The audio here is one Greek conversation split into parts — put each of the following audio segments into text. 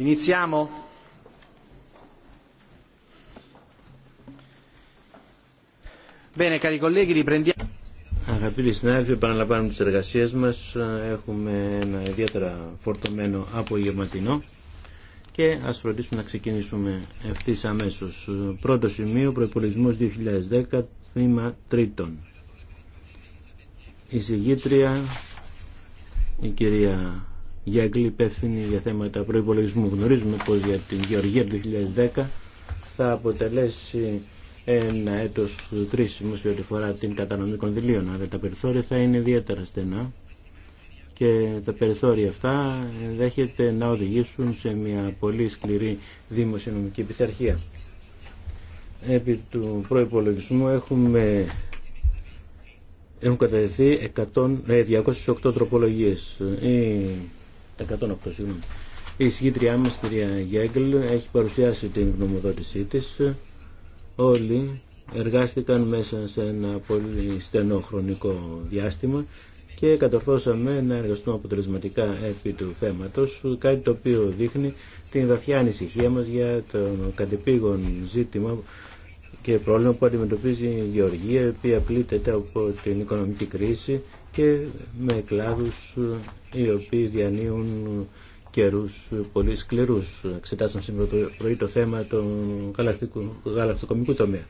Iniziamo? Bene, cari colleghi, riprendiamo. Αγαπητοί συνάδελφοι, επαναλαμβάνουμε τι εργασίε μα. Έχουμε ένα ιδιαίτερα φορτωμένο απογευματινό και α φροντίσουμε να ξεκινήσουμε ευθύ αμέσω. Πρώτο σημείο, προπολογισμό 2010, τμήμα τρίτον. Η συγγήτρια, η κυρία για Αγγλή για θέματα προϋπολογισμού. Γνωρίζουμε πως για την Γεωργία του 2010 θα αποτελέσει ένα έτος κρίσιμο σε ό,τι φορά την κατανομή κονδυλίων, αλλά τα περιθώρια θα είναι ιδιαίτερα στενά και τα περιθώρια αυτά ενδέχεται να οδηγήσουν σε μια πολύ σκληρή δημοσιονομική πειθαρχία. Επί του προπολογισμού έχουμε έχουν κατατεθεί 208 ε, τροπολογίες. 108 συγγνώμη. Η συγκήτριά μας, κυρία Γέγκλ, έχει παρουσιάσει την γνωμοδότησή της. Όλοι εργάστηκαν μέσα σε ένα πολύ στενό χρονικό διάστημα και κατορθώσαμε να εργαστούμε αποτελεσματικά επί του θέματος, κάτι το οποίο δείχνει την βαθιά ανησυχία μας για το κατεπήγον ζήτημα και πρόβλημα που αντιμετωπίζει η Γεωργία, η οποία πλήττεται από την οικονομική κρίση και με κλάδους οι οποίοι διανύουν καιρούς πολύ σκληρούς. Εξετάσαμε σήμερα το πρωί το θέμα του γαλακτοκομικού τομέα.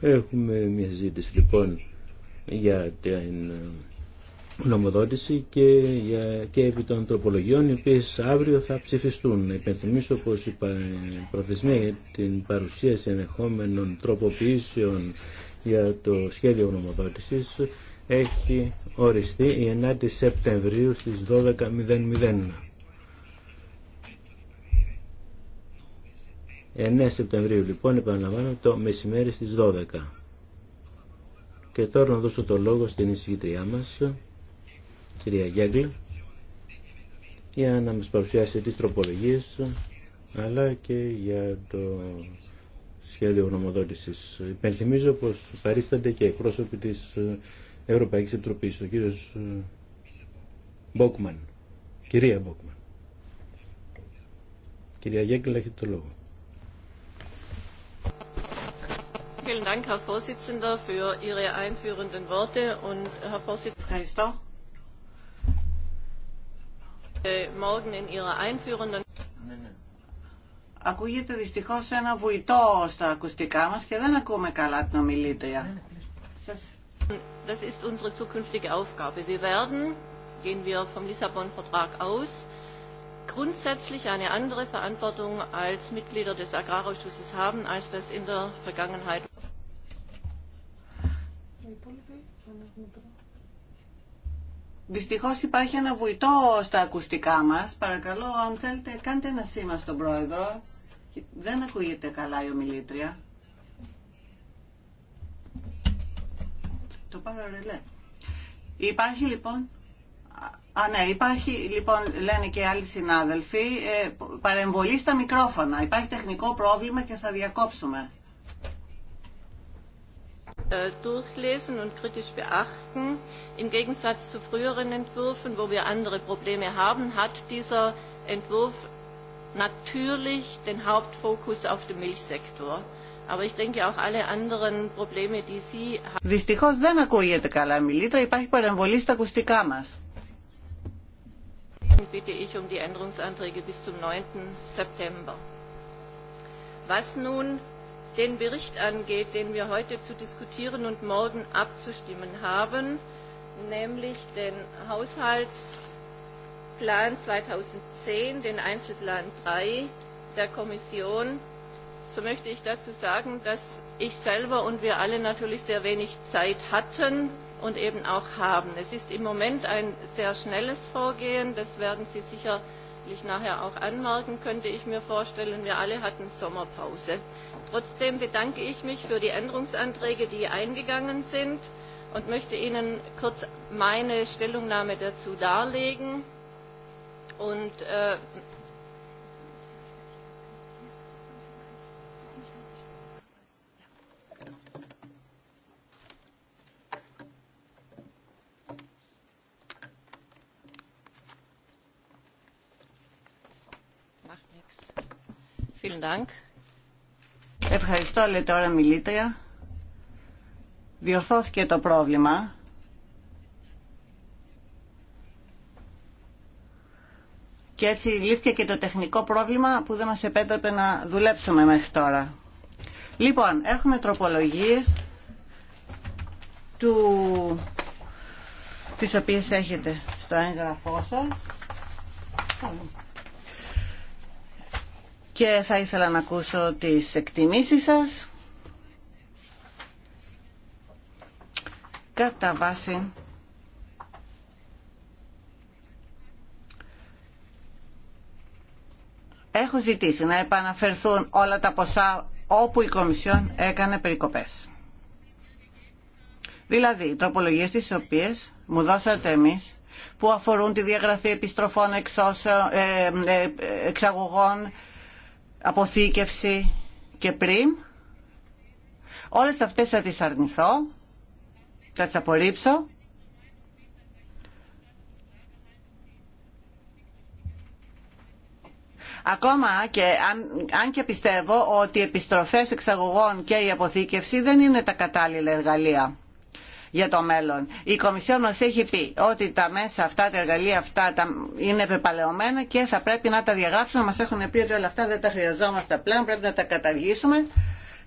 Έχουμε μια συζήτηση λοιπόν για την νομοδότηση και, για, και επί των τροπολογιών οι οποίε αύριο θα ψηφιστούν. Υπενθυμίσω πως η προθεσμία για την παρουσίαση ενεχόμενων τροποποιήσεων για το σχέδιο νομοδότησης έχει οριστεί η 9η Σεπτεμβρίου στις 12.00. 9 Σεπτεμβρίου λοιπόν επαναλαμβάνω το μεσημέρι στις 12. Και τώρα να δώσω το λόγο στην εισηγητριά μας, κυρία Γέγκλη, για να μας παρουσιάσει τις τροπολογίες, αλλά και για το σχέδιο γνωμοδότησης. Υπενθυμίζω πως παρίστανται και εκπρόσωποι της Ευρωπαϊκή Επιτροπής, ο κύριο ε, Μπόκμαν, κυρία Μπόκμαν. Κυρία Γέγκλ, έχετε το λόγο. Äh, Ευχαριστώ. Äh, Ακούγεται δυστυχώς ένα βουητό στα ακουστικά μας και δεν ακούμε καλά την ομιλήτρια. Ναι, ναι, Σας Das ist unsere zukünftige Aufgabe. Wir werden, gehen wir vom Lissabon-Vertrag aus, grundsätzlich eine andere Verantwortung als Mitglieder des Agrarausschusses haben, als das in der Vergangenheit. Δυστυχώς υπάρχει ένα βουητό στα ακουστικά μας. Παρακαλώ, αν θέλετε, κάντε ένα σήμα στον πρόεδρο. Δεν ακούγεται καλά η ομιλήτρια. το παραρελέ. Υπάρχει λοιπόν Α, ναι, υπάρχει, λοιπόν, λένε και άλλοι συνάδελφοι, παρεμβολή στα μικρόφωνα. Υπάρχει τεχνικό πρόβλημα και θα διακόψουμε. Durchlesen und kritisch beachten. Im Gegensatz zu früheren Entwürfen, wo wir andere Probleme haben, hat dieser Entwurf natürlich den Hauptfokus auf den Milchsektor. Δυστυχώς δεν ακούγεται καλά μιλήτρα, υπάρχει παρεμβολή στα ακουστικά μας. bitte ich um die Änderungsanträge bis zum 9. September. Was nun den Bericht angeht, den wir heute zu diskutieren und morgen abzustimmen haben, nämlich den Haushaltsplan 2010, den Einzelplan 3 der Kommission, so möchte ich dazu sagen, dass ich selber und wir alle natürlich sehr wenig Zeit hatten und eben auch haben. Es ist im Moment ein sehr schnelles Vorgehen. Das werden Sie sicherlich nachher auch anmerken, könnte ich mir vorstellen. Wir alle hatten Sommerpause. Trotzdem bedanke ich mich für die Änderungsanträge, die eingegangen sind und möchte Ihnen kurz meine Stellungnahme dazu darlegen und Ευχαριστώ, λέτε τώρα μιλήτρια. Διορθώθηκε το πρόβλημα. Και έτσι λύθηκε και το τεχνικό πρόβλημα που δεν μας επέτρεπε να δουλέψουμε μέχρι τώρα. Λοιπόν, έχουμε τροπολογίες του... τις οποίες έχετε στο έγγραφό σας και θα ήθελα να ακούσω τις εκτιμήσεις σας κατά βάση Έχω ζητήσει να επαναφερθούν όλα τα ποσά όπου η Κομισιόν έκανε περικοπές. Δηλαδή, τροπολογίες τις οποίες μου δώσατε εμείς που αφορούν τη διαγραφή επιστροφών εξώσεων, ε, ε, εξαγωγών αποθήκευση και πριν, Όλες αυτές θα τις αρνηθώ, θα τις απορρίψω. Ακόμα και αν, και πιστεύω ότι οι επιστροφές εξαγωγών και η αποθήκευση δεν είναι τα κατάλληλα εργαλεία για το μέλλον. Η Κομισιόν μας έχει πει ότι τα μέσα αυτά, τα εργαλεία αυτά τα είναι πεπαλαιωμένα και θα πρέπει να τα διαγράψουμε. Μας έχουν πει ότι όλα αυτά δεν τα χρειαζόμαστε πλέον, πρέπει να τα καταργήσουμε.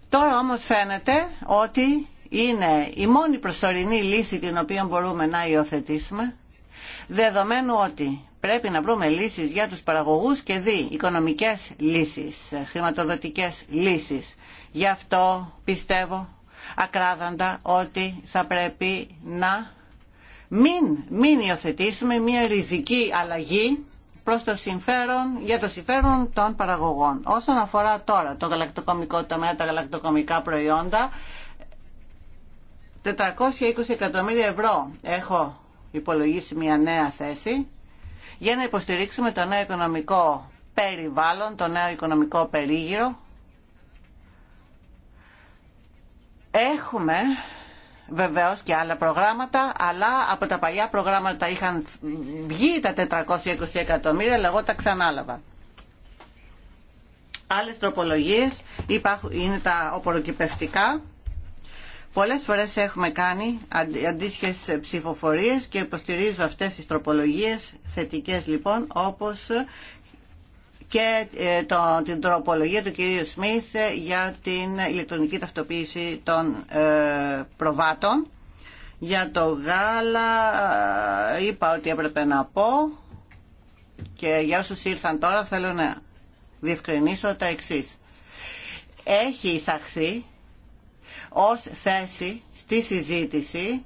Τώρα όμως φαίνεται ότι είναι η μόνη προσωρινή λύση την οποία μπορούμε να υιοθετήσουμε, δεδομένου ότι πρέπει να βρούμε λύσεις για τους παραγωγούς και δι, οικονομικές λύσεις, χρηματοδοτικές λύσεις. Γι' αυτό πιστεύω ακράδαντα ότι θα πρέπει να μην, μην υιοθετήσουμε μια ριζική αλλαγή προς το συμφέρον, για το συμφέρον των παραγωγών. Όσον αφορά τώρα το γαλακτοκομικό τομέα, τα γαλακτοκομικά προϊόντα, 420 εκατομμύρια ευρώ έχω υπολογίσει μια νέα θέση για να υποστηρίξουμε το νέο οικονομικό περιβάλλον, το νέο οικονομικό περίγυρο Έχουμε βεβαίω και άλλα προγράμματα, αλλά από τα παλιά προγράμματα είχαν βγει τα 420 εκατομμύρια, αλλά εγώ τα ξανάλαβα. Άλλες τροπολογίες είναι τα οποροκυπευτικά. Πολλές φορές έχουμε κάνει αντίστοιχε ψηφοφορίες και υποστηρίζω αυτές τις τροπολογίες θετικές λοιπόν όπως και ε, την τροπολογία του κυρίου Σμιθ ε, για την ηλεκτρονική ταυτοποίηση των ε, προβάτων. Για το γάλα είπα ότι έπρεπε να πω και για όσους ήρθαν τώρα θέλω να διευκρινίσω τα εξής. Έχει εισαχθεί ως θέση στη συζήτηση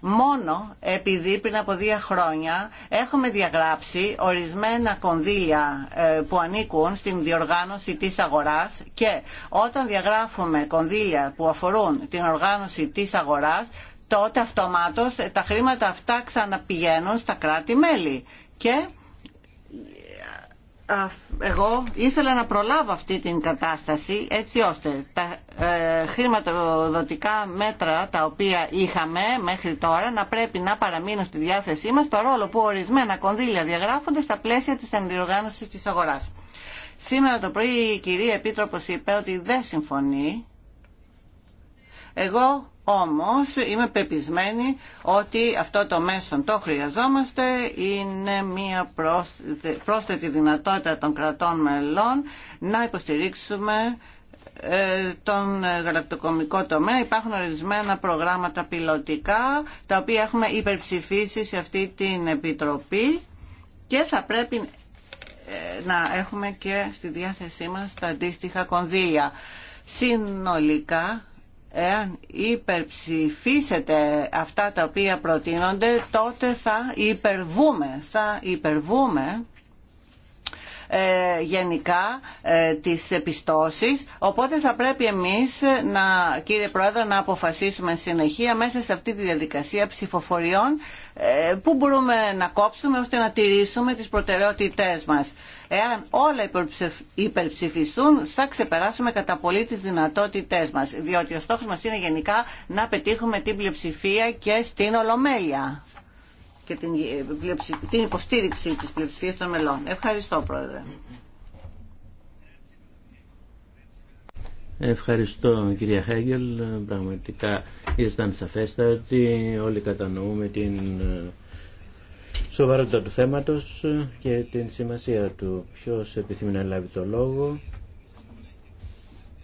μόνο επειδή πριν από δύο χρόνια έχουμε διαγράψει ορισμένα κονδύλια ε, που ανήκουν στην διοργάνωση της αγοράς και όταν διαγράφουμε κονδύλια που αφορούν την οργάνωση της αγοράς τότε αυτομάτως τα χρήματα αυτά ξαναπηγαίνουν στα κράτη-μέλη και εγώ ήθελα να προλάβω αυτή την κατάσταση έτσι ώστε τα ε, χρηματοδοτικά μέτρα τα οποία είχαμε μέχρι τώρα να πρέπει να παραμείνουν στη διάθεσή μας το ρόλο που ορισμένα κονδύλια διαγράφονται στα πλαίσια της αντιοργάνωσης της αγοράς. Σήμερα το πρωί η κυρία Επίτροπος είπε ότι δεν συμφωνεί. Εγώ όμως είμαι πεπισμένη ότι αυτό το μέσο το χρειαζόμαστε, είναι μια πρόσθετη δυνατότητα των κρατών μελών να υποστηρίξουμε ε, τον γαλακτοκομικό τομέα. Υπάρχουν ορισμένα προγράμματα πιλωτικά τα οποία έχουμε υπερψηφίσει σε αυτή την Επιτροπή και θα πρέπει ε, να έχουμε και στη διάθεσή μας τα αντίστοιχα κονδύλια. Συνολικά εάν υπερψηφίσετε αυτά τα οποία προτείνονται, τότε θα υπερβούμε, θα υπερβούμε ε, γενικά ε, τις επιστώσεις. Οπότε θα πρέπει εμείς, να, κύριε Πρόεδρε, να αποφασίσουμε συνεχεία μέσα σε αυτή τη διαδικασία ψηφοφοριών ε, που μπορούμε να κόψουμε ώστε να τηρήσουμε τις προτεραιότητές μας. Εάν όλα υπερψηφιστούν, θα ξεπεράσουμε κατά πολύ τις δυνατότητές μας, Διότι ο στόχος μας είναι γενικά να πετύχουμε την πλειοψηφία και στην Ολομέλεια και την, ε, την υποστήριξη της πλειοψηφίας των μελών. Ευχαριστώ, Πρόεδρε. Ευχαριστώ κυρία Χέγγελ. Πραγματικά ήσταν σαφέστα ότι όλοι κατανοούμε την ε, σοβαρότητα του θέματος και την σημασία του. Ποιος επιθυμεί να λάβει το λόγο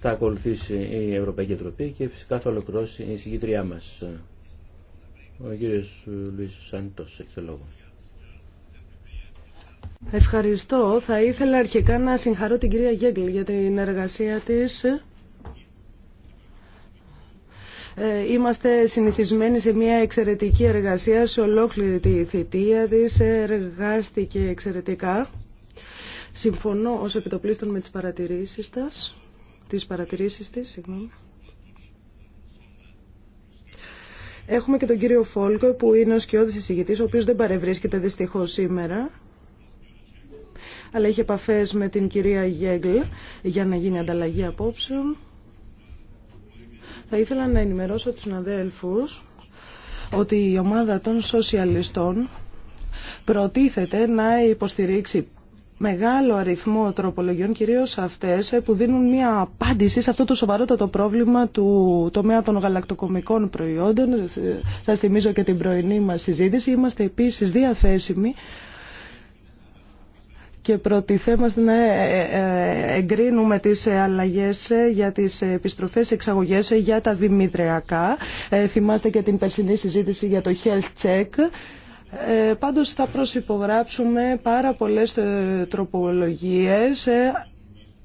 θα ακολουθήσει η Ευρωπαϊκή Επιτροπή και φυσικά θα ολοκληρώσει η συγκήτριά μας. Ο κύριος Λουίς Σάντος έχει το λόγο. Ευχαριστώ. Θα ήθελα αρχικά να συγχαρώ την κυρία Γέγκλ για την εργασία της. Ε, είμαστε συνηθισμένοι σε μια εξαιρετική εργασία, σε ολόκληρη τη θητεία της, ε, εργάστηκε εξαιρετικά. Συμφωνώ ως επιτοπλίστων με τις παρατηρήσεις σας, τις παρατηρήσεις της, Έχουμε και τον κύριο Φόλκο που είναι ο σκιώδης εισηγητής, ο οποίος δεν παρευρίσκεται δυστυχώς σήμερα αλλά είχε επαφέ με την κυρία Γέγκλ για να γίνει ανταλλαγή απόψεων. Θα ήθελα να ενημερώσω τους αδέλφου ότι η ομάδα των σοσιαλιστών προτίθεται να υποστηρίξει μεγάλο αριθμό τροπολογιών, κυρίως αυτές που δίνουν μια απάντηση σε αυτό το σοβαρότατο πρόβλημα του τομέα των γαλακτοκομικών προϊόντων. Σας θυμίζω και την πρωινή μας συζήτηση. Είμαστε επίσης διαθέσιμοι και προτιθέμαστε να ε, ε, εγκρίνουμε τις αλλαγές ε, για τις επιστροφές εξαγωγές για τα δημητριακά. Θυμάστε και την περσινή συζήτηση για το health check. Πάντως θα προσυπογράψουμε πάρα πολλές τροπολογίες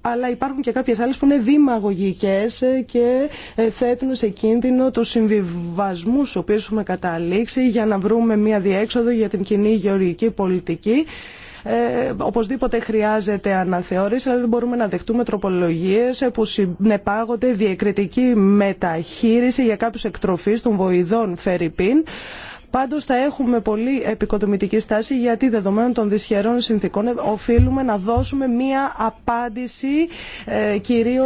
αλλά υπάρχουν και κάποιες άλλες που είναι δημαγωγικές και θέτουν σε κίνδυνο τους συμβιβασμούς, ο οποίους έχουμε καταλήξει για να βρούμε μια διέξοδο για την κοινή γεωργική πολιτική. Ε, οπωσδήποτε χρειάζεται αναθεώρηση, αλλά δεν μπορούμε να δεχτούμε τροπολογίε που συνεπάγονται διακριτική μεταχείριση για κάποιου εκτροφεί των βοηδών Φερρυπίν. Πάντω θα έχουμε πολύ επικοδομητική στάση γιατί δεδομένων των δυσχερών συνθήκων ε, οφείλουμε να δώσουμε μία απάντηση ε, κυρίω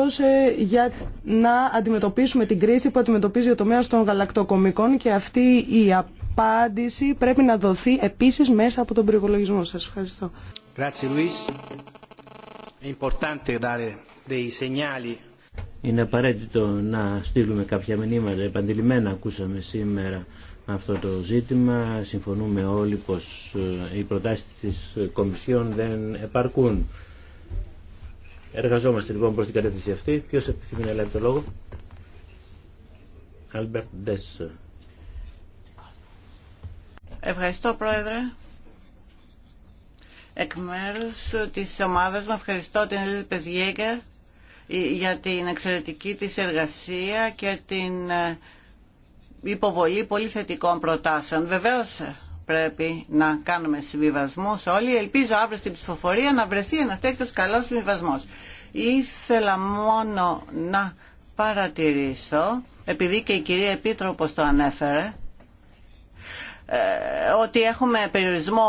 για να αντιμετωπίσουμε την κρίση που αντιμετωπίζει ο τομέα των γαλακτοκομικών και αυτή η απάντηση απάντηση πρέπει να δοθεί επίσης μέσα από τον προϋπολογισμό. Σας ευχαριστώ. Είναι απαραίτητο να στείλουμε κάποια μηνύματα. Επαντηλημένα ακούσαμε σήμερα αυτό το ζήτημα. Συμφωνούμε όλοι πως ε, οι προτάσεις της Κομισιόν δεν επαρκούν. Εργαζόμαστε λοιπόν προς την κατεύθυνση αυτή. Ποιος επιθυμεί να λάβει το λόγο. Ευχαριστώ Πρόεδρε. Εκ μέρους της ομάδας μου ευχαριστώ την Ελίλη ε, για την εξαιρετική της εργασία και την ε, υποβολή πολύ θετικών προτάσεων. Βεβαίως ε, πρέπει να κάνουμε συμβιβασμούς όλοι. Ελπίζω αύριο στην ψηφοφορία να βρεθεί ένα τέτοιος καλός συμβιβασμός. Ήθελα μόνο να παρατηρήσω, επειδή και η κυρία Επίτροπος το ανέφερε, ε, ότι έχουμε περιορισμό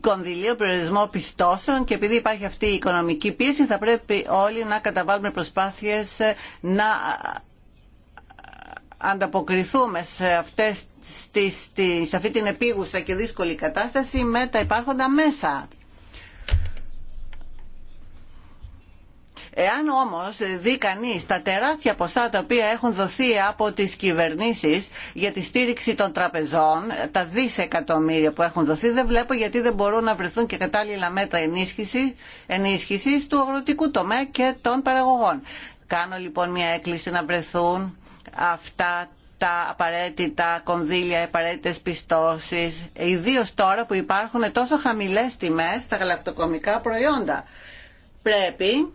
κονδυλίου, περιορισμό πιστώσεων και επειδή υπάρχει αυτή η οικονομική πίεση θα πρέπει όλοι να καταβάλουμε προσπάθειες να ανταποκριθούμε σε, αυτές, σε αυτή την επίγουσα και δύσκολη κατάσταση με τα υπάρχοντα μέσα Εάν όμως δει κανεί τα τεράστια ποσά τα οποία έχουν δοθεί από τις κυβερνήσεις για τη στήριξη των τραπεζών, τα δισεκατομμύρια που έχουν δοθεί, δεν βλέπω γιατί δεν μπορούν να βρεθούν και κατάλληλα μέτρα ενίσχυσης, ενίσχυσης του αγροτικού τομέα και των παραγωγών. Κάνω λοιπόν μια έκκληση να βρεθούν αυτά τα απαραίτητα κονδύλια, απαραίτητες πιστώσεις, ιδίως τώρα που υπάρχουν τόσο χαμηλές τιμές στα γαλακτοκομικά προϊόντα. Πρέπει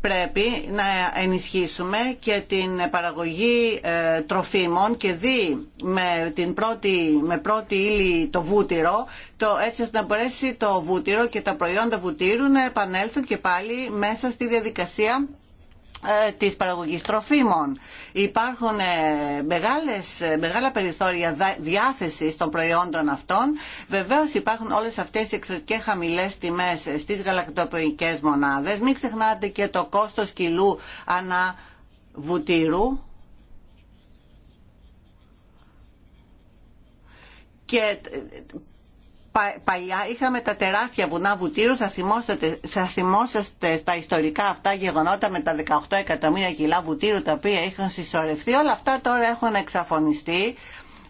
πρέπει να ενισχύσουμε και την παραγωγή ε, τροφίμων και δι με, την πρώτη, με πρώτη ύλη το βούτυρο το, έτσι ώστε να μπορέσει το βούτυρο και τα προϊόντα βουτύρου να επανέλθουν και πάλι μέσα στη διαδικασία ε, της παραγωγής τροφίμων. Υπάρχουν ε, μεγάλες, ε, μεγάλα περιθώρια διάθεσης των προϊόντων αυτών. Βεβαίως υπάρχουν όλες αυτές οι εξωτικέ χαμηλές τιμές στις γαλακτοποιικές μονάδες. Μην ξεχνάτε και το κόστος κιλού ανά βουτύρου. Και παλιά είχαμε τα τεράστια βουνά βουτύρου, θα θυμόσαστε, τα ιστορικά αυτά γεγονότα με τα 18 εκατομμύρια κιλά βουτύρου τα οποία είχαν συσσωρευτεί. Όλα αυτά τώρα έχουν εξαφωνιστεί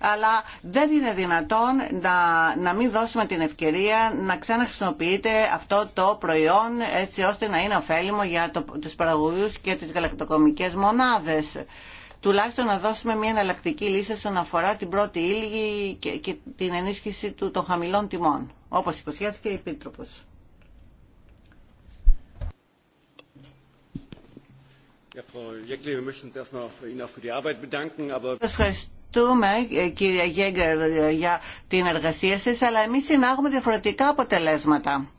αλλά δεν είναι δυνατόν να, να μην δώσουμε την ευκαιρία να ξαναχρησιμοποιείται αυτό το προϊόν έτσι ώστε να είναι ωφέλιμο για το, τους παραγωγούς και τις γαλακτοκομικές μονάδες τουλάχιστον να δώσουμε μια εναλλακτική λύση όσον αφορά την πρώτη ύλη και, την ενίσχυση του, των χαμηλών τιμών, όπως υποσχέθηκε η Επίτροπος. Ευχαριστούμε κύριε Γέγκερ για την εργασία σας, αλλά εμείς συνάγουμε διαφορετικά αποτελέσματα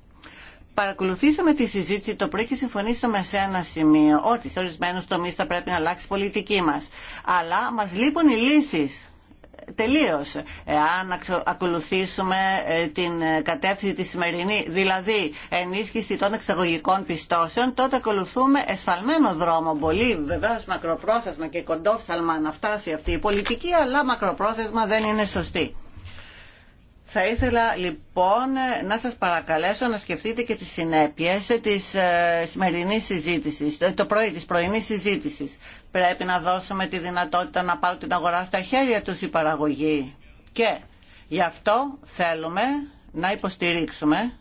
παρακολουθήσαμε τη συζήτηση το πρωί και συμφωνήσαμε σε ένα σημείο ότι σε ορισμένου τομεί θα πρέπει να αλλάξει η πολιτική μα. Αλλά μα λείπουν οι λύσει. Τελείω. Εάν ακολουθήσουμε ε, την ε, κατεύθυνση τη σημερινή, δηλαδή ενίσχυση των εξαγωγικών πιστώσεων, τότε ακολουθούμε εσφαλμένο δρόμο. Πολύ βεβαίω μακροπρόθεσμα και κοντόφθαλμα να φτάσει αυτή η πολιτική, αλλά μακροπρόθεσμα δεν είναι σωστή. Θα ήθελα λοιπόν να σας παρακαλέσω να σκεφτείτε και τις συνέπειες της ε, σημερινής συζήτησης, ε, το πρωί της πρωινής συζήτησης. Πρέπει να δώσουμε τη δυνατότητα να πάρουν την αγορά στα χέρια τους η παραγωγή Και γι' αυτό θέλουμε να υποστηρίξουμε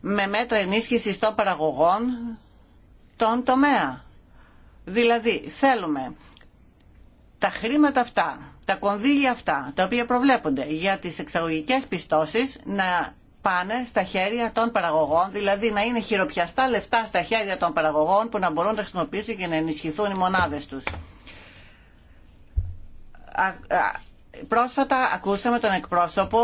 με μέτρα ενίσχυσης των παραγωγών τον τομέα. Δηλαδή θέλουμε τα χρήματα αυτά τα κονδύλια αυτά, τα οποία προβλέπονται για τις εξαγωγικές πιστώσεις, να πάνε στα χέρια των παραγωγών, δηλαδή να είναι χειροπιαστά λεφτά στα χέρια των παραγωγών που να μπορούν να χρησιμοποιήσουν και να ενισχυθούν οι μονάδες τους. Πρόσφατα ακούσαμε τον εκπρόσωπο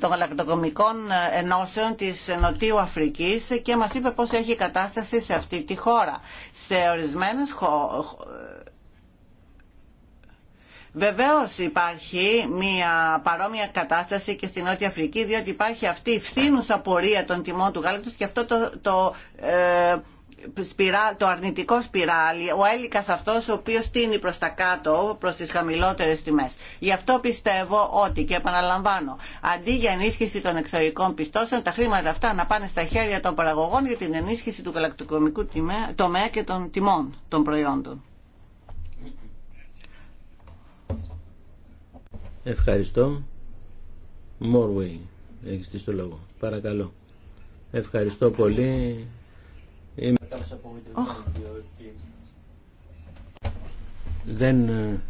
των γαλακτοκομικών ενώσεων της Νοτιού Αφρικής και μας είπε πώς έχει η κατάσταση σε αυτή τη χώρα. Σε ορισμένες Βεβαίω υπάρχει μια παρόμοια κατάσταση και στην Νότια Αφρική διότι υπάρχει αυτή η φθήνουσα πορεία των τιμών του γάλακτος και αυτό το, το, ε, το αρνητικό σπιράλι, ο έλικας αυτό, ο οποίο τίνει προ τα κάτω, προ τι χαμηλότερε τιμέ. Γι' αυτό πιστεύω ότι και επαναλαμβάνω, αντί για ενίσχυση των εξωτερικών πιστώσεων, τα χρήματα αυτά να πάνε στα χέρια των παραγωγών για την ενίσχυση του γαλακτοκομικού τομέα και των τιμών των προϊόντων. Ευχαριστώ. Μόρουεϊ, έχεις τη στο λόγο. Παρακαλώ. Ευχαριστώ πολύ. Είμαι δεν ε,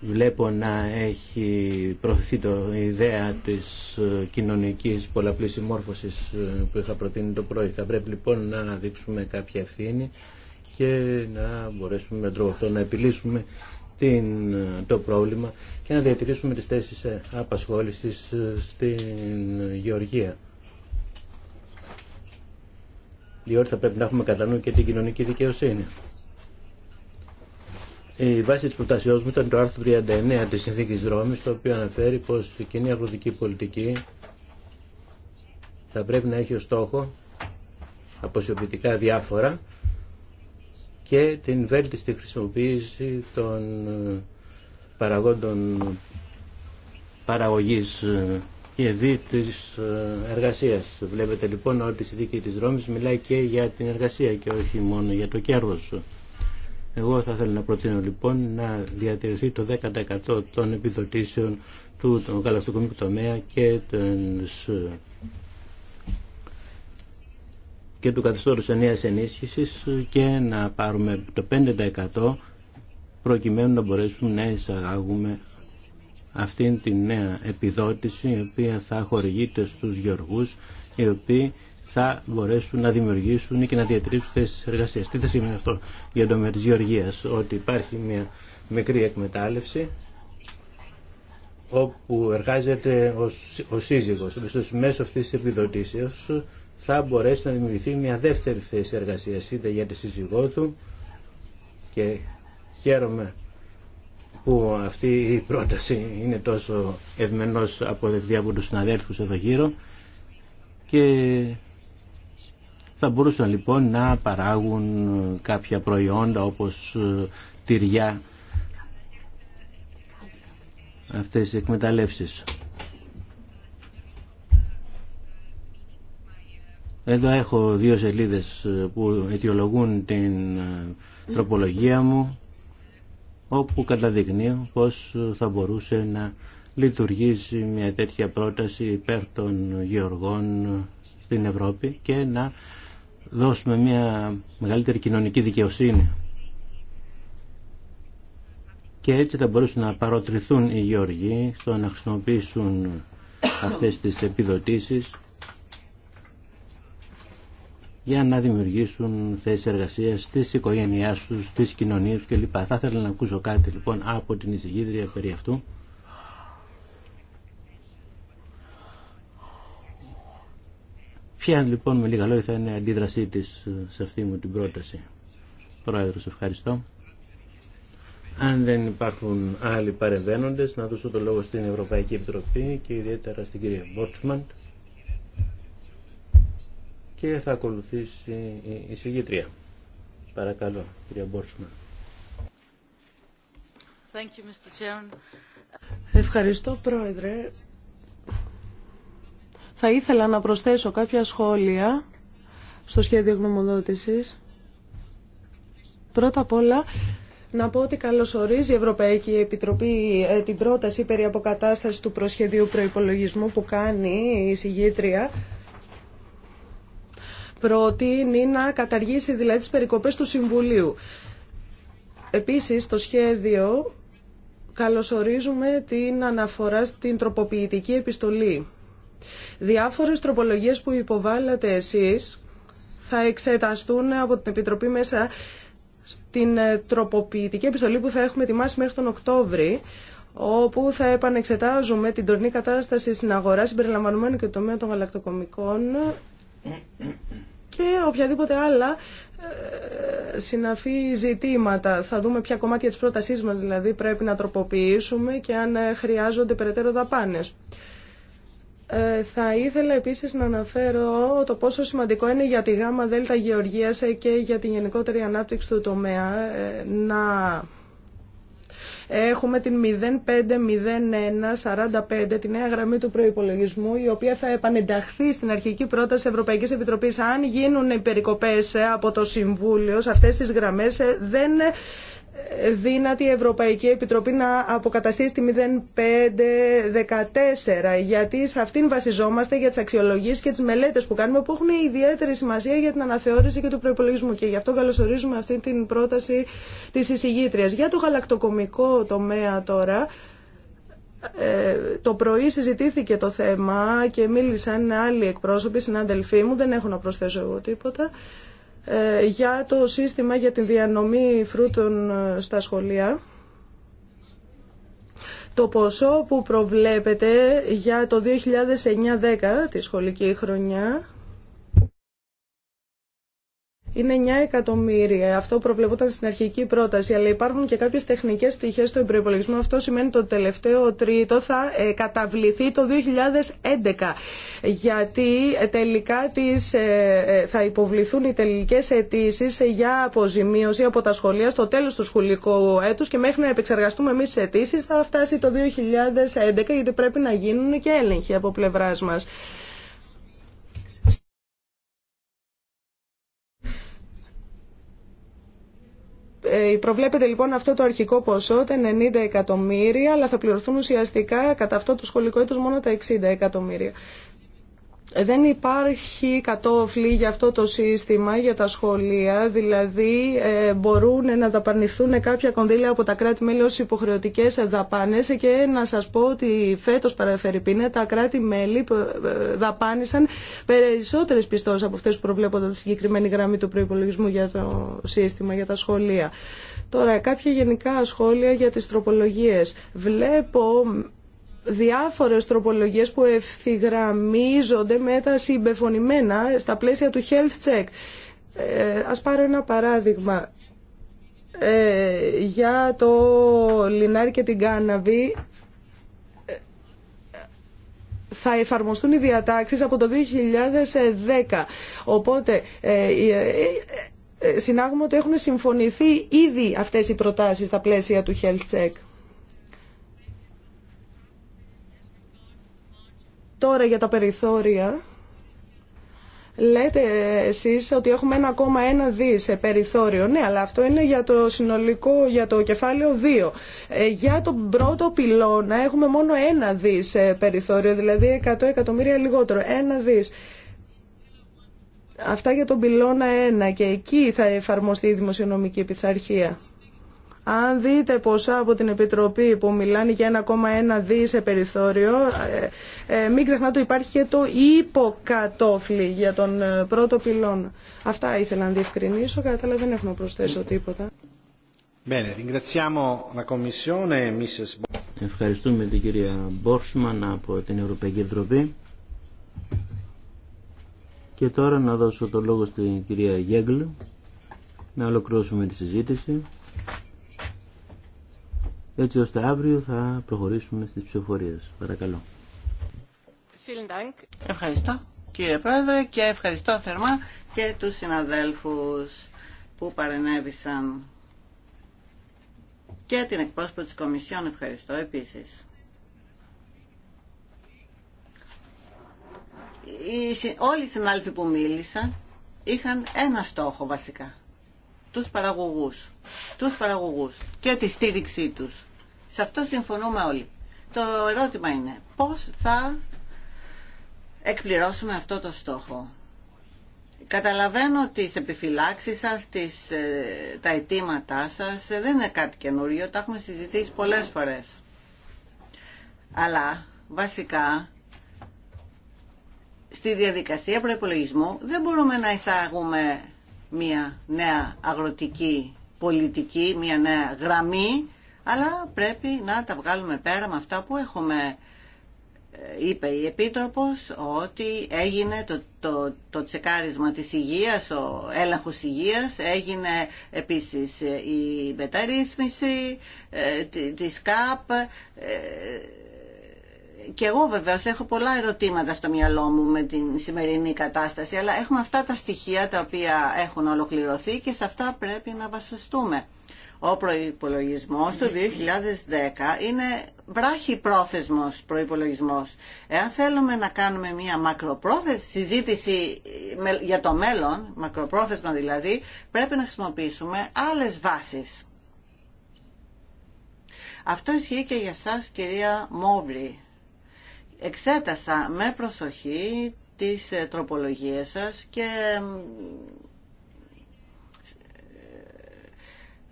βλέπω να έχει προωθηθεί το ιδέα της ε, κοινωνικής πολλαπλής συμμόρφωσης ε, που είχα προτείνει το πρωί. Θα πρέπει λοιπόν να δείξουμε κάποια ευθύνη και να μπορέσουμε με τρόπο αυτό να επιλύσουμε την, το πρόβλημα και να διατηρήσουμε τις θέσεις ε, απασχόλησης ε, στην γεωργία. Διότι θα πρέπει να έχουμε κατά νου και την κοινωνική δικαιοσύνη. Η βάση της προτασιός μου ήταν το άρθρο 39 της Συνθήκης Ρώμης, το οποίο αναφέρει πως η κοινή αγροτική πολιτική θα πρέπει να έχει ως στόχο αποσιοποιητικά διάφορα και την βέλτιστη χρησιμοποίηση των ε, παραγόντων παραγωγής ε, και δι της ε, εργασίας. Βλέπετε λοιπόν ότι η δική της Ρώμης μιλάει και για την εργασία και όχι μόνο για το κέρδος. Εγώ θα ήθελα να προτείνω λοιπόν να διατηρηθεί το 10% των επιδοτήσεων του γαλακτοκομικού τομέα και των και του σε νέα ενίσχυση, και να πάρουμε το 5% προκειμένου να μπορέσουμε να εισαγάγουμε αυτήν την νέα επιδότηση η οποία θα χορηγείται στους γεωργούς οι οποίοι θα μπορέσουν να δημιουργήσουν και να διατηρήσουν θέσει εργασία. Τι θα σημαίνει αυτό για το τη γεωργία, ότι υπάρχει μια μικρή εκμετάλλευση όπου εργάζεται ο σύζυγος. μέσω αυτής της επιδοτήσεως θα μπορέσει να δημιουργηθεί μια δεύτερη θέση εργασία είτε για τη σύζυγό του και χαίρομαι που αυτή η πρόταση είναι τόσο από από από τους συναδέλφους εδώ γύρω και θα μπορούσαν λοιπόν να παράγουν κάποια προϊόντα όπως ε, τυριά αυτές οι εκμεταλλεύσεις. Εδώ έχω δύο σελίδες ε, που αιτιολογούν την ε, τροπολογία μου όπου καταδεικνύω πως ε, θα μπορούσε να λειτουργήσει μια τέτοια πρόταση υπέρ των γεωργών στην Ευρώπη και να δώσουμε μια μεγαλύτερη κοινωνική δικαιοσύνη. Και έτσι θα μπορούσαν να παροτριθούν οι γεωργοί στο να χρησιμοποιήσουν αυτές τις επιδοτήσεις για να δημιουργήσουν θέσεις εργασίας στις οικογένειάς τους, στις κοινωνίες τους κλπ. Θα ήθελα να ακούσω κάτι λοιπόν από την εισηγήτρια περί αυτού. Ποια λοιπόν με λίγα λόγια θα είναι η αντίδρασή της σε αυτή μου την πρόταση. Πρόεδρος, ευχαριστώ. Αν δεν υπάρχουν άλλοι παρεμβαίνοντες, να δώσω το λόγο στην Ευρωπαϊκή Επιτροπή και ιδιαίτερα στην κυρία Μπότσμαντ θα ακολουθήσει η συγγήτρια. Παρακαλώ, κυρία Ευχαριστώ, Πρόεδρε. Θα ήθελα να προσθέσω κάποια σχόλια στο σχέδιο γνωμοδότησης. Πρώτα απ' όλα, να πω ότι καλωσορίζει η Ευρωπαϊκή Επιτροπή ε, την πρόταση περί αποκατάστασης του προσχεδίου προϋπολογισμού που κάνει η συγγήτρια προτείνει να καταργήσει δηλαδή τις περικοπές του Συμβουλίου. Επίσης, στο σχέδιο καλωσορίζουμε την αναφορά στην τροποποιητική επιστολή. Διάφορες τροπολογίες που υποβάλλατε εσείς θα εξεταστούν από την Επιτροπή μέσα στην ε, τροποποιητική επιστολή που θα έχουμε ετοιμάσει μέχρι τον Οκτώβρη, όπου θα επανεξετάζουμε την τωρινή κατάσταση στην αγορά συμπεριλαμβανομένου και το τομέα των γαλακτοκομικών και οποιαδήποτε άλλα ε, συναφή ζητήματα. Θα δούμε ποια κομμάτια της πρότασής μας δηλαδή πρέπει να τροποποιήσουμε και αν ε, χρειάζονται περαιτέρω δαπάνες. Ε, θα ήθελα επίσης να αναφέρω το πόσο σημαντικό είναι για τη ΓΑΜΑ ΔΕΛΤΑ και για την γενικότερη ανάπτυξη του τομέα να Έχουμε την 050145, τη νέα γραμμή του προπολογισμού, η οποία θα επανενταχθεί στην αρχική πρόταση Ευρωπαϊκή Επιτροπή. Αν γίνουν οι περικοπέ από το Συμβούλιο σε αυτέ τι γραμμέ, ε, δεν δύνατη η Ευρωπαϊκή Επιτροπή να αποκαταστήσει τη 0514 γιατί σε αυτήν βασιζόμαστε για τις αξιολογίες και τις μελέτες που κάνουμε που έχουν ιδιαίτερη σημασία για την αναθεώρηση και του προϋπολογισμού και γι' αυτό καλωσορίζουμε αυτή την πρόταση της εισηγήτριας. Για το γαλακτοκομικό τομέα τώρα ε, το πρωί συζητήθηκε το θέμα και μίλησαν άλλοι εκπρόσωποι, συνάδελφοί μου, δεν έχω να προσθέσω εγώ τίποτα. Ε, για το σύστημα για την διανομή φρούτων ε, στα σχολεία. Το ποσό που προβλέπεται για το 2009-10, τη σχολική χρονιά, είναι 9 εκατομμύρια. Αυτό προβλεπόταν στην αρχική πρόταση, αλλά υπάρχουν και κάποιε τεχνικέ πτυχέ στο προπολογισμό. Αυτό σημαίνει το τελευταίο τρίτο θα ε, καταβληθεί το 2011. Γιατί ε, τελικά τις, ε, θα υποβληθούν οι τελικέ αιτήσει για αποζημίωση από τα σχολεία στο τέλο του σχολικού έτου και μέχρι να επεξεργαστούμε εμεί τι αιτήσει θα φτάσει το 2011, γιατί πρέπει να γίνουν και έλεγχοι από πλευρά μα. Ε, προβλέπεται λοιπόν αυτό το αρχικό ποσό, τα 90 εκατομμύρια, αλλά θα πληρωθούν ουσιαστικά κατά αυτό το σχολικό έτος μόνο τα 60 εκατομμύρια. Δεν υπάρχει κατόφλι για αυτό το σύστημα, για τα σχολεία, δηλαδή ε, μπορούν να δαπανηθούν κάποια κονδύλια από τα κράτη-μέλη ως υποχρεωτικές δαπάνες και να σας πω ότι φέτος παραφερειπίνε τα κράτη-μέλη ε, δαπάνησαν περισσότερες πιστώσεις από αυτές που προβλέπονται από τη συγκεκριμένη γραμμή του προϋπολογισμού για το σύστημα, για τα σχολεία. Τώρα, κάποια γενικά σχόλια για τις τροπολογίες. Βλέπω διάφορες τροπολογίες που ευθυγραμμίζονται με τα συμπεφωνημένα στα πλαίσια του health check. Ε, ας πάρω ένα παράδειγμα. Ε, για το λινάρι και την κάναβη ε, θα εφαρμοστούν οι διατάξεις από το 2010. Οπότε ε, ε, συνάγουμε ότι έχουν συμφωνηθεί ήδη αυτές οι προτάσεις στα πλαίσια του health check. Τώρα για τα περιθώρια. Λέτε εσείς ότι έχουμε ένα σε περιθώριο. Ναι, αλλά αυτό είναι για το συνολικό, για το κεφάλαιο 2. Ε, για τον πρώτο πυλώνα έχουμε μόνο 1 δις περιθώριο, δηλαδή 100 εκατομμύρια λιγότερο. ένα δις. Αυτά για τον πυλώνα 1 και εκεί θα εφαρμοστεί η δημοσιονομική πειθαρχία. Αν δείτε ποσά από την Επιτροπή που μιλάνε για 1,1 δι σε περιθώριο, ε, ε, μην ξεχνάτε ότι υπάρχει και το υποκατόφλι για τον ε, πρώτο πυλόν. Αυτά ήθελα να διευκρινίσω, κατάλαβα δεν έχουμε να προσθέσω τίποτα. Ευχαριστούμε την κυρία Μπόρσμαν από την Ευρωπαϊκή Επιτροπή. Και τώρα να δώσω το λόγο στην κυρία Γέγκλ να ολοκληρώσουμε τη συζήτηση έτσι ώστε αύριο θα προχωρήσουμε στις ψηφοφορίες. Παρακαλώ. Ευχαριστώ κύριε Πρόεδρε και ευχαριστώ θερμά και τους συναδέλφους που παρενέβησαν και την εκπρόσωπο της Κομισιόν ευχαριστώ επίσης. όλοι οι συνάδελφοι που μίλησαν είχαν ένα στόχο βασικά. Τους παραγωγούς. Τους παραγωγούς και τη στήριξή τους. Σε αυτό συμφωνούμε όλοι. Το ερώτημα είναι πώς θα εκπληρώσουμε αυτό το στόχο. Καταλαβαίνω τις επιφυλάξεις σας, ε, τα αιτήματά σας. Ε, δεν είναι κάτι καινούριο, τα έχουμε συζητήσει πολλές φορές. Αλλά βασικά στη διαδικασία προϋπολογισμού δεν μπορούμε να εισάγουμε μια νέα αγροτική πολιτική, μια νέα γραμμή αλλά πρέπει να τα βγάλουμε πέρα με αυτά που έχουμε. Ε, είπε η Επίτροπος ότι έγινε το, το, το τσεκάρισμα της υγείας, ο έλεγχος υγείας, έγινε επίσης ε, η μεταρρύθμιση ε, της ΚΑΠ ε, και εγώ βεβαίως έχω πολλά ερωτήματα στο μυαλό μου με την σημερινή κατάσταση αλλά έχουμε αυτά τα στοιχεία τα οποία έχουν ολοκληρωθεί και σε αυτά πρέπει να βασιστούμε. Ο προϋπολογισμός του 2010 είναι βράχη πρόθεσμος προϋπολογισμός. Εάν θέλουμε να κάνουμε μια μακροπρόθεσμη συζήτηση για το μέλλον, μακροπρόθεσμα δηλαδή, πρέπει να χρησιμοποιήσουμε άλλες βάσεις. Αυτό ισχύει και για σας κυρία Μόβλη. Εξέτασα με προσοχή τις ε, τροπολογίες σας και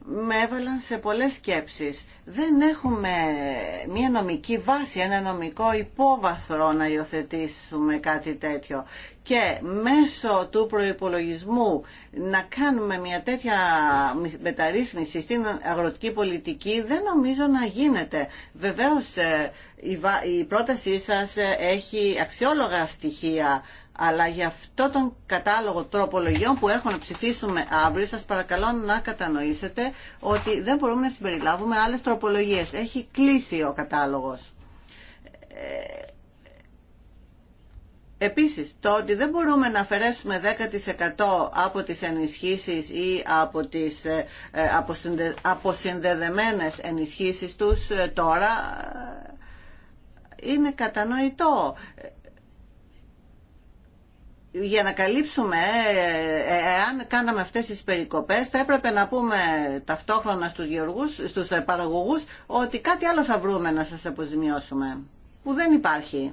με έβαλαν σε πολλές σκέψεις. Δεν έχουμε μια νομική βάση, ένα νομικό υπόβαθρο να υιοθετήσουμε κάτι τέτοιο. Και μέσω του προϋπολογισμού να κάνουμε μια τέτοια μεταρρύθμιση στην αγροτική πολιτική δεν νομίζω να γίνεται. Βεβαίως ε, η πρότασή σας ε, έχει αξιόλογα στοιχεία αλλά για αυτό τον κατάλογο τροπολογιών που έχω να ψηφίσουμε αύριο, σας παρακαλώ να κατανοήσετε ότι δεν μπορούμε να συμπεριλάβουμε άλλες τροπολογίες. Έχει κλείσει ο κατάλογος. Ε, επίσης, το ότι δεν μπορούμε να αφαιρέσουμε 10% από τις ενισχύσεις ή από τις ε, αποσυνδεδεμένες ενισχύσεις τους ε, τώρα είναι κατανοητό για να καλύψουμε, ε, ε, εάν κάναμε αυτές τις περικοπές, θα έπρεπε να πούμε ταυτόχρονα στους, γεωργούς, στους παραγωγούς ότι κάτι άλλο θα βρούμε να σας αποζημιώσουμε, που δεν υπάρχει.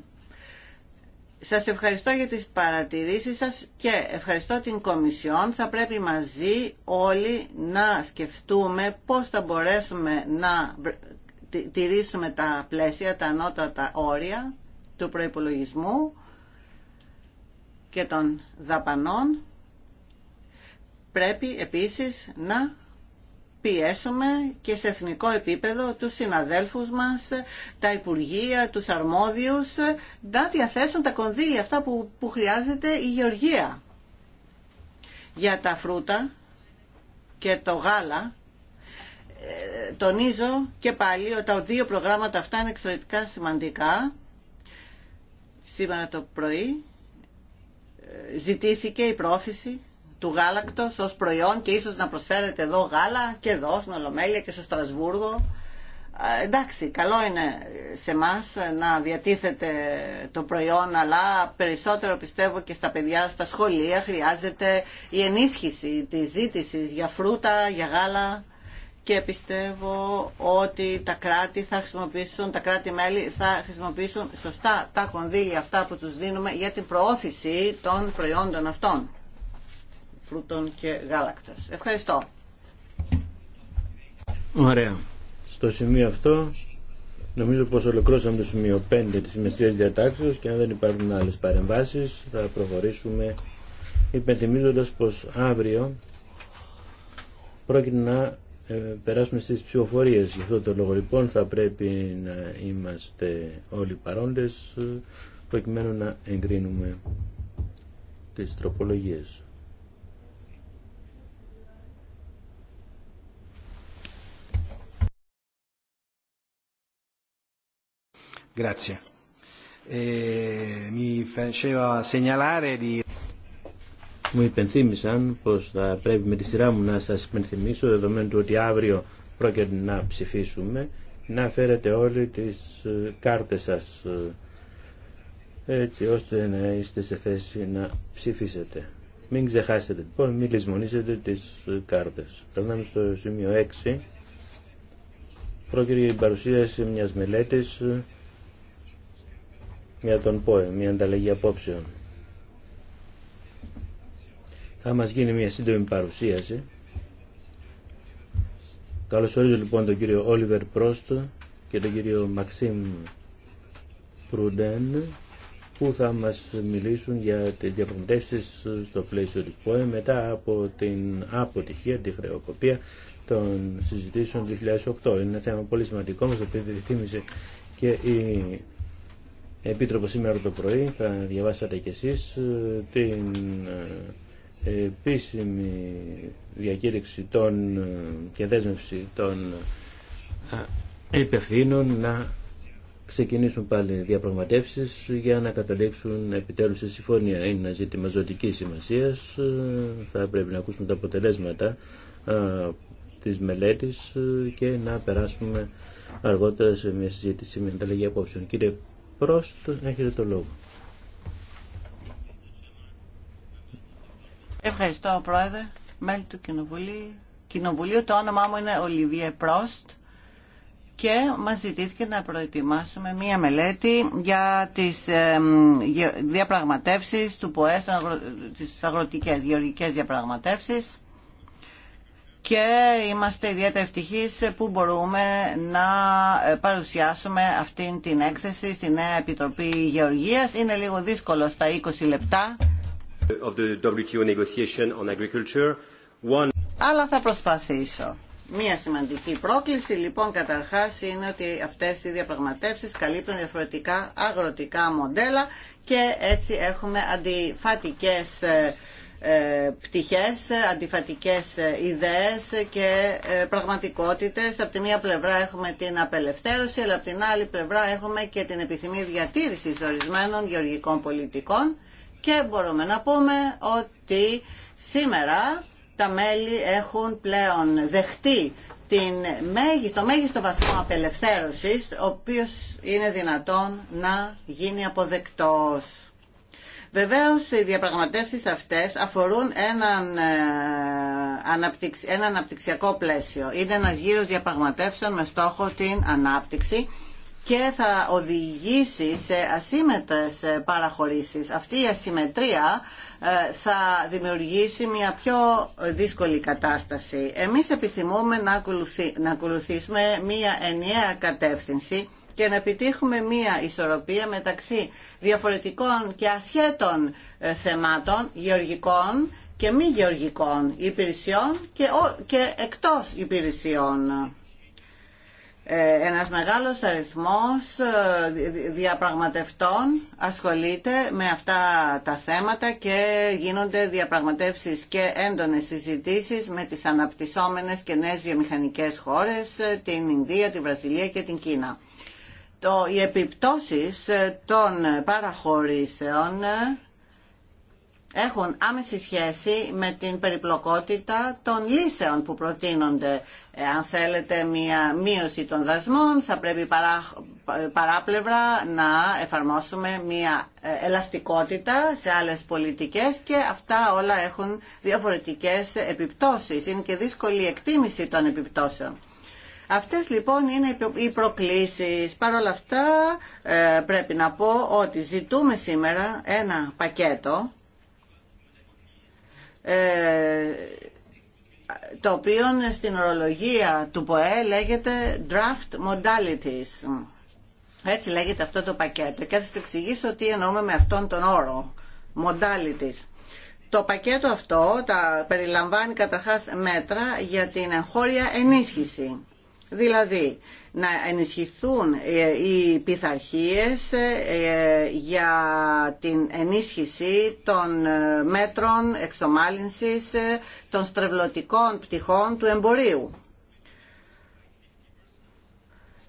Σας ευχαριστώ για τις παρατηρήσεις σας και ευχαριστώ την Κομισιόν. Θα πρέπει μαζί όλοι να σκεφτούμε πώς θα μπορέσουμε να τηρήσουμε τα πλαίσια, τα ανώτατα όρια του προϋπολογισμού και των δαπανών πρέπει επίσης να πιέσουμε και σε εθνικό επίπεδο τους συναδέλφους μας, τα Υπουργεία, τους αρμόδιους, να διαθέσουν τα κονδύλια αυτά που, που χρειάζεται η Γεωργία. Για τα φρούτα και το γάλα, ε, τονίζω και πάλι ότι τα δύο προγράμματα αυτά είναι εξαιρετικά σημαντικά. Σήμερα το πρωί ζητήθηκε η πρόθεση του γάλακτος ως προϊόν και ίσως να προσφέρετε εδώ γάλα και εδώ στην Ολομέλεια και στο Στρασβούργο. Εντάξει, καλό είναι σε εμά να διατίθεται το προϊόν, αλλά περισσότερο πιστεύω και στα παιδιά, στα σχολεία χρειάζεται η ενίσχυση της ζήτησης για φρούτα, για γάλα και πιστεύω ότι τα κράτη θα χρησιμοποιήσουν, τα κράτη-μέλη θα χρησιμοποιήσουν σωστά τα κονδύλια αυτά που τους δίνουμε για την προώθηση των προϊόντων αυτών, φρούτων και γάλακτος. Ευχαριστώ. Ωραία. Στο σημείο αυτό νομίζω πως ολοκλώσαμε το σημείο 5 της μεσαίας διατάξεως και αν δεν υπάρχουν άλλες παρεμβάσεις θα προχωρήσουμε υπενθυμίζοντας πως αύριο πρόκειται να ε, περάσουμε στις ψηφοφορίες. Γι' αυτό το λόγο λοιπόν θα πρέπει να είμαστε όλοι παρόντες ε, προκειμένου να εγκρίνουμε τις τροπολογίες. Grazie. Ε, mi faceva segnalare di μου υπενθύμησαν πως θα πρέπει με τη σειρά μου να σας υπενθυμίσω δεδομένου του ότι αύριο πρόκειται να ψηφίσουμε να φέρετε όλοι τις ε, κάρτες σας ε, έτσι ώστε να είστε σε θέση να ψηφίσετε. Μην ξεχάσετε λοιπόν, μην λησμονήσετε τις ε, κάρτες. Περνάμε στο σημείο 6. Πρόκειται για την παρουσίαση μιας μελέτης για τον ΠΟΕ, μια ανταλλαγή απόψεων. Θα μας γίνει μια σύντομη παρουσίαση. Καλωσορίζω λοιπόν τον κύριο Όλιβερ Πρόστο και τον κύριο Μαξίμ Προυντέν που θα μας μιλήσουν για τις διαπροντεύσεις στο πλαίσιο της ΠΟΕ μετά από την αποτυχία, τη χρεοκοπία των συζητήσεων 2008. Είναι ένα θέμα πολύ σημαντικό μα το οποίο θύμισε και η Επίτροπο σήμερα το πρωί, θα διαβάσατε κι εσείς ε, την ε, επίσημη διακήρυξη των ε, και δέσμευση των ε, υπευθύνων να ξεκινήσουν πάλι διαπραγματεύσεις για να καταλήξουν επιτέλους σε συμφωνία. Είναι ένα ζήτημα ζωτική σημασία. Ε, θα πρέπει να ακούσουμε τα αποτελέσματα της μελέτης και να περάσουμε αργότερα σε μια συζήτηση με ανταλλαγή απόψεων. Κύριε Πρόστ, έχετε το λόγο. Ευχαριστώ, Πρόεδρε. Μέλη του Κοινοβουλίου. Κοινοβουλίου. Το όνομά μου είναι Ολιβία Πρόστ και μας ζητήθηκε να προετοιμάσουμε μία μελέτη για τις διαπραγματεύσεις του ΠΟΕΣ, τις αγροτικές, γεωργικές διαπραγματεύσεις και είμαστε ιδιαίτερα ευτυχείς που μπορούμε να ε, παρουσιάσουμε αυτήν την έκθεση στη Νέα Επιτροπή Γεωργίας. Είναι λίγο δύσκολο στα 20 λεπτά αλλά θα προσπαθήσω. Μία σημαντική πρόκληση λοιπόν καταρχάς είναι ότι αυτές οι διαπραγματεύσεις καλύπτουν διαφορετικά αγροτικά μοντέλα και έτσι έχουμε αντιφατικές ε, ε, πτυχές, αντιφατικές ε, ιδέες και πραγματικότητες. Από τη μία πλευρά έχουμε την απελευθέρωση, αλλά από την άλλη πλευρά έχουμε και την επιθυμία διατήρησης ορισμένων γεωργικών πολιτικών και μπορούμε να πούμε ότι σήμερα τα μέλη έχουν πλέον δεχτεί την μέγιστο, το μέγιστο βαθμό απελευθέρωσης, ο οποίος είναι δυνατόν να γίνει αποδεκτός. Βεβαίως οι διαπραγματεύσεις αυτές αφορούν έναν, ε, ένα αναπτυξιακό πλαίσιο. Είναι ένας γύρος διαπραγματεύσεων με στόχο την ανάπτυξη και θα οδηγήσει σε ασύμετρες ε, παραχωρήσεις. Αυτή η ασυμμετρία ε, θα δημιουργήσει μια πιο δύσκολη κατάσταση. Εμείς επιθυμούμε να ακολουθήσουμε μια ενιαία κατεύθυνση και να επιτύχουμε μία ισορροπία μεταξύ διαφορετικών και ασχέτων ε, θεμάτων, γεωργικών και μη γεωργικών υπηρεσιών και, και εκτός υπηρεσιών. Ε, ένας μεγάλος αριθμός ε, διαπραγματευτών ασχολείται με αυτά τα θέματα και γίνονται διαπραγματεύσεις και έντονες συζητήσεις με τις αναπτυσσόμενες και νέες βιομηχανικές χώρες, ε, την Ινδία, τη Βραζιλία και την Κίνα. Το, οι επιπτώσεις των παραχωρήσεων έχουν άμεση σχέση με την περιπλοκότητα των λύσεων που προτείνονται. Ε, αν θέλετε μία μείωση των δασμών, θα πρέπει παράπλευρα να εφαρμόσουμε μία ε, ελαστικότητα σε άλλες πολιτικές και αυτά όλα έχουν διαφορετικές επιπτώσεις. Είναι και δύσκολη εκτίμηση των επιπτώσεων. Αυτές λοιπόν είναι οι προκλήσεις. Παρ' όλα αυτά ε, πρέπει να πω ότι ζητούμε σήμερα ένα πακέτο ε, το οποίο στην ορολογία του ΠΟΕ λέγεται draft modalities. Έτσι λέγεται αυτό το πακέτο. Και θα σας εξηγήσω τι εννοούμε με αυτόν τον όρο, modalities. Το πακέτο αυτό τα περιλαμβάνει καταρχάς μέτρα για την χώρια ενίσχυση. Δηλαδή, να ενισχυθούν ε, οι πειθαρχίε ε, για την ενίσχυση των ε, μέτρων εξομάλυνσης των στρεβλωτικών πτυχών του εμπορίου.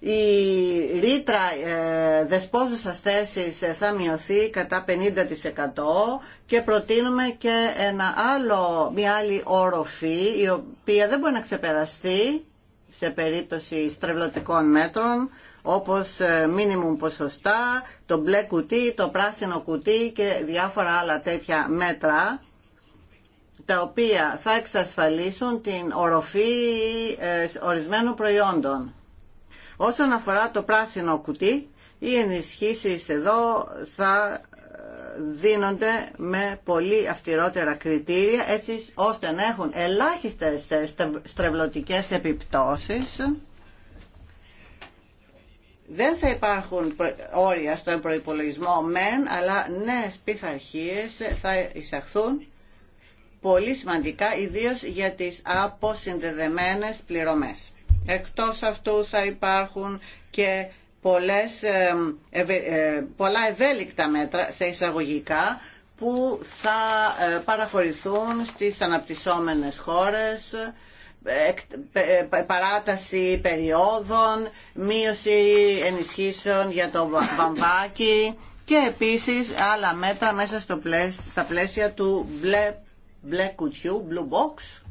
Η ρήτρα δεσπόζουσας θέσης θα μειωθεί κατά 50% και προτείνουμε και ένα άλλο, μια άλλη όροφη η οποία δεν μπορεί να ξεπεραστεί σε περίπτωση στρεβλωτικών μέτρων όπως μίνιμουμ ε, ποσοστά, το μπλε κουτί, το πράσινο κουτί και διάφορα άλλα τέτοια μέτρα τα οποία θα εξασφαλίσουν την οροφή ε, ορισμένων προϊόντων. Όσον αφορά το πράσινο κουτί, οι ενισχύσεις εδώ θα δίνονται με πολύ αυστηρότερα κριτήρια έτσι ώστε να έχουν ελάχιστες στρεβλωτικές επιπτώσεις δεν θα υπάρχουν όρια στον προϋπολογισμό μεν, αλλά νέες πειθαρχίες θα εισαχθούν πολύ σημαντικά, ιδίως για τις αποσυνδεδεμένες πληρωμές. Εκτός αυτού θα υπάρχουν και πολλές, ε, ε, πολλά ευέλικτα μέτρα σε εισαγωγικά που θα ε, παραχωρηθούν στις αναπτυσσόμενες χώρες παράταση περιόδων, μείωση ενισχύσεων για το βαμβάκι και επίσης άλλα μέτρα μέσα στο πλαίσιο, στα πλαίσια του Black μπλε κουτιού, blue box,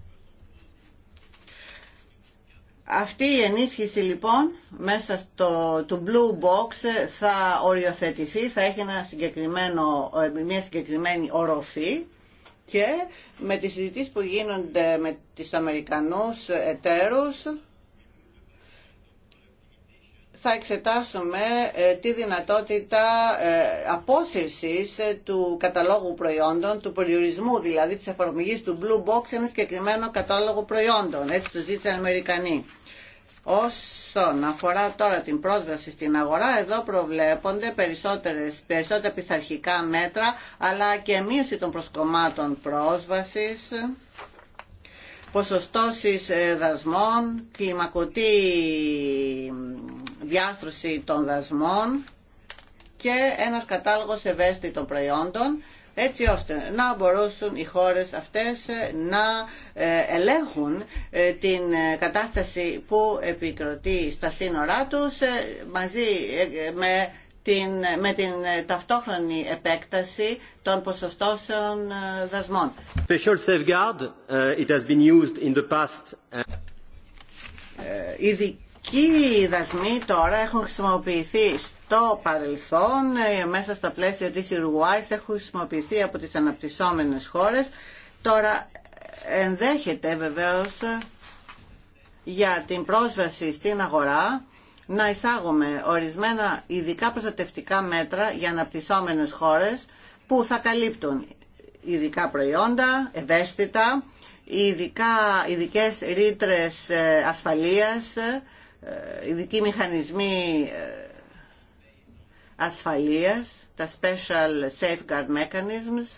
αυτή η ενίσχυση λοιπόν μέσα στο, του Blue Box θα οριοθετηθεί, θα έχει ένα συγκεκριμένο, ε, μια συγκεκριμένη οροφή και με τις συζητήσεις που γίνονται με τις Αμερικανούς εταίρους θα εξετάσουμε ε, τη δυνατότητα ε, απόσυρσης ε, του καταλόγου προϊόντων, του περιορισμού δηλαδή της εφαρμογής του Blue Box σε ένα συγκεκριμένο κατάλογο προϊόντων. Έτσι το ζήτησαν οι Αμερικανοί. Όσον αφορά τώρα την πρόσβαση στην αγορά, εδώ προβλέπονται περισσότερες, περισσότερα πειθαρχικά μέτρα, αλλά και μείωση των προσκομμάτων πρόσβασης ποσοστώσεις δασμών, κλιμακωτή διάστρωση των δασμών και ένας κατάλογος ευαίσθητων προϊόντων έτσι ώστε να μπορούσαν οι χώρες αυτές να ε, ελέγχουν ε, την ε, κατάσταση που επικροτεί στα σύνορά τους μαζί με την, με ταυτόχρονη επέκταση των ποσοστώσεων δασμών. Special οι δασμοί τώρα έχουν χρησιμοποιηθεί στο παρελθόν, ε, μέσα στα πλαίσια της Ιρουάης έχουν χρησιμοποιηθεί από τις αναπτυσσόμενες χώρες. Τώρα ε, ενδέχεται βεβαίως ε, για την πρόσβαση στην αγορά να εισάγουμε ορισμένα ειδικά προστατευτικά μέτρα για αναπτυσσόμενες χώρες που θα καλύπτουν ειδικά προϊόντα, ευαίσθητα, ειδικά, ειδικές ρήτρες ασφαλείας, ε, ειδικοί μηχανισμοί ε, ασφαλείας, τα Special Safeguard Mechanisms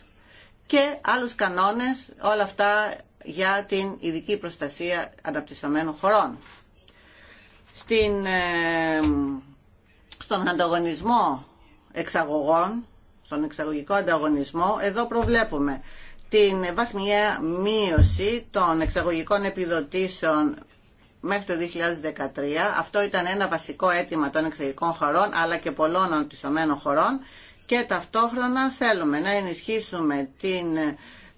και άλλους κανόνες, όλα αυτά για την ειδική προστασία αναπτυσσομένων χωρών. Στην, ε, στον ανταγωνισμό εξαγωγών, στον εξαγωγικό ανταγωνισμό, εδώ προβλέπουμε την βασμιαία μείωση των εξαγωγικών επιδοτήσεων μέχρι το 2013. Αυτό ήταν ένα βασικό αίτημα των εξωτερικών χωρών αλλά και πολλών αντισωμένων χωρών και ταυτόχρονα θέλουμε να ενισχύσουμε την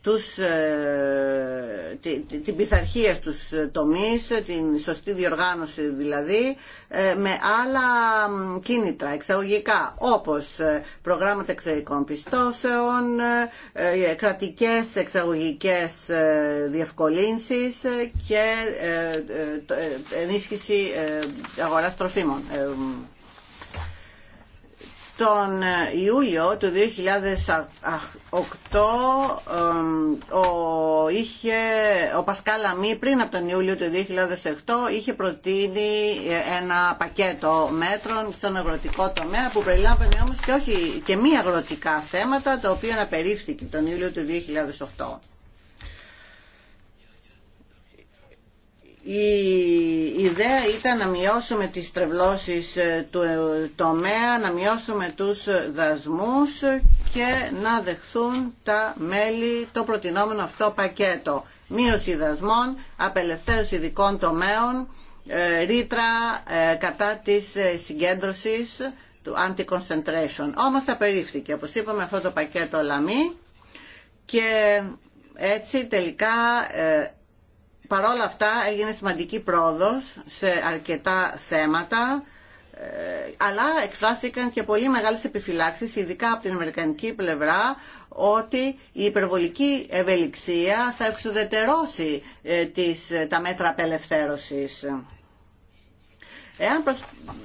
τους, ε, την πειθαρχία στους τομείς, την σωστή διοργάνωση δηλαδή, ε, με άλλα κίνητρα εξαγωγικά, όπως ε, προγράμματα εξαγωγικών πιστώσεων, κρατικές εξαγωγικές διευκολύνσεις και ενίσχυση αγοράς τροφίμων. Τον ε, Ιούλιο του 2008 ο, είχε, ο Πασκάλ Αμή πριν από τον Ιούλιο του 2008 είχε προτείνει ε, ένα πακέτο μέτρων στον αγροτικό τομέα που περιλάμβανε όμως και, όχι, και μη αγροτικά θέματα τα οποία αναπερίφθηκε τον Ιούλιο του 2008. Η ιδέα ήταν να μειώσουμε τις τρευλώσεις ε, του ε, τομέα, να μειώσουμε τους δασμούς και να δεχθούν τα μέλη το προτινόμενο αυτό πακέτο. Μείωση δασμών, απελευθέρωση ειδικών τομέων, ε, ρήτρα κατά της συγκέντρωσης του anti-concentration. Όμως απερίφθηκε, όπως είπαμε, αυτό το πακέτο λαμή και έτσι τελικά παρόλα αυτά έγινε σημαντική πρόοδος σε αρκετά θέματα ε, αλλά εκφράστηκαν και πολύ μεγάλες επιφυλάξεις, ειδικά από την Αμερικανική πλευρά, ότι η υπερβολική ευελιξία θα εξουδετερώσει ε, τις, ε, τα μέτρα απελευθέρωσης. Εάν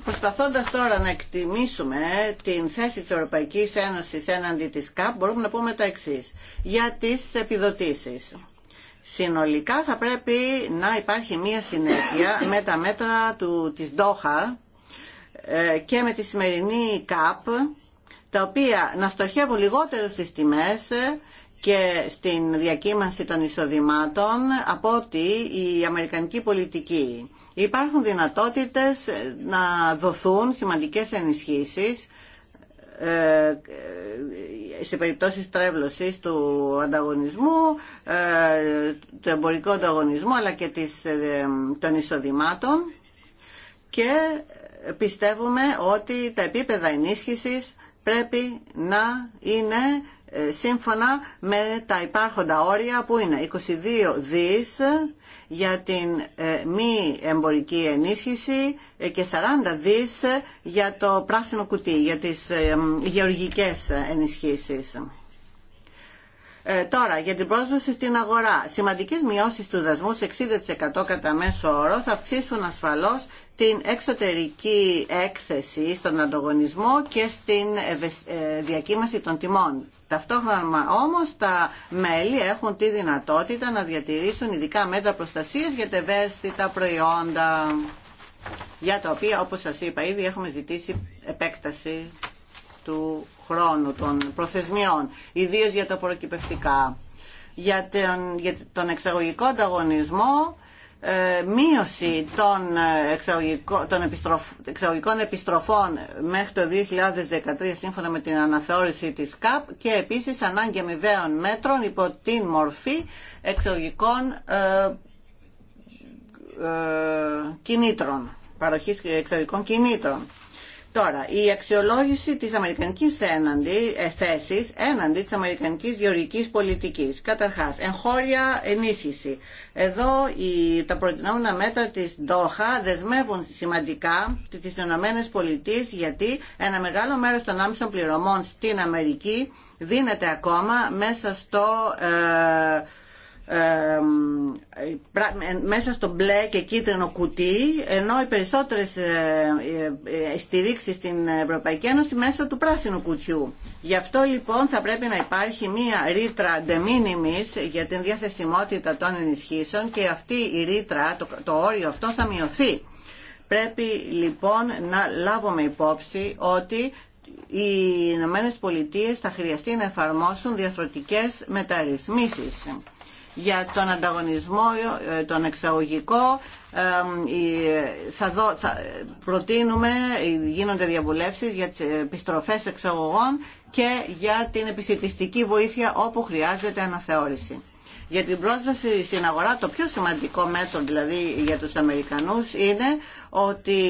προσπαθώντας τώρα να εκτιμήσουμε την θέση της Ευρωπαϊκής Ένωσης έναντι της ΚΑΠ, μπορούμε να πούμε τα εξής. Για τις επιδοτήσεις συνολικά θα πρέπει να υπάρχει μία συνέχεια με τα μέτρα του, της Ντόχα ε, και με τη σημερινή ΚΑΠ τα οποία να στοχεύουν λιγότερο στις τιμές και στην διακύμανση των εισοδημάτων από ότι η αμερικανική πολιτική. Υπάρχουν δυνατότητες να δοθούν σημαντικές ενισχύσεις ε, σε περιπτώσεις τρέβλωσης του ανταγωνισμού, ε, του εμπορικού ανταγωνισμού αλλά και ε, των εισοδημάτων και πιστεύουμε ότι τα επίπεδα ενίσχυσης πρέπει να είναι σύμφωνα με τα υπάρχοντα όρια που είναι 22 δις για την ε, μη εμπορική ενίσχυση ε, και 40 δις για το πράσινο κουτί, για τις ε, γεωργικές ενισχύσεις. Ε, τώρα, για την πρόσβαση στην αγορά. Σημαντικέ μειώσει του δασμού σε 60% κατά μέσο όρο θα αυξήσουν ασφαλώς την εξωτερική έκθεση στον ανταγωνισμό και στην ε, διακύμαση των τιμών. Ταυτόχρονα όμως τα μέλη έχουν τη δυνατότητα να διατηρήσουν ειδικά μέτρα προστασίας για τα ευαίσθητα προϊόντα για τα οποία όπως σας είπα ήδη έχουμε ζητήσει επέκταση του χρόνου των προθεσμιών ιδίως για τα προκυπευτικά για τον, για τον εξαγωγικό ανταγωνισμό ε, μείωση των, ε, εξαγωγικών, επιστροφών μέχρι το 2013 σύμφωνα με την αναθεώρηση της ΚΑΠ και επίσης ανάγκη αμοιβαίων μέτρων υπό την μορφή εξαγωγικών ε, κινήτρων, παροχής εξαγωγικών κινήτρων. Τώρα, η αξιολόγηση της αμερικανικής έναντι, ε, θέσης έναντι της αμερικανικής γεωργικής πολιτικής. Καταρχάς, εγχώρια ενίσχυση. Εδώ η, τα προτινόμενα μέτρα της Ντόχα δεσμεύουν σημαντικά τις Ηνωμένες Πολιτείες γιατί ένα μεγάλο μέρος των άμεσων πληρωμών στην Αμερική δίνεται ακόμα μέσα στο... Ε, μέσα στο μπλε και κίτρινο κουτί ενώ οι περισσότερες ε, ε, ε, στηρίξεις στην Ευρωπαϊκή Ένωση μέσα του πράσινου κουτιού. Γι' αυτό λοιπόν θα πρέπει να υπάρχει μία ρήτρα de minimis για την διαθεσιμότητα των ενισχύσεων και αυτή η ρήτρα, το, όριο αυτό θα μειωθεί. Πρέπει λοιπόν να λάβουμε υπόψη ότι οι Ηνωμένε Πολιτείε θα χρειαστεί να εφαρμόσουν διαφορετικές μεταρρυθμίσεις για τον ανταγωνισμό, ε, τον εξαγωγικό. Θα, δω, θα προτείνουμε, ε, γίνονται διαβουλεύσεις για τις επιστροφές εξαγωγών και για την επισητιστική βοήθεια όπου χρειάζεται αναθεώρηση. Για την πρόσβαση στην αγορά το πιο σημαντικό μέτρο δηλαδή για τους Αμερικανούς είναι ότι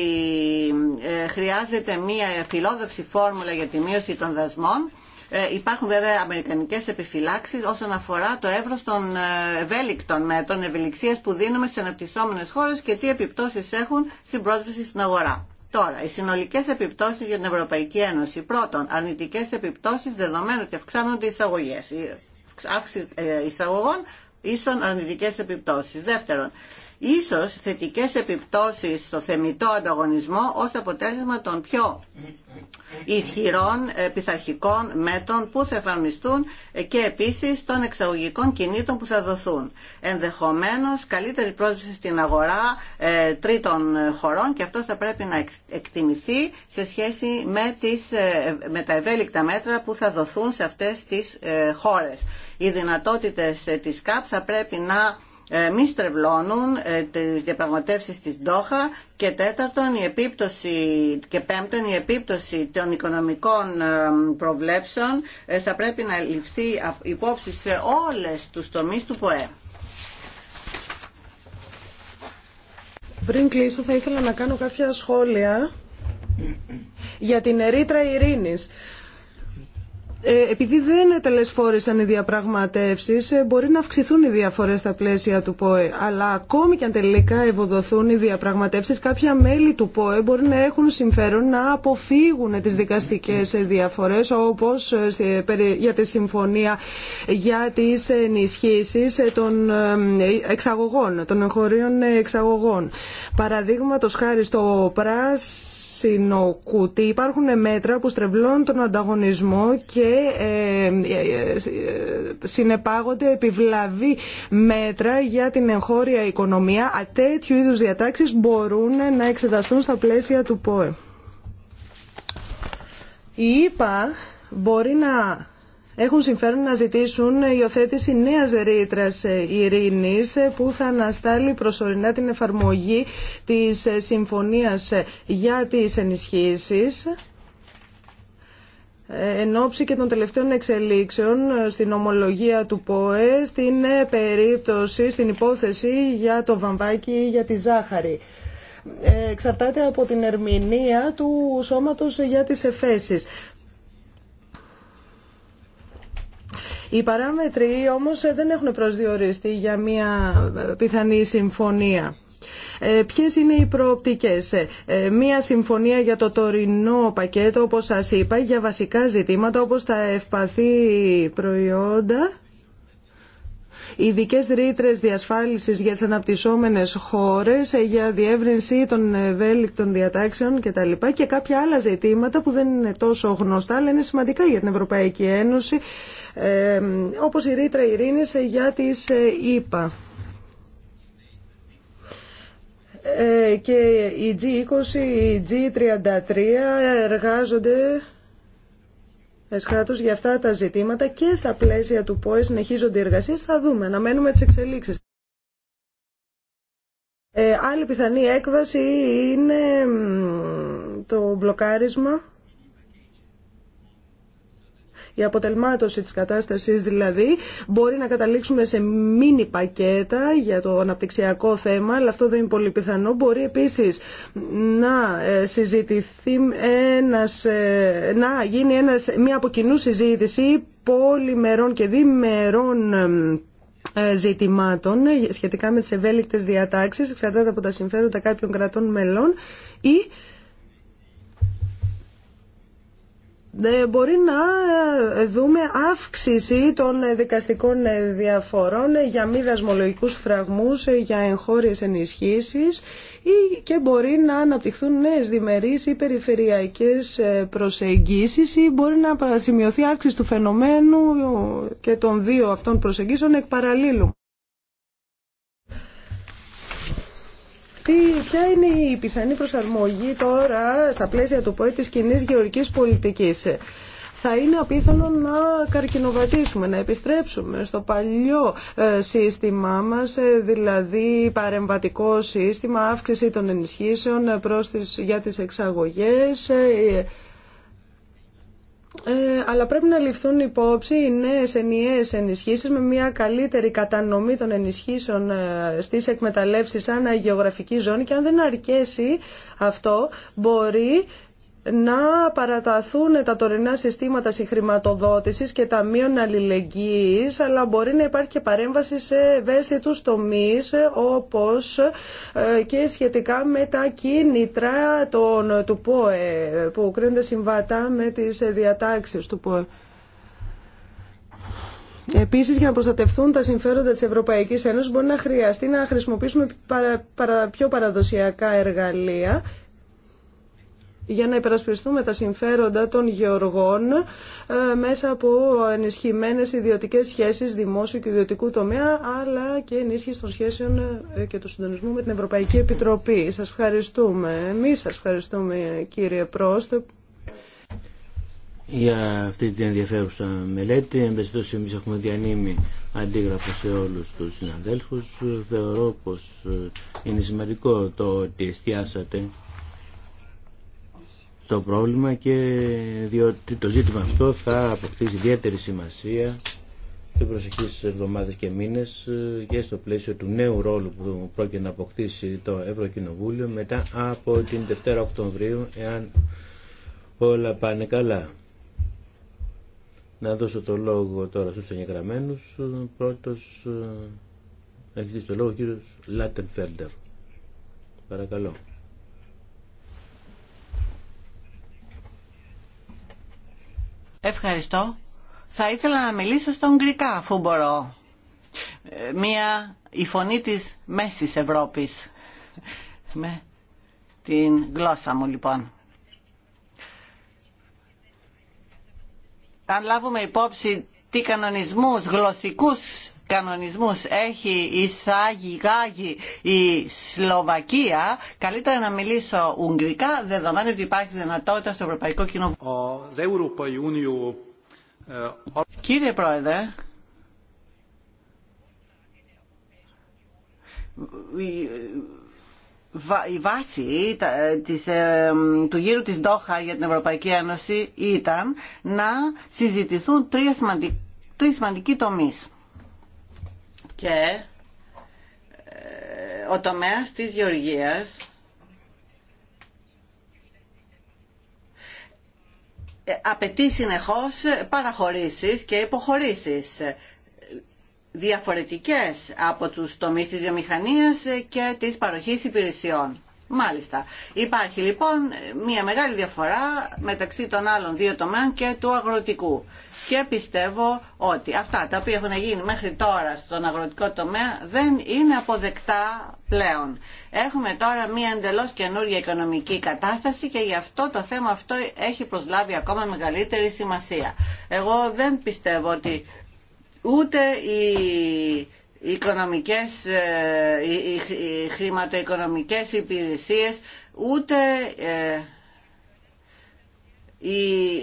ε, χρειάζεται μια φιλόδοξη φόρμουλα για τη μείωση των δασμών ε, υπάρχουν βέβαια αμερικανικές επιφυλάξεις όσον αφορά το εύρο των ε, ευέλικτων μέτρων ευελιξίας που δίνουμε στι αναπτυσσόμενες χώρες και τι επιπτώσεις έχουν στην πρόσβαση στην αγορά. Τώρα, οι συνολικέ επιπτώσει για την Ευρωπαϊκή Ένωση. Πρώτον, αρνητικέ επιπτώσει δεδομένου ότι αυξάνονται οι εισαγωγέ. Αύξηση ε, εισαγωγών ίσον αρνητικέ επιπτώσει. Δεύτερον, ίσως θετικές επιπτώσεις στο θεμητό ανταγωνισμό ως αποτέλεσμα των πιο ισχυρών ε, πειθαρχικών μέτρων που θα εφαρμιστούν ε, και επίσης των εξαγωγικών κινήτων που θα δοθούν. Ενδεχομένως καλύτερη πρόσβαση στην αγορά ε, τρίτων χωρών και αυτό θα πρέπει να εκτιμηθεί σε σχέση με, τις, με τα ευέλικτα μέτρα που θα δοθούν σε αυτές τις χώρες. Οι δυνατότητες της ΚΑΠ θα πρέπει να ε, μη στρεβλώνουν ε, τις διαπραγματεύσεις της Ντόχα και τέταρτον η επίπτωση και πέμπτον η επίπτωση των οικονομικών ε, προβλέψεων θα πρέπει να ληφθεί υπόψη σε όλες τους τομείς του ΠΟΕ. Πριν κλείσω θα ήθελα να κάνω κάποια σχόλια για την ερήτρα ειρήνης. Ε, επειδή δεν τελεσφόρησαν οι διαπραγματεύσεις, ε, μπορεί να αυξηθούν οι διαφορές στα πλαίσια του ΠΟΕ. Αλλά ακόμη και αν τελικά ευοδοθούν οι διαπραγματεύσεις, κάποια μέλη του ΠΟΕ μπορεί να έχουν συμφέρον να αποφύγουν τις δικαστικές διαφορές, όπως ε, για τη συμφωνία για τις ενισχύσεις των εξαγωγών, των εγχωρίων εξαγωγών. Παραδείγματος χάρη στο ΠΡΑΣ, υπάρχουν μέτρα που στρεβλώνουν τον ανταγωνισμό και ε, ε, ε, συνεπάγονται επιβλαβή μέτρα για την εγχώρια οικονομία. Τέτοιου είδους διατάξεις μπορούν να εξεταστούν στα πλαίσια του ΠΟΕ. Η ΕΠΑ μπορεί να έχουν συμφέρον να ζητήσουν υιοθέτηση νέα ρήτρα ειρήνη που θα αναστάλει προσωρινά την εφαρμογή τη συμφωνία για τι ενισχύσει εν ώψη και των τελευταίων εξελίξεων στην ομολογία του ΠΟΕ στην περίπτωση, στην υπόθεση για το βαμβάκι ή για τη ζάχαρη. Ε, εξαρτάται από την ερμηνεία του σώματος για τις εφέσεις. Οι παράμετροι όμως δεν έχουν προσδιοριστεί για μια πιθανή συμφωνία. Ε, ποιες είναι οι προοπτικές. Ε, ε, μία συμφωνία για το τωρινό πακέτο, όπως σας είπα, για βασικά ζητήματα όπως τα ευπαθή προϊόντα ειδικέ ρήτρε διασφάλιση για τι αναπτυσσόμενε χώρε, ε, για διεύρυνση των ευέλικτων διατάξεων κτλ. και κάποια άλλα ζητήματα που δεν είναι τόσο γνωστά, αλλά είναι σημαντικά για την Ευρωπαϊκή Ένωση, όπω η ρήτρα ειρήνη για τι ε, ΗΠΑ ε, και οι G20, οι G33 εργάζονται Εσχάτως, για αυτά τα ζητήματα και στα πλαίσια του ΠΟΕ συνεχίζονται οι εργασίες. Θα δούμε, αναμένουμε τις εξελίξεις. Ε, άλλη πιθανή έκβαση είναι το μπλοκάρισμα η αποτελμάτωση της κατάστασης δηλαδή μπορεί να καταλήξουμε σε μίνι πακέτα για το αναπτυξιακό θέμα αλλά αυτό δεν είναι πολύ πιθανό. Μπορεί επίσης να ε, συζητηθεί ε, να γίνει ένας, μια από κοινού συζήτηση πολυμερών και διμερών ε, ζητημάτων σχετικά με τις ευέλικτες διατάξεις εξαρτάται από τα συμφέροντα κάποιων κρατών μελών ή Ε, μπορεί να ε, δούμε αύξηση των ε, δικαστικών διαφορών για μη δασμολογικούς φραγμούς, για εγχώριες ενισχύσεις ή και μπορεί να αναπτυχθούν νέες διμερείς ή περιφερειακές προσεγγίσεις ή μπορεί να σημειωθεί αύξηση του φαινομένου και των δύο αυτών προσεγγίσεων εκ τι, ποια είναι η πιθανή προσαρμογή τώρα στα πλαίσια του ΠΟΕ της κοινή γεωργικής πολιτικής. Θα είναι απίθανο να καρκινοβατήσουμε, να επιστρέψουμε στο παλιό ε, σύστημά μας, ε, δηλαδή παρεμβατικό σύστημα, αύξηση των ενισχύσεων ε, προς για τις εξαγωγές, ε, αλλά πρέπει να ληφθούν υπόψη οι νέε ενιαίε ενισχύσεις με μια καλύτερη κατανομή των ενισχύσεων ε, στις εκμεταλλεύσεις σαν γεωγραφική ζώνη και αν δεν αρκέσει αυτό μπορεί να παραταθούν τα τωρινά συστήματα συγχρηματοδότησης και ταμείων αλληλεγγύης, αλλά μπορεί να υπάρχει και παρέμβαση σε ευαίσθητους τομείς, όπως ε, και σχετικά με τα κίνητρα των, του ΠΟΕ, που κρίνονται συμβατά με τις διατάξεις του ΠΟΕ. Επίσης, για να προστατευτούν τα συμφέροντα της Ευρωπαϊκής Ένωσης, μπορεί να χρειαστεί να χρησιμοποιήσουμε πιο παραδοσιακά εργαλεία, για να υπερασπιστούμε τα συμφέροντα των γεωργών ε, μέσα από ενισχυμένες ιδιωτικές σχέσεις δημόσιου και ιδιωτικού τομέα αλλά και ενίσχυση των σχέσεων ε, και του συντονισμού με την Ευρωπαϊκή Επιτροπή. Σας ευχαριστούμε. Εμείς σας ευχαριστούμε κύριε Πρόστο για αυτή την ενδιαφέρουσα μελέτη. ότι εμείς έχουμε διανύμει αντίγραφο σε όλους τους συναδέλφους. Θεωρώ πως ε, είναι σημαντικό το ότι εστιάσατε το πρόβλημα και διότι το ζήτημα αυτό θα αποκτήσει ιδιαίτερη σημασία στι προσεχείς εβδομάδες και μήνες ε, και στο πλαίσιο του νέου ρόλου που πρόκειται να αποκτήσει το Ευρωκοινοβούλιο μετά από την Δευτέρα Οκτωβρίου εάν όλα πάνε καλά. Να δώσω το λόγο τώρα στους πρώτο Πρώτος ε, έχει το λόγο ο κύριος Λάτενφέρντερ. Παρακαλώ. Ευχαριστώ. Θα ήθελα να μιλήσω στον Γκρικά, αφού μπορώ. Μία, η φωνή της μέσης Ευρώπης. Με την γλώσσα μου, λοιπόν. Αν λάβουμε υπόψη τι κανονισμούς γλωσσικούς κανονισμούς έχει εισάγει γάγει η Σλοβακία, καλύτερα να μιλήσω ουγγρικά, δεδομένου ότι υπάρχει δυνατότητα στο Ευρωπαϊκό Κοινοβούλιο. Ε, Κύριε Πρόεδρε, η βάση της, ε, του γύρου της Ντόχα για την Ευρωπαϊκή Ένωση ήταν να συζητηθούν τρία σημαντικοί, τρεις σημαντικοί τομείς και ε, ο τομέας της γεωργίας ε, απαιτεί συνεχώς παραχωρήσεις και υποχωρήσεις ε, διαφορετικές από τους τομείς της βιομηχανίας και της παροχής υπηρεσιών. Μάλιστα. Υπάρχει λοιπόν μια μεγάλη διαφορά μεταξύ των άλλων δύο τομέων και του αγροτικού. Και πιστεύω ότι αυτά τα οποία έχουν γίνει μέχρι τώρα στον αγροτικό τομέα δεν είναι αποδεκτά πλέον. Έχουμε τώρα μια εντελώς καινούργια οικονομική κατάσταση και γι' αυτό το θέμα αυτό έχει προσλάβει ακόμα μεγαλύτερη σημασία. Εγώ δεν πιστεύω ότι ούτε η οικονομικές, ε, οι χρηματοοικονομικές υπηρεσίες, ούτε ε, οι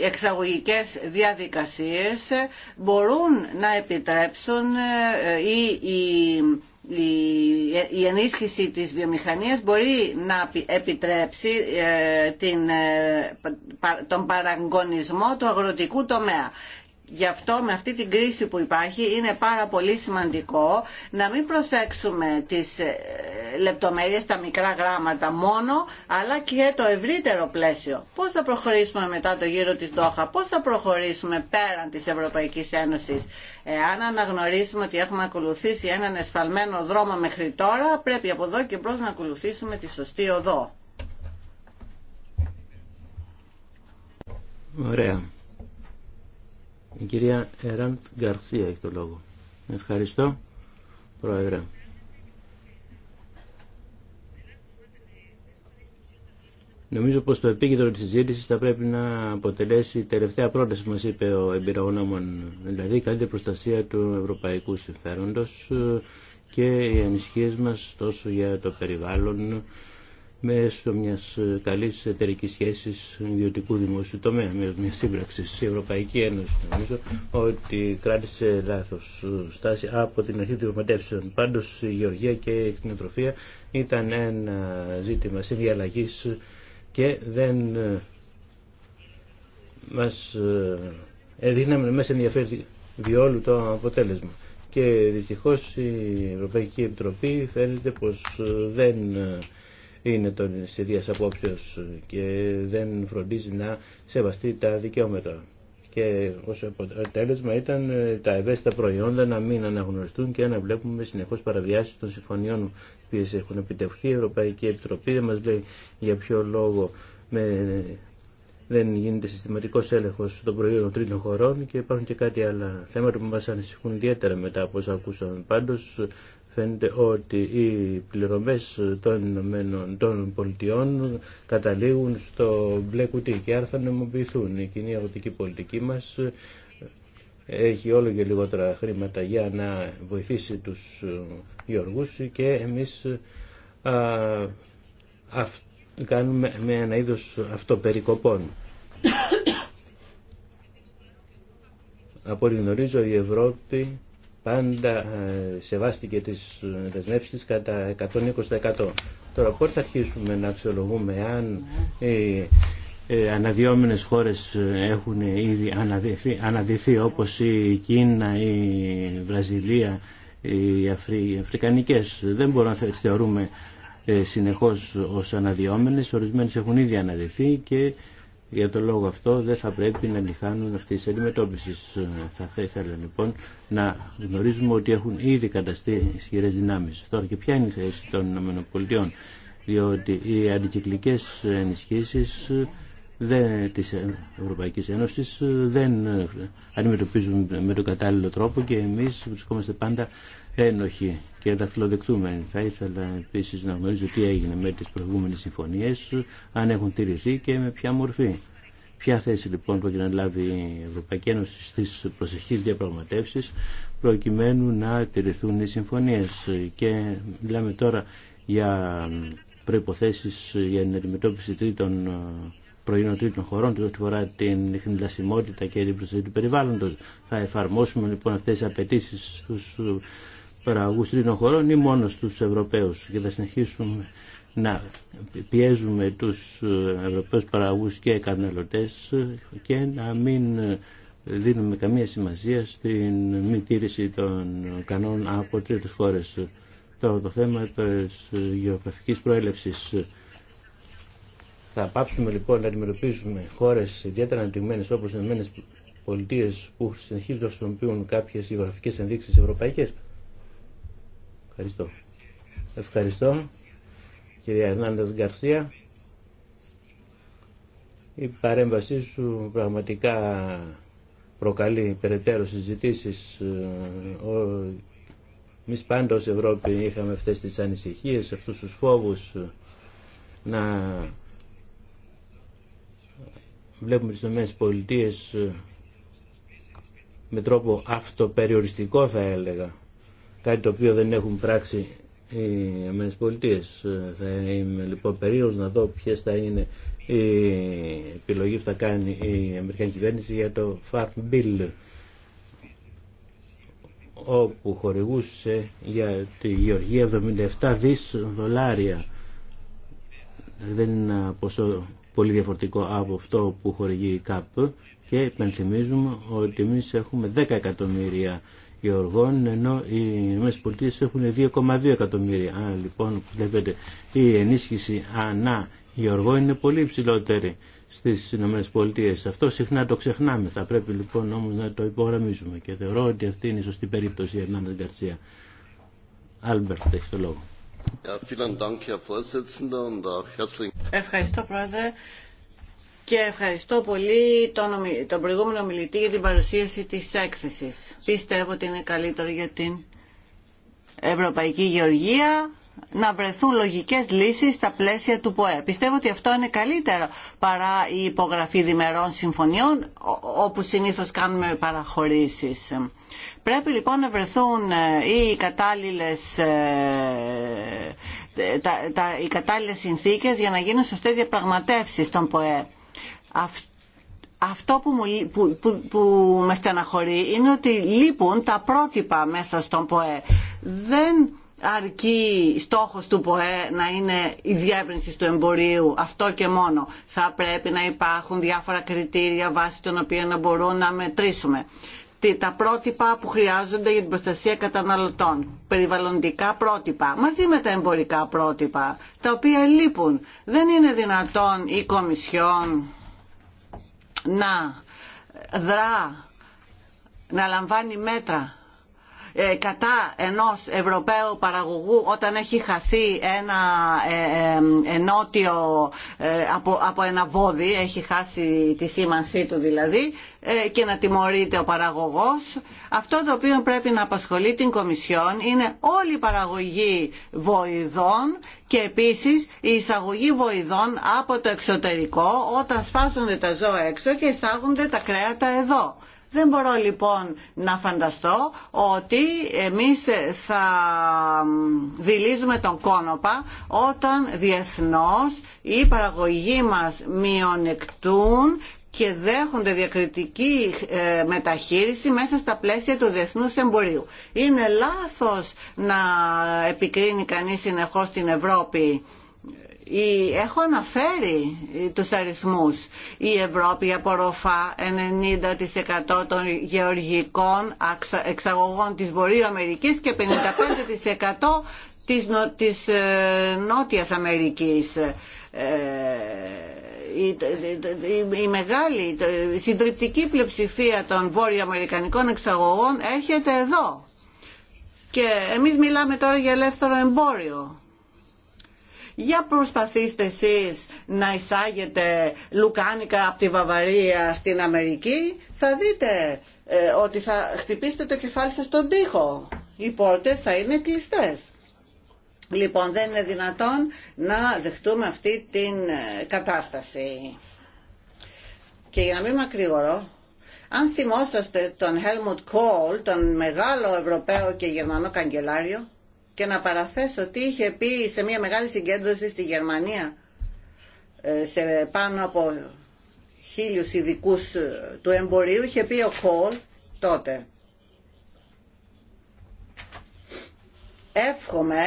εξαγωγικές διαδικασίες μπορούν να επιτρέψουν ε, ή η, ενίσχυση της βιομηχανίας μπορεί να επιτρέψει την, τον παραγωνισμό του αγροτικού τομέα. Γι' αυτό με αυτή την κρίση που υπάρχει είναι πάρα πολύ σημαντικό να μην προσέξουμε τις ε, λεπτομέρειες, τα μικρά γράμματα μόνο, αλλά και το ευρύτερο πλαίσιο. Πώς θα προχωρήσουμε μετά το γύρο της Δόχα, πώς θα προχωρήσουμε πέραν της Ευρωπαϊκής Ένωσης. Εάν αναγνωρίσουμε ότι έχουμε ακολουθήσει έναν εσφαλμένο δρόμο μέχρι τώρα, πρέπει από εδώ και μπρος να ακολουθήσουμε τη σωστή οδό. Ωραία. Η κυρία Εραντ Γκαρσία έχει το λόγο. Ευχαριστώ, Πρόεδρε. Νομίζω πως το επίκεντρο της συζήτηση θα πρέπει να αποτελέσει η τελευταία πρόταση που μας είπε ο εμπειρογνώμων, δηλαδή καλύτερη προστασία του ευρωπαϊκού συμφέροντος και οι ανησυχίες μας τόσο για το περιβάλλον μέσω μια ε, καλής εταιρική σχέση ιδιωτικού δημόσιου τομέα, μια σύμπραξη στην Ευρωπαϊκή Ένωση νομίζω ότι κράτησε λάθος ε, στάση από την αρχή των διαπραγματεύσεων. πάντω η γεωργία και η κτηνοτροφία ήταν ένα ζήτημα συνδιαλλαγή και δεν ε, μας δίναμε μέσα ενδιαφέρει διόλου το αποτέλεσμα. Και δυστυχώς η Ευρωπαϊκή Επιτροπή φαίνεται πως δεν είναι των ίδιας απόψεως και δεν φροντίζει να σεβαστεί τα δικαιώματα. Και ως αποτέλεσμα ήταν ε, τα ευαίσθητα προϊόντα να μην αναγνωριστούν και να βλέπουμε συνεχώς παραβιάσεις των συμφωνιών που έχουν επιτευχθεί. Η Ευρωπαϊκή Επιτροπή δεν μας λέει για ποιο λόγο με... δεν γίνεται συστηματικός έλεγχος των προϊόντων τρίτων χωρών και υπάρχουν και κάτι άλλα θέματα που μα ανησυχούν ιδιαίτερα μετά από όσα ακούσαμε. Πάντως φαίνεται ότι οι πληρωμές των, πολιτιών καταλήγουν στο μπλε κουτί και άρα θα νομοποιηθούν. Η κοινή αγροτική πολιτική μας έχει όλο και λιγότερα χρήματα για να βοηθήσει τους γεωργούς και εμείς α, κάνουμε με ένα είδος αυτοπερικοπών. Από ό,τι γνωρίζω η Ευρώπη πάντα ε, σεβάστηκε τις ε, δεσμεύσεις κατά 120%. Τώρα πώς θα αρχίσουμε να αξιολογούμε αν οι ε, αναδυόμενες χώρες έχουν ήδη αναδυθεί, αναδυθεί όπως η Κίνα, η Βραζιλία, οι, Αφρικανικές. Δεν μπορούμε να θεωρούμε συνεχώς ως αναδυόμενες, ορισμένες έχουν ήδη αναδυθεί και για τον λόγο αυτό δεν θα πρέπει να λιχάνουν αυτή τη αντιμετώπιση. Θα ήθελα λοιπόν να γνωρίζουμε ότι έχουν ήδη καταστεί ισχυρέ δυνάμει. Τώρα και ποια είναι η θέση των ΗΠΑ, διότι οι αντικυκλικέ ενισχύσει τη Ευρωπαϊκή Ένωση δεν αντιμετωπίζουν με τον κατάλληλο τρόπο και εμεί βρισκόμαστε πάντα Ένοχή και δαχτυλοδεικτούμενοι. Θα ήθελα επίση να γνωρίζω τι έγινε με τις προηγούμενες συμφωνίες, αν έχουν τηρηθεί και με ποια μορφή. Ποια θέση λοιπόν πρόκειται να λάβει η Ευρωπαϊκή Ένωση στις προσεχείς διαπραγματεύσεις προκειμένου να τηρηθούν οι συμφωνίες. Και μιλάμε τώρα για προϋποθέσεις για την αντιμετώπιση τρίτων πρωινών τρίτων χωρών, τη φορά την χνηλασιμότητα και την προστασία του περιβάλλοντος. Θα εφαρμόσουμε λοιπόν αυτέ τι απαιτήσει στους παραγωγούς τρίτων χωρών ή μόνο στους Ευρωπαίους και θα συνεχίσουμε να πιέζουμε τους ε, Ευρωπαίους παραγωγούς και καταναλωτές και να μην ε, δίνουμε καμία σημασία στην μη τήρηση των κανόνων από τρίτες χώρες. Τώρα το θέμα της γεωγραφικής προέλευσης. Θα πάψουμε λοιπόν να αντιμετωπίσουμε χώρες ιδιαίτερα αναπτυγμένες όπως οι πολιτείες που συνεχίζουν να χρησιμοποιούν κάποιες γεωγραφικές ενδείξεις ευρωπαϊκές. Ευχαριστώ. Ευχαριστώ. Κυρία Ερνάντας Γκαρσία. Η παρέμβασή σου πραγματικά προκαλεί περαιτέρω συζητήσεις. Ο... Εμεί πάντα Ευρώπη είχαμε αυτές τις ανησυχίες, αυτούς τους φόβους να βλέπουμε τις νομές πολιτείες με τρόπο αυτοπεριοριστικό θα έλεγα κάτι το οποίο δεν έχουν πράξει οι ΗΠΑ. Ε, θα είμαι λοιπόν περίοδος να δω ποιες θα είναι η επιλογή που θα κάνει η Αμερικανική κυβέρνηση για το Farm Bill όπου χορηγούσε για τη Γεωργία 77 δις δολάρια. Δεν είναι ποσό πολύ διαφορετικό από αυτό που χορηγεί η ΚΑΠ και υπενθυμίζουμε ότι εμεί έχουμε 10 εκατομμύρια γεωργών ενώ οι ΗΠΑ έχουν 2,2 εκατομμύρια. Άρα λοιπόν βλέπετε η ενίσχυση ανά Γεωργών είναι πολύ υψηλότερη στις ΗΠΑ. Αυτό συχνά το ξεχνάμε. Θα πρέπει λοιπόν όμως να το υπογραμμίζουμε και θεωρώ ότι αυτή είναι η σωστή περίπτωση για Ερνάντα Γκαρσία. Άλμπερτ, έχει το λόγο. Ευχαριστώ Πρόεδρε και ευχαριστώ πολύ τον, τον προηγούμενο μιλητή για την παρουσίαση της έκθεσης. Πιστεύω ότι είναι καλύτερο για την Ευρωπαϊκή Γεωργία να βρεθούν λογικές λύσεις στα πλαίσια του ΠΟΕ. Πιστεύω ότι αυτό είναι καλύτερο παρά η υπογραφή δημερών συμφωνιών όπου συνήθως κάνουμε παραχωρήσεις. Πρέπει λοιπόν να βρεθούν ε, οι κατάλληλες, ε, τα, τα, συνθήκες για να γίνουν σωστές διαπραγματεύσεις στον ΠΟΕ. Αυτό που, μου, που, με στεναχωρεί είναι ότι λείπουν τα πρότυπα μέσα στον ΠΟΕ. Δεν αρκεί στόχος του ΠΟΕ να είναι η διεύρυνση του εμπορίου, αυτό και μόνο. Θα πρέπει να υπάρχουν διάφορα κριτήρια βάσει των οποίων να μπορούμε να μετρήσουμε. Τα πρότυπα που χρειάζονται για την προστασία καταναλωτών, περιβαλλοντικά πρότυπα, μαζί με τα εμπορικά πρότυπα, τα οποία λείπουν. Δεν είναι δυνατόν η Κομισιόν να δρά, να λαμβάνει μέτρα ε, κατά ενός Ευρωπαίου παραγωγού όταν έχει χαθεί ένα ε, ε, ενότιο από, ένα βόδι, έχει χάσει τη σήμανσή του δηλαδή και να τιμωρείται ο παραγωγός. Αυτό το οποίο πρέπει να απασχολεί την Κομισιόν είναι όλη η παραγωγή βοηδών και επίσης η εισαγωγή βοηδών από το εξωτερικό όταν σπάσονται τα ζώα έξω και εισάγονται τα κρέατα εδώ. Δεν μπορώ λοιπόν να φανταστώ ότι εμείς θα δηλίζουμε τον κόνοπα όταν διεθνώς οι παραγωγοί μας μειονεκτούν και δέχονται διακριτική ε, μεταχείριση μέσα στα πλαίσια του διεθνούς εμπορίου. Είναι λάθος να επικρίνει κανείς συνεχώς την Ευρώπη η έχω αναφέρει ε, τους αριθμούς. Η Ευρώπη απορροφά 90% των γεωργικών εξαγωγών της Αμερικής και 55% της, Νότια της ε, Νότιας Αμερικής. Ε, η, μεγάλη, η συντριπτική πλειοψηφία των βόρειο-αμερικανικών εξαγωγών έρχεται εδώ. Και εμείς μιλάμε τώρα για ελεύθερο εμπόριο για προσπαθήστε εσείς να εισάγετε λουκάνικα από τη Βαβαρία στην Αμερική, θα δείτε ε, ότι θα χτυπήσετε το κεφάλι σας στον τοίχο. Οι πόρτες θα είναι κλειστές. Λοιπόν, δεν είναι δυνατόν να δεχτούμε αυτή την ε, κατάσταση. Και για να μην μακρηγορώ, αν θυμόσαστε τον Helmut Kohl, τον μεγάλο Ευρωπαίο και Γερμανό καγκελάριο, και να παραθέσω τι είχε πει σε μια μεγάλη συγκέντρωση στη Γερμανία ε, σε πάνω από χίλιους ειδικού ε, του εμπορίου είχε πει ο Κόλ τότε εύχομαι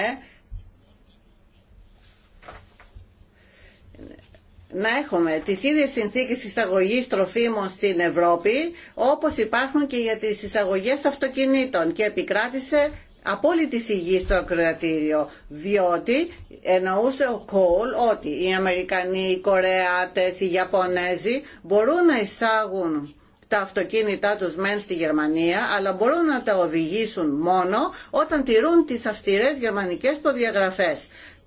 να έχουμε τις ίδιες συνθήκες εισαγωγής τροφίμων στην Ευρώπη όπως υπάρχουν και για τις εισαγωγές αυτοκινήτων και επικράτησε απόλυτη υγεία στο κρατήριο διότι εννοούσε ο Κόλ ότι οι Αμερικανοί, οι Κορεάτες, οι Ιαπωνέζοι μπορούν να εισάγουν τα αυτοκίνητά τους μεν στη Γερμανία αλλά μπορούν να τα οδηγήσουν μόνο όταν τηρούν τις αυστηρές γερμανικές προδιαγραφές.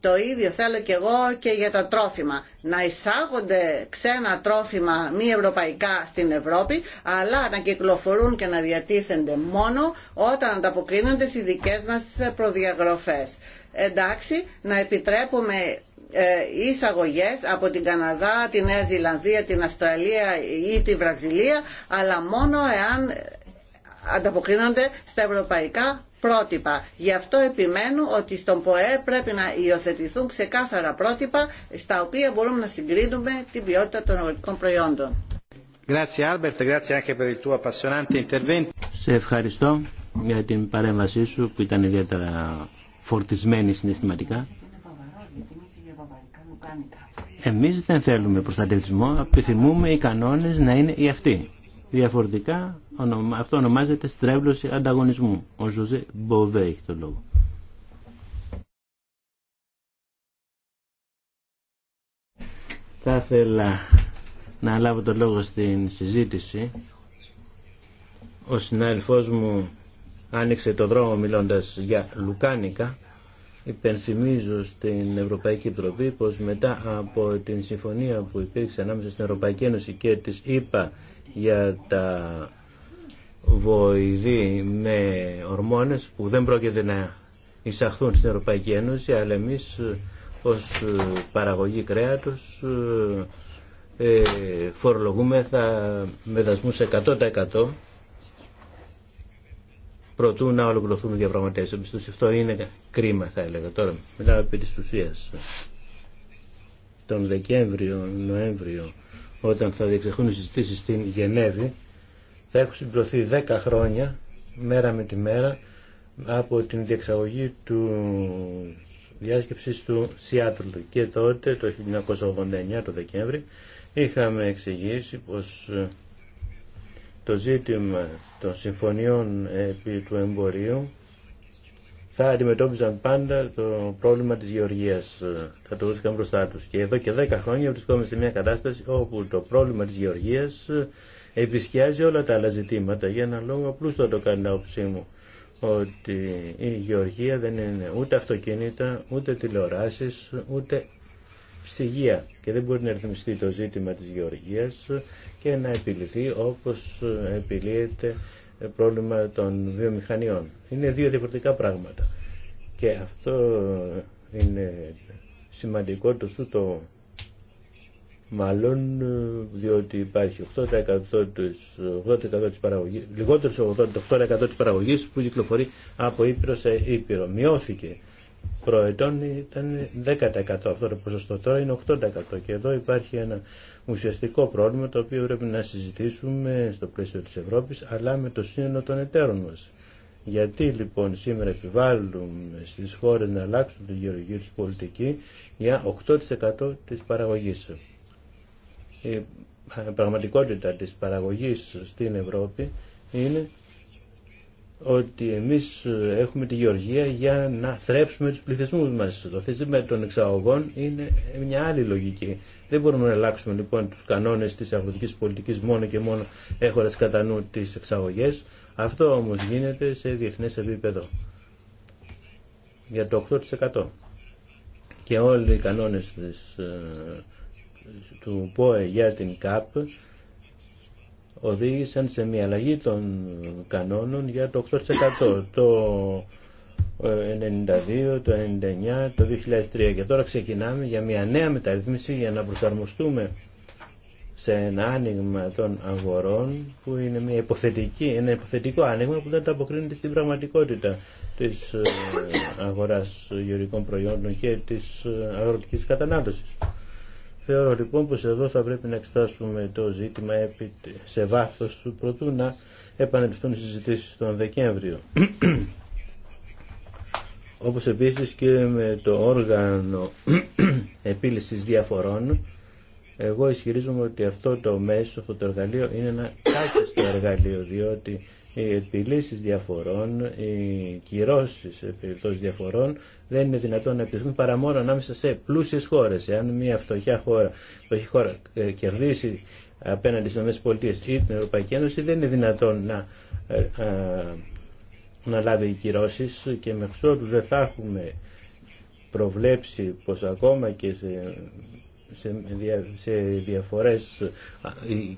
Το ίδιο θέλω και εγώ και για τα τρόφιμα. Να εισάγονται ξένα τρόφιμα μη ευρωπαϊκά στην Ευρώπη, αλλά να κυκλοφορούν και να διατίθενται μόνο όταν ανταποκρίνονται στις δικές μας προδιαγραφές. Εντάξει, να επιτρέπουμε ε, εισαγωγέ από την Καναδά, τη Νέα Ζηλανδία, την Αυστραλία ή τη Βραζιλία, αλλά μόνο εάν ανταποκρίνονται στα ευρωπαϊκά πρότυπα. Γι' αυτό επιμένω ότι στον ΠΟΕ πρέπει να υιοθετηθούν ξεκάθαρα πρότυπα στα οποία μπορούμε να συγκρίνουμε την ποιότητα των αγροτικών προϊόντων. Σε ευχαριστώ για την παρέμβασή σου που ήταν ιδιαίτερα φορτισμένη συναισθηματικά. Εμείς δεν θέλουμε προστατευτισμό, επιθυμούμε οι κανόνες να είναι οι αυτοί. Διαφορετικά αυτό ονομάζεται στρέβλωση ανταγωνισμού. Ο Ζωζέ Μποβέ έχει το λόγο. Θα ήθελα να λάβω το λόγο στην συζήτηση. Ο συνάδελφός μου άνοιξε το δρόμο μιλώντας για λουκάνικα. Υπενθυμίζω στην Ευρωπαϊκή Επιτροπή πως μετά από την συμφωνία που υπήρξε ανάμεσα στην Ευρωπαϊκή Ένωση και της ΕΠΑ για τα βοηθεί με ορμόνες που δεν πρόκειται να εισαχθούν στην Ευρωπαϊκή Ένωση, αλλά εμείς ε, ως ε, παραγωγή κρέατος ε, φορολογούμε θα με δασμούς 100% προτού να ολοκληρωθούν οι διαπραγματεύσεις. Εμπιστούς αυτό είναι κρίμα θα έλεγα. Τώρα μιλάω επί της ουσίας. Τον Δεκέμβριο, Νοέμβριο, όταν θα διεξεχούν οι συζητήσεις στην Γενέβη, θα έχουν συμπληρωθεί 10 χρόνια μέρα με τη μέρα από την διεξαγωγή του διάσκεψης του Σιάτλ και τότε το 1989 το Δεκέμβρη είχαμε εξηγήσει πως ε, το ζήτημα των συμφωνιών επί του εμπορίου θα αντιμετώπιζαν πάντα το πρόβλημα της γεωργίας. Ε, θα το βρίσκαν μπροστά τους. Και εδώ και 10 χρόνια βρισκόμαστε σε μια κατάσταση όπου το πρόβλημα της γεωργίας ε, επισκιάζει όλα τα άλλα ζητήματα για έναν λόγο το το όψη μου ότι η γεωργία δεν είναι ούτε αυτοκίνητα, ούτε τηλεοράσεις, ούτε ψυγεία και δεν μπορεί να ρυθμιστεί το ζήτημα της γεωργίας και να επιληθεί όπως επιλύεται πρόβλημα των βιομηχανιών. Είναι δύο διαφορετικά πράγματα και αυτό είναι σημαντικό το μάλλον ε, διότι υπάρχει 8%, της, 8 της παραγωγής, 8% της παραγωγής που κυκλοφορεί από Ήπειρο σε Ήπειρο. Μειώθηκε. Προετών ήταν 10% αυτό το ποσοστό, τώρα είναι 8% και εδώ υπάρχει ένα ουσιαστικό πρόβλημα το οποίο πρέπει να συζητήσουμε στο πλαίσιο της Ευρώπης αλλά με το σύνολο των εταίρων μας. Γιατί λοιπόν σήμερα επιβάλλουμε στις χώρες να αλλάξουν τη γεωργική τους πολιτική για 8% της παραγωγής η πραγματικότητα της παραγωγής στην Ευρώπη είναι ότι εμείς έχουμε τη γεωργία για να θρέψουμε τους πληθυσμούς μας. Το θέσμα των εξαγωγών είναι μια άλλη λογική. Δεν μπορούμε να αλλάξουμε λοιπόν τους κανόνες της αγροτικής πολιτικής μόνο και μόνο έχοντας κατά νου τις εξαγωγές. Αυτό όμως γίνεται σε διεθνές επίπεδο για το 8% και όλοι οι κανόνες της ε, του ΠΟΕ για την ΚΑΠ οδήγησαν σε μια αλλαγή των κανόνων για το 8%. Το 92, ε, το 99, το 2003 και τώρα ξεκινάμε για μια νέα μεταρρύθμιση για να προσαρμοστούμε σε ένα άνοιγμα των αγορών που είναι μια υποθετική, ένα υποθετικό άνοιγμα που δεν τα αποκρίνεται στην πραγματικότητα της ε, αγοράς γεωρικών προϊόντων και της ε, αγροτικής κατανάλωσης. Θεωρώ λοιπόν πως εδώ θα πρέπει να εξετάσουμε το ζήτημα σε βάθος του προτού να επανελθούν οι συζητήσεις τον Δεκέμβριο. Όπως επίσης και με το όργανο επίλυσης διαφορών εγώ ισχυρίζομαι ότι αυτό το μέσο, αυτό το εργαλείο είναι ένα κάκιστο εργαλείο, διότι οι επιλύσεις διαφορών, οι κυρώσεις περιπτώσει διαφορών δεν είναι δυνατόν να επιτευχθούν παρά μόνο ανάμεσα σε πλούσιες χώρες. Εάν μια φτωχιά χώρα, φτωχή χώρα ε, κερδίσει απέναντι στις ΗΠΑ ή την Ευρωπαϊκή Ένωση δεν είναι δυνατόν να, ε, να λάβει οι κυρώσεις και με αυτό δεν θα έχουμε προβλέψει πως ακόμα και σε σε διαφορές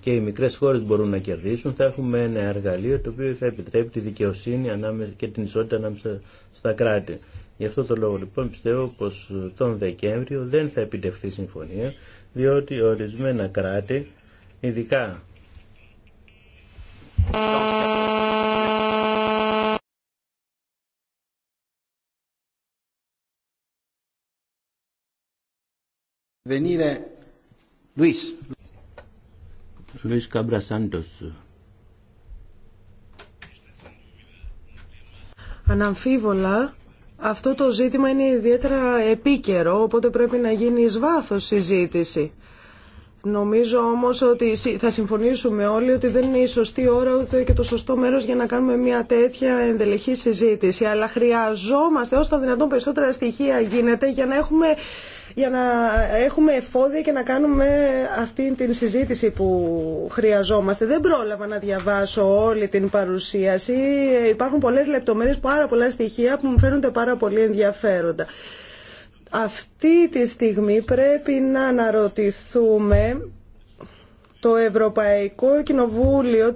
και οι μικρές χώρες μπορούν να κερδίσουν, θα έχουμε ένα εργαλείο το οποίο θα επιτρέπει τη δικαιοσύνη και την ισότητα ανάμεσα στα κράτη. Γι' αυτό το λόγο λοιπόν πιστεύω πως τον Δεκέμβριο δεν θα επιτευχθεί συμφωνία, διότι ορισμένα κράτη, ειδικά... venire Luis. Luis Cabra Αναμφίβολα αυτό το ζήτημα είναι ιδιαίτερα επίκαιρο, οπότε πρέπει να γίνει εις βάθος συζήτηση. Νομίζω όμως ότι θα συμφωνήσουμε όλοι ότι δεν είναι η σωστή ώρα ούτε και το σωστό μέρος για να κάνουμε μια τέτοια ενδελεχή συζήτηση. Αλλά χρειαζόμαστε όσο το δυνατόν περισσότερα στοιχεία γίνεται για να έχουμε για να έχουμε εφόδια και να κάνουμε αυτήν την συζήτηση που χρειαζόμαστε. Δεν πρόλαβα να διαβάσω όλη την παρουσίαση. Υπάρχουν πολλές λεπτομέρειες, πάρα πολλά στοιχεία που μου φαίνονται πάρα πολύ ενδιαφέροντα. Αυτή τη στιγμή πρέπει να αναρωτηθούμε το Ευρωπαϊκό Κοινοβούλιο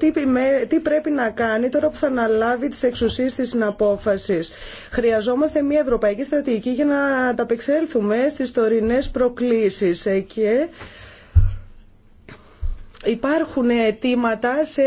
τι, πρέπει να κάνει τώρα που θα αναλάβει τις εξουσίες της συναπόφασης. Χρειαζόμαστε μια ευρωπαϊκή στρατηγική για να ανταπεξέλθουμε στις τωρινές προκλήσεις ε, και υπάρχουν αιτήματα σε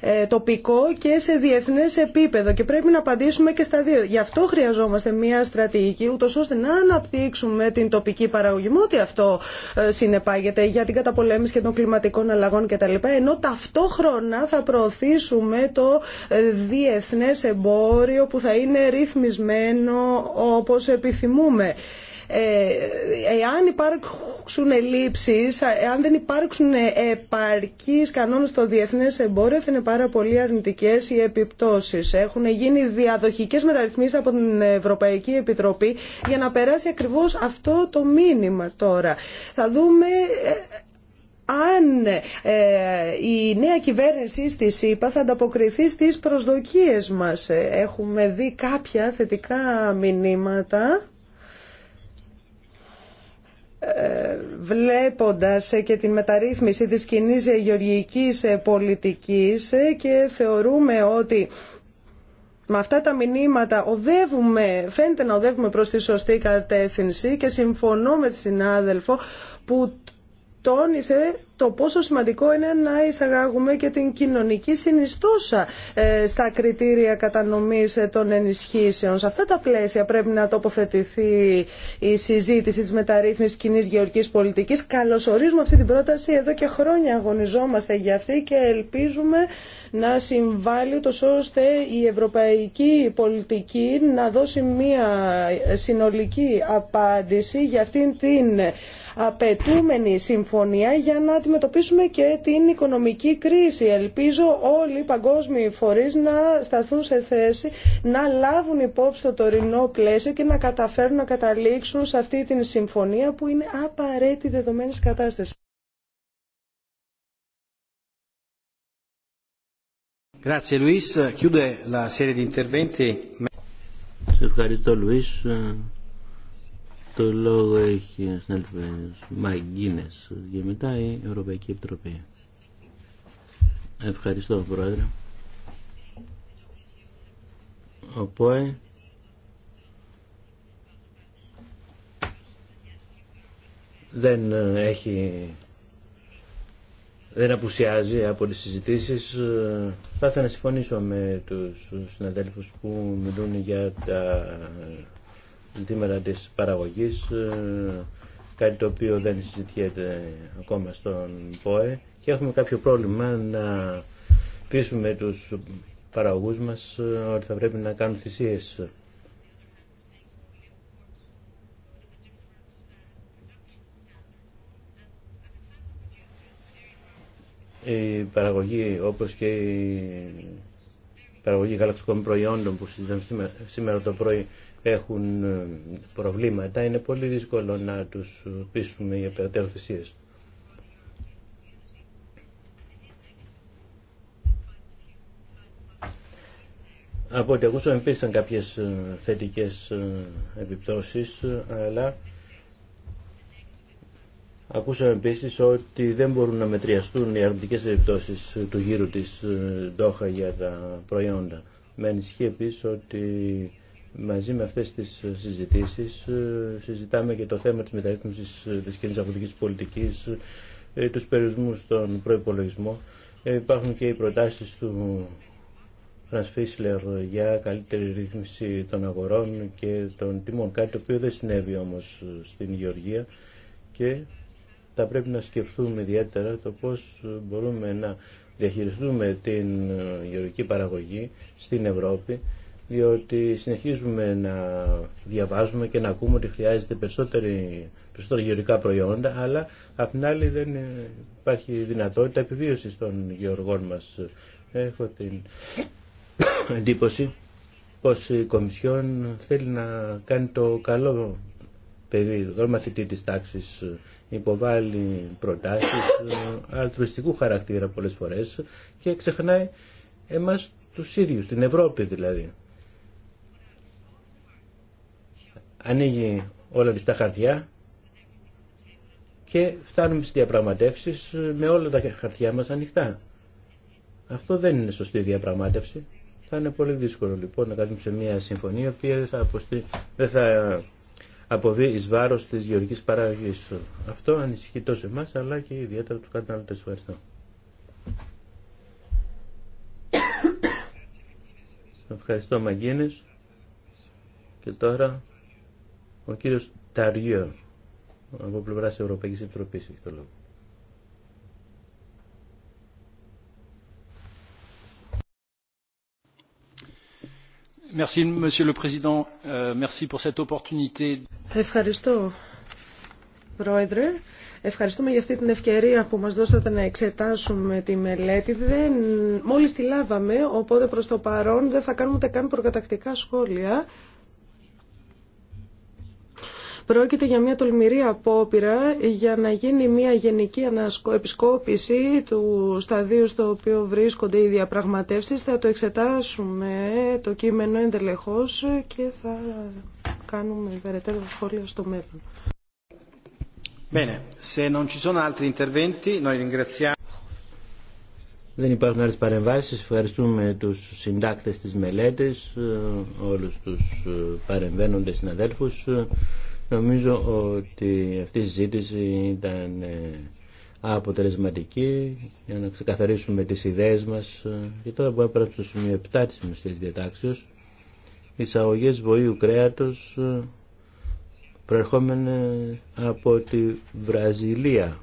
ε, τοπικό και σε διεθνές επίπεδο και πρέπει να απαντήσουμε και στα δύο. Γι' αυτό χρειαζόμαστε μια στρατηγική ούτως ώστε να αναπτύξουμε την τοπική παραγωγή με ό,τι αυτό ε, συνεπάγεται για την καταπολέμηση και των κλιματικών αλλαγών κτλ. Ενώ ταυτόχρονα θα προωθήσουμε το ε, διεθνές εμπόριο που θα είναι ρυθμισμένο όπως επιθυμούμε. Ε, εάν υπάρξουν ελλείψεις, αν δεν υπάρξουν επαρκείς κανόνες στο διεθνές εμπόριο, θα είναι πάρα πολύ αρνητικές οι επιπτώσεις. Έχουν γίνει διαδοχικές μεταρρυθμίσεις από την Ευρωπαϊκή Επιτροπή για να περάσει ακριβώς αυτό το μήνυμα τώρα. Θα δούμε ε, αν ε, η νέα κυβέρνηση στη ΣΥΠΑ θα ανταποκριθεί στις προσδοκίες μας. Έχουμε δει κάποια θετικά μηνύματα βλέποντας και την μεταρρύθμιση της κοινή γεωργικής πολιτικής και θεωρούμε ότι με αυτά τα μηνύματα οδεύουμε, φαίνεται να οδεύουμε προς τη σωστή κατεύθυνση και συμφωνώ με τη συνάδελφο που τόνισε το πόσο σημαντικό είναι να εισαγάγουμε και την κοινωνική συνιστόσα ε, στα κριτήρια κατανομής ε, των ενισχύσεων. Σε αυτά τα πλαίσια πρέπει να τοποθετηθεί η συζήτηση της μεταρρύθμισης κοινή γεωργικής πολιτικής. Καλωσορίζουμε αυτή την πρόταση. Εδώ και χρόνια αγωνιζόμαστε για αυτή και ελπίζουμε να συμβάλλει το ώστε η ευρωπαϊκή πολιτική να δώσει μια συνολική απάντηση για αυτήν την απαιτούμενη συμφωνία για να αντιμετωπίσουμε και την οικονομική κρίση. Ελπίζω όλοι οι παγκόσμιοι φορείς να σταθούν σε θέση να λάβουν υπόψη το τωρινό πλαίσιο και να καταφέρουν να καταλήξουν σε αυτή την συμφωνία που είναι απαραίτητη δεδομένη κατάστασης. Grazie Luis, chiude la serie di interventi. Το λόγο έχει ο συνάδελφος Μαγκίνες και μετά η Ευρωπαϊκή Επιτροπή. Ευχαριστώ Πρόεδρε. Ο ΠΟΕ δεν έχει δεν απουσιάζει από τις συζητήσεις. Θα ήθελα να συμφωνήσω με τους συναδέλφους που μιλούν για τα ζητήματα της παραγωγής, ε, κάτι το οποίο δεν συζητιέται ακόμα στον ΠΟΕ και έχουμε κάποιο πρόβλημα να πείσουμε τους παραγωγούς μας ε, ότι θα πρέπει να κάνουν θυσίες. Η παραγωγή όπως και η παραγωγή γαλακτικών προϊόντων που συζητάμε σήμερα το πρωί έχουν ε, προβλήματα, είναι πολύ δύσκολο να τους πείσουμε για περαιτέρω θυσίες. Από ό,τι ακούσαμε υπήρξαν κάποιες ε, θετικές ε, επιπτώσεις, αλλά ακούσαμε επίσης ότι δεν μπορούν να μετριαστούν οι αρνητικές επιπτώσεις του γύρου της Ντόχα για τα προϊόντα. Με ανησυχεί επίσης ότι μαζί με αυτές τις ε, συζητήσεις ε, συζητάμε και το θέμα της μεταρρύθμισης ε, της κοινής αγροτικής πολιτικής, τους περιορισμούς στον προϋπολογισμό. Υπάρχουν και οι προτάσεις του Φρανς για καλύτερη ρύθμιση των αγορών και των τιμών, κάτι το οποίο δεν συνέβη όμως στην Γεωργία και θα πρέπει να σκεφτούμε ιδιαίτερα το πώς μπορούμε να διαχειριστούμε την γεωργική παραγωγή στην Ευρώπη διότι συνεχίζουμε να διαβάζουμε και να ακούμε ότι χρειάζεται περισσότερη, περισσότερα γεωργικά προϊόντα, αλλά απ' την άλλη δεν υπάρχει δυνατότητα επιβίωση των γεωργών μας. Έχω την εντύπωση πως η Κομισιόν θέλει να κάνει το καλό παιδί, το μαθητή της τάξης, υποβάλλει προτάσεις ε, αλτρουιστικού χαρακτήρα πολλές φορές και ξεχνάει εμάς τους ίδιους, την Ευρώπη δηλαδή. ανοίγει όλα τα χαρτιά και φτάνουμε στις διαπραγματεύσεις με όλα τα χαρτιά μας ανοιχτά. Αυτό δεν είναι σωστή διαπραγμάτευση. Θα είναι πολύ δύσκολο λοιπόν να κάνουμε σε μια συμφωνία που θα δεν θα αποβεί εις βάρος της γεωργικής παραγωγής. Αυτό ανησυχεί τόσο εμάς αλλά και ιδιαίτερα τους καταναλωτές. Ευχαριστώ. Ευχαριστώ Μαγκίνης. Και τώρα ο κύριος Ταριό, από πλευρά της Ευρωπαϊκής Επιτροπής, έχει το λόγο. Euh, Ευχαριστώ, Πρόεδρε. Ευχαριστούμε για αυτή την ευκαιρία που μας δώσατε να εξετάσουμε τη μελέτη. Δεν... Μόλις τη λάβαμε, οπότε προς το παρόν δεν θα κάνουμε ούτε καν προκατακτικά σχόλια. Πρόκειται για μια τολμηρή απόπειρα για να γίνει μια γενική επισκόπηση του σταδίου στο οποίο βρίσκονται οι διαπραγματεύσει. Θα το εξετάσουμε το κείμενο εντελεχώ και θα κάνουμε περαιτέρω σχόλια στο μέλλον. Δεν υπάρχουν άλλε παρεμβάσει. Ευχαριστούμε του συντάκτε τη μελέτη, ε, όλου του ε, παρεμβαίνοντε συναδέλφου. Ε, Νομίζω ότι αυτή η συζήτηση ήταν ε, αποτελεσματική για να ξεκαθαρίσουμε τις ιδέες μας και τώρα που έπρεπε στο σημείο 7 της μεστής διατάξεως εισαγωγές βοήου κρέατος ε, προερχόμενε από τη Βραζιλία.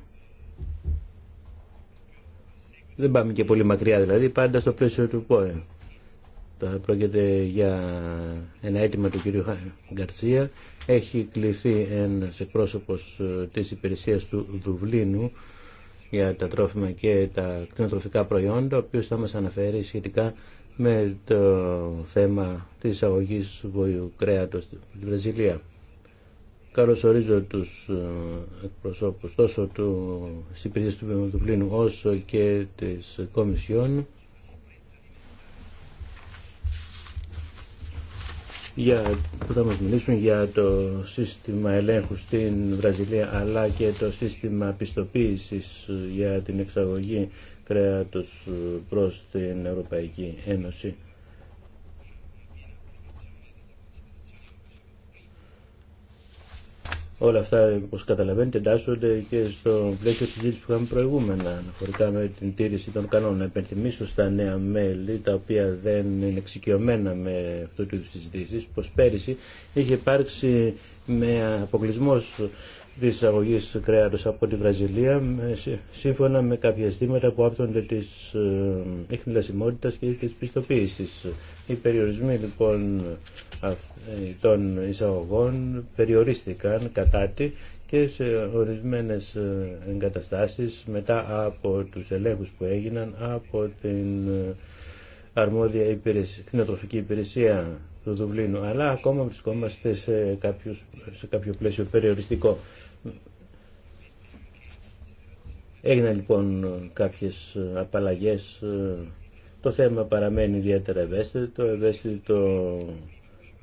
Δεν πάμε και πολύ μακριά δηλαδή, πάντα στο πλαίσιο του ΠΟΕ. Ε, πρόκειται για ένα αίτημα του κυρίου Γκαρσία. Έχει κληθεί ένα εκπρόσωπο ε, της υπηρεσία του Δουβλίνου για τα τρόφιμα και τα κτηνοτροφικά προϊόντα, ο οποίος θα μα αναφέρει σχετικά με το θέμα της αγωγής βοηού κρέατος στη Βραζιλία. Καλωσορίζω τους ε, εκπροσώπους τόσο του υπηρεσίας του Δουβλίνου όσο και τη Κομισιόν. για, που θα μας μιλήσουν για το σύστημα ελέγχου στην Βραζιλία αλλά και το σύστημα πιστοποίησης για την εξαγωγή κρέατος προς την Ευρωπαϊκή Ένωση. Όλα αυτά, όπω καταλαβαίνετε, εντάσσονται και στο πλαίσιο τη συζήτηση που είχαμε προηγούμενα, αναφορικά με την τήρηση των κανόνων. Να υπενθυμίσω στα νέα μέλη, τα οποία δεν είναι εξοικειωμένα με αυτού του συζητήσει, πω πέρυσι είχε υπάρξει με αποκλεισμό της εισαγωγής κρέατος από τη Βραζιλία σύμφωνα με κάποια αισθήματα που άπτονται της ε, ειχνηλασιμότητας και της πιστοποίησης. Οι περιορισμοί λοιπόν ε, των εισαγωγών περιορίστηκαν κατά τη και σε ορισμένες ε, εγκαταστάσεις μετά από τους ελέγχους που έγιναν από την αρμόδια υπηρεσία, κτηνοτροφική υπηρεσία του Δουβλίνου, αλλά ακόμα βρισκόμαστε σε, σε κάποιο πλαίσιο περιοριστικό. Έγιναν λοιπόν κάποιες απαλλαγές. Το θέμα παραμένει ιδιαίτερα ευαίσθητο, ευαίσθητο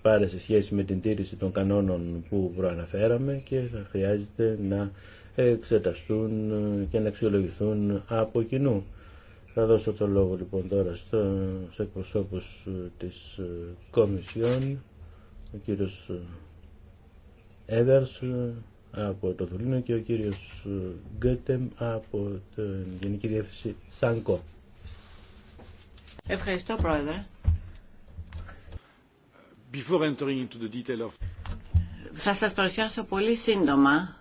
πάρε σε σχέση με την τήρηση των κανόνων που προαναφέραμε και θα χρειάζεται να εξεταστούν και να αξιολογηθούν από κοινού. Θα δώσω το λόγο λοιπόν τώρα στους εκπροσώπους της Κομισιόν, ο κύριος από το και ο κύριος ε, Γκέτεμ από την Γενική Διεύθυνση ΣΑΝΚΟ. Ευχαριστώ Πρόεδρε. Θα σας παρουσιάσω πολύ σύντομα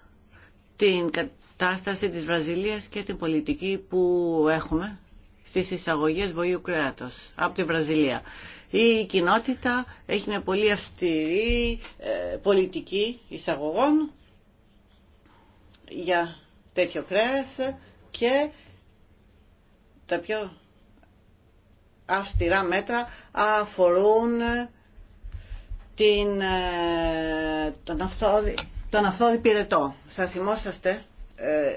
την κατάσταση της Βραζιλίας και την πολιτική που έχουμε στις εισαγωγές βοήου κρέατος από τη Βραζιλία. Η κοινότητα έχει μια πολύ αυστηρή ε, πολιτική εισαγωγών για τέτοιο κρέας και τα πιο αυστηρά μέτρα αφορούν την, ε, τον, αυθόδη, τον αυθόδη πυρετό. Θα θυμόσαστε ε,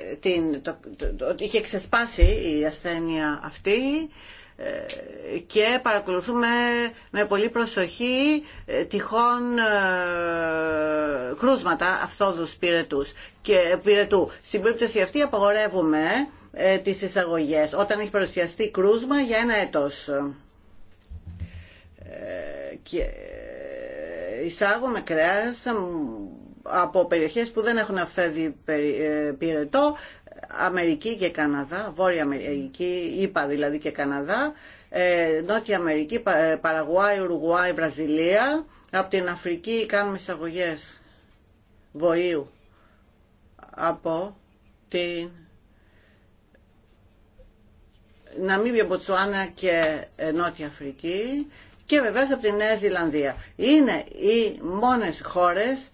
ότι είχε ξεσπάσει η ασθένεια αυτή και παρακολουθούμε με πολύ προσοχή ε, τυχόν ε, κρούσματα αυθόδους πυρετούς. Και ε, πυρετού. Στην περίπτωση αυτή απαγορεύουμε τις εισαγωγές όταν έχει παρουσιαστεί κρούσμα για ένα έτος. Και εισάγουμε κρέας από περιοχές που δεν έχουν αυθέδει πυρετό Αμερική και Καναδά, Βόρεια Αμερική, ΙΠΑ δηλαδή και Καναδά, ε, Νότια Αμερική, ε, Παραγουάη, Ουρουγουάη, Βραζιλία. Από την Αφρική κάνουμε εισαγωγέ βοήου από την Ναμίβια, Μποτσουάνα και ε, Νότια Αφρική και βεβαίως από τη Νέα Ζηλανδία. Είναι οι μόνες χώρες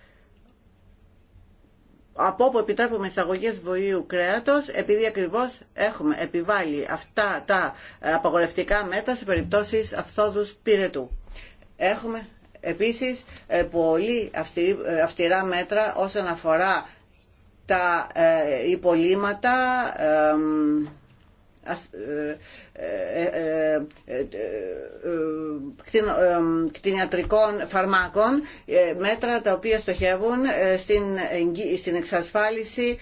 από όπου επιτρέπουμε εισαγωγέ βοήου κρέατος, επειδή ακριβώ έχουμε επιβάλει αυτά τα απαγορευτικά μέτρα σε περιπτώσεις αυθόδου πυρετού. Έχουμε επίσης ε, πολύ ε, αυστηρά μέτρα όσον αφορά τα ε, υπολείμματα, ε, ε, ε, κτηνιατρικών φαρμάκων, μέτρα τα οποία στοχεύουν στην εξασφάλιση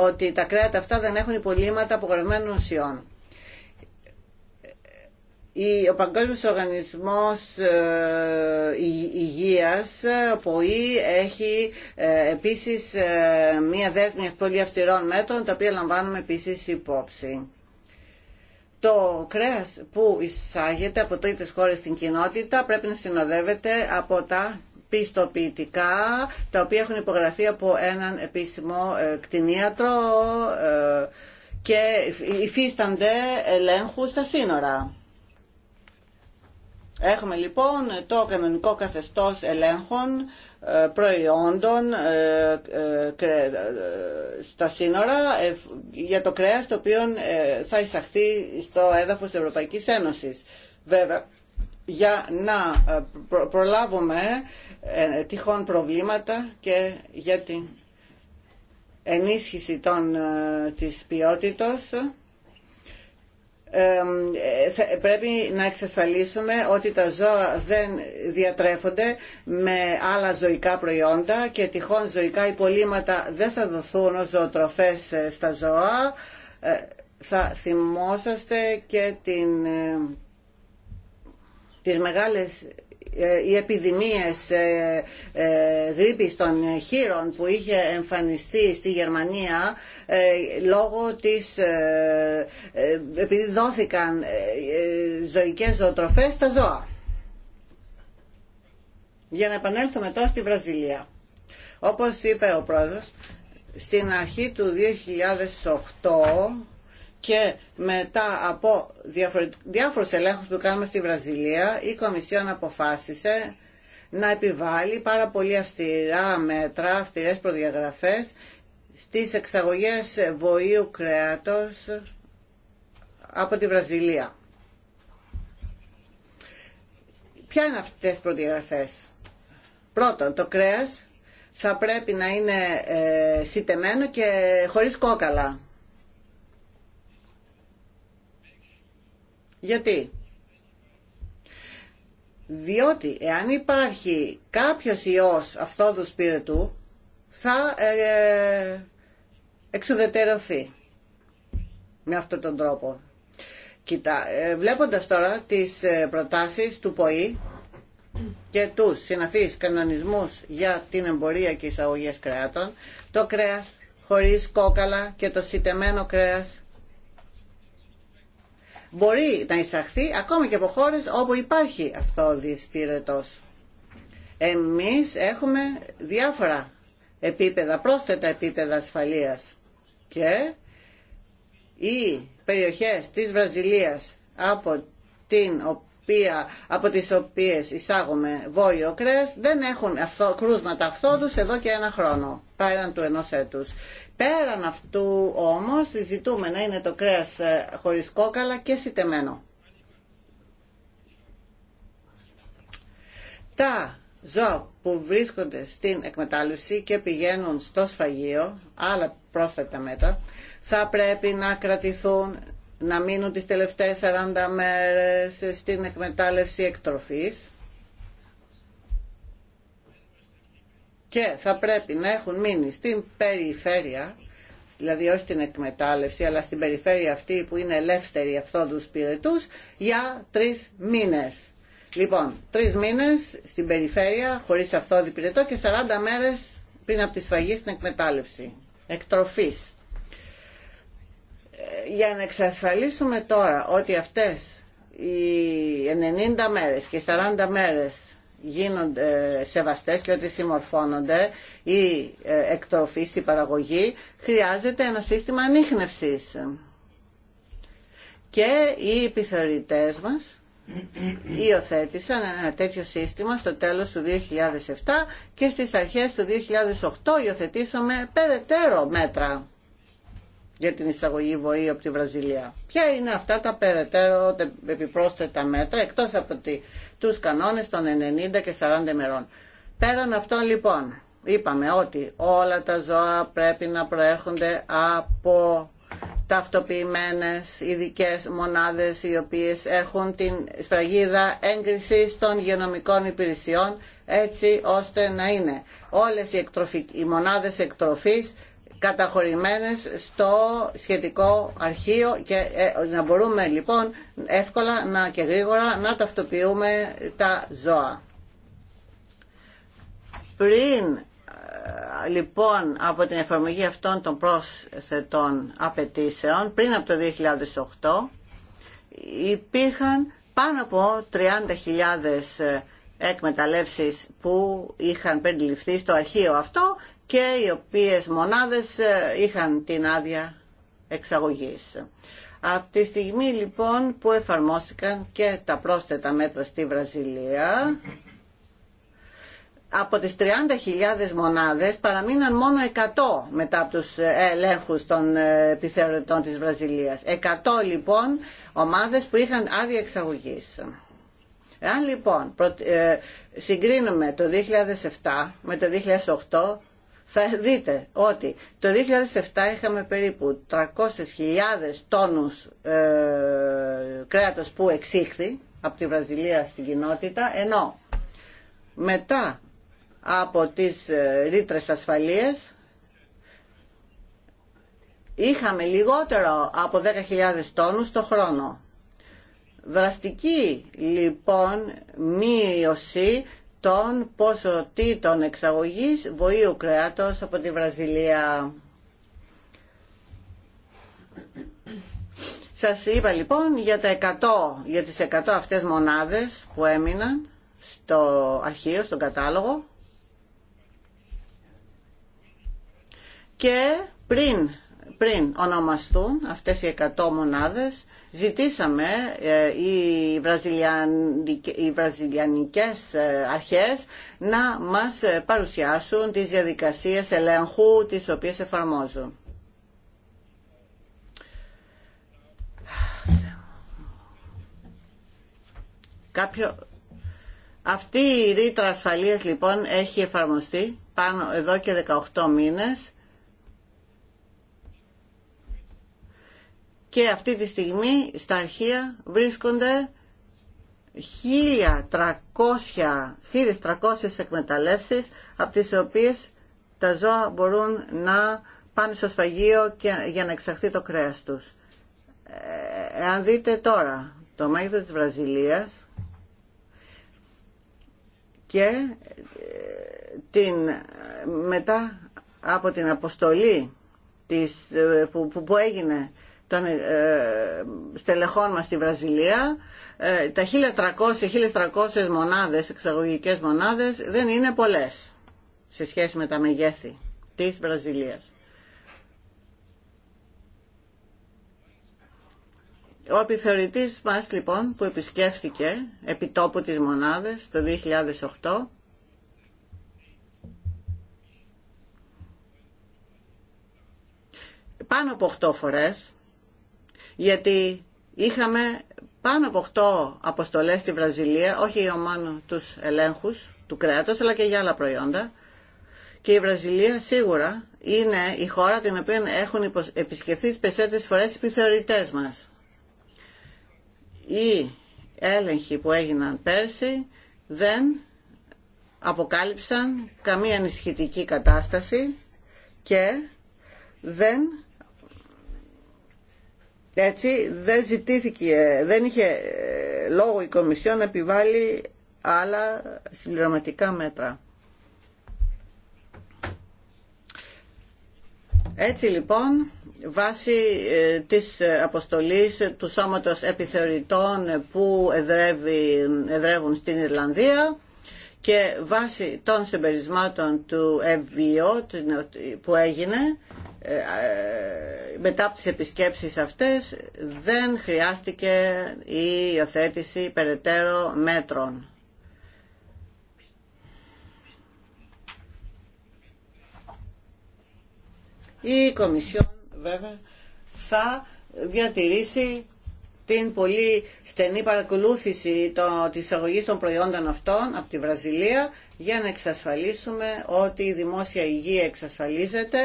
ότι τα κρέατα αυτά δεν έχουν υπολείμματα απογορευμένων ουσιών. Ο Παγκόσμιος Οργανισμός Υγείας, ο ΠΟΗ, έχει επίσης μία δέσμη πολύ αυστηρών μέτρων, τα οποία λαμβάνουμε επίσης υπόψη το κρέας που εισάγεται από τρίτες χώρες στην κοινότητα πρέπει να συνοδεύεται από τα πιστοποιητικά τα οποία έχουν υπογραφεί από έναν επίσημο ε, κτηνίατρο ε, και υφίστανται ελέγχου στα σύνορα. Έχουμε λοιπόν το κανονικό καθεστώς ελέγχων ε, προϊόντων ε, ε, στα σύνορα για το κρέας το οποίο θα εισαχθεί στο έδαφος της Ευρωπαϊκής Ένωσης. Βέβαια, για να προλάβουμε τυχόν προβλήματα και για την ενίσχυση των, της ποιότητας ε, πρέπει να εξασφαλίσουμε ότι τα ζώα δεν διατρέφονται με άλλα ζωικά προϊόντα και τυχόν ζωικά υπολείμματα δεν θα δοθούν ως ζωοτροφές ε, στα ζώα. Ε, θα θυμόσαστε και την, τις μεγάλες ε, οι επιδημίες ε, ε, γρήπης των χείρων που είχε εμφανιστεί στη Γερμανία λόγω της επειδή δόθηκαν ζωικές ζωοτροφές στα ζώα. Για να επανέλθουμε τώρα στη Βραζιλία. Όπως είπε ο πρόεδρος, στην αρχή του 2008 και μετά από διάφορους ελέγχους που κάνουμε στη Βραζιλία η Κομισιόν αποφάσισε να επιβάλλει πάρα πολύ αυστηρά μέτρα, αυστηρές προδιαγραφές στις εξαγωγές βοήου κρέατος από τη Βραζιλία. Ποια είναι αυτές οι προδιαγραφές. Πρώτον, το κρέας θα πρέπει να είναι ε, σιτεμένο και χωρίς κόκαλα. Γιατί διότι εάν υπάρχει κάποιος ιός αυτόδου σπύρετου θα ε, εξουδετερωθεί με αυτόν τον τρόπο. Κοιτά, ε, βλέποντας τώρα τις ε, προτάσεις του ΠΟΗ και τους συναφείς κανονισμούς για την εμπορία και εισαγωγές κρέατων, το κρέας χωρίς κόκαλα και το σιτεμένο κρέας μπορεί να εισαχθεί ακόμα και από χώρε όπου υπάρχει αυτό ο δυσπύρετο. Εμείς έχουμε διάφορα επίπεδα, πρόσθετα επίπεδα ασφαλείας και οι περιοχές της Βραζιλίας από, την οποία, από τις οποίες εισάγουμε βόλιο κρέας δεν έχουν αυτό, κρούσματα αυτόδους εδώ και ένα χρόνο, πέραν του ενός έτους. Πέραν αυτού όμως ζητούμε να είναι το κρέας ε, χωρίς κόκαλα και σιτεμένο. Τα ζώα που βρίσκονται στην εκμετάλλευση και πηγαίνουν στο σφαγείο, άλλα πρόσθετα μέτρα, θα πρέπει να κρατηθούν, να μείνουν τις τελευταίες 40 μέρες στην εκμετάλλευση εκτροφής και θα πρέπει να έχουν μείνει στην περιφέρεια, δηλαδή όχι στην εκμετάλλευση, αλλά στην περιφέρεια αυτή που είναι ελεύθερη τους πυρετούς, για τρεις μήνες. Λοιπόν, τρει μήνες στην περιφέρεια, χωρίς αυθόδη πυρετό και 40 μέρες πριν από τη σφαγή στην εκμετάλλευση. Εκτροφής. Ε, για να εξασφαλίσουμε τώρα ότι αυτές οι 90 μέρες και 40 μέρες γίνονται σεβαστές και ότι συμμορφώνονται ή ε, εκτροφή στη παραγωγή, χρειάζεται ένα σύστημα ανείχνευσης. Και οι επιθεωρητές μας υιοθέτησαν ένα τέτοιο σύστημα στο τέλος του 2007 και στις αρχές του 2008 υιοθετήσαμε περαιτέρω μέτρα για την εισαγωγή βοή από τη Βραζιλία. Ποια είναι αυτά τα περαιτέρω επιπρόσθετα μέτρα εκτός από τους κανόνες των 90 και 40 ημερών. Πέραν αυτών λοιπόν είπαμε ότι όλα τα ζώα πρέπει να προέρχονται από ταυτοποιημένες ειδικέ μονάδες οι οποίες έχουν την σφραγίδα έγκριση των γενομικών υπηρεσιών έτσι ώστε να είναι όλες οι, εκτροφι... οι μονάδες εκτροφής καταχωρημένες στο σχετικό αρχείο και ε, να μπορούμε λοιπόν εύκολα να και γρήγορα να ταυτοποιούμε τα ζώα. Πριν ε, λοιπόν από την εφαρμογή αυτών των πρόσθετων απαιτήσεων, πριν από το 2008, υπήρχαν πάνω από 30.000 ε, εκμεταλλεύσεις που είχαν περιληφθεί στο αρχείο αυτό και οι οποίες μονάδες ε, είχαν την άδεια εξαγωγής. Από τη στιγμή λοιπόν που εφαρμόστηκαν και τα πρόσθετα μέτρα στη Βραζιλία, από τις 30.000 μονάδες παραμείναν μόνο 100 μετά από τους ε, ελέγχους των ε, επιθεωρητών της Βραζιλίας. 100 λοιπόν ομάδες που είχαν άδεια εξαγωγής. Εάν λοιπόν συγκρίνουμε το 2007 με το 2008, θα δείτε ότι το 2007 είχαμε περίπου 300.000 τόνους ε, κρέατος που εξήχθη από τη Βραζιλία στην κοινότητα, ενώ μετά από τις ε, ρήτρες ασφαλείες είχαμε λιγότερο από 10.000 τόνους το χρόνο. Δραστική λοιπόν μείωση των ποσοτήτων εξαγωγής βοήου κρέατος από τη Βραζιλία. Σας είπα λοιπόν για, τα 100, για τις 100 αυτές μονάδες που έμειναν στο αρχείο, στον κατάλογο και πριν, πριν ονομαστούν αυτές οι 100 μονάδες Ζητήσαμε ε, οι, οι βραζιλιανικές ε, αρχές να μας ε, παρουσιάσουν τις διαδικασίες ελέγχου τις οποίες εφαρμόζουν. Κάποιο... Αυτή η ρήτρα ασφαλείας λοιπόν έχει εφαρμοστεί πάνω εδώ και 18 μήνες και αυτή τη στιγμή στα αρχεία βρίσκονται 1.300, εκμεταλλεύσει εκμεταλλεύσεις από τις οποίες τα ζώα μπορούν να πάνε στο σφαγείο και, για να εξαχθεί το κρέας τους. Ε, αν δείτε τώρα το μέγεθο της Βραζιλίας και ε, την, μετά από την αποστολή της, ε, που, που έγινε των ε, στελεχών μας στη Βραζιλία ε, τα 1.300-1.300 μονάδες, εξαγωγικές μονάδες δεν είναι πολλές σε σχέση με τα μεγέθη της Βραζιλίας. Ο επιθεωρητής μας λοιπόν που επισκέφθηκε επιτόπου της μονάδες το 2008 πάνω από 8 φορές γιατί είχαμε πάνω από 8 αποστολές στη Βραζιλία, όχι μόνο τους ελέγχους του κρέατος, αλλά και για άλλα προϊόντα. Και η Βραζιλία σίγουρα είναι η χώρα την οποία έχουν επισκεφθεί τις περισσότερες φορές οι επιθεωρητές μας. Οι έλεγχοι που έγιναν πέρσι δεν αποκάλυψαν καμία ανησυχητική κατάσταση και δεν έτσι δεν ζητήθηκε, δεν είχε ε, λόγο η Κομισιόν να επιβάλλει άλλα συμπληρωματικά μέτρα. Έτσι λοιπόν, βάσει ε, της αποστολής του Σώματος Επιθεωρητών που εδρεύουν στην Ιρλανδία και βάσει των συμπερισμάτων του FVO που έγινε, ε, μετά από τις επισκέψεις αυτές δεν χρειάστηκε η υιοθέτηση περαιτέρω μέτρων. Η Κομισιόν βέβαια θα διατηρήσει την πολύ στενή παρακολούθηση το, της αγωγής των προϊόντων αυτών από τη Βραζιλία για να εξασφαλίσουμε ότι η δημόσια υγεία εξασφαλίζεται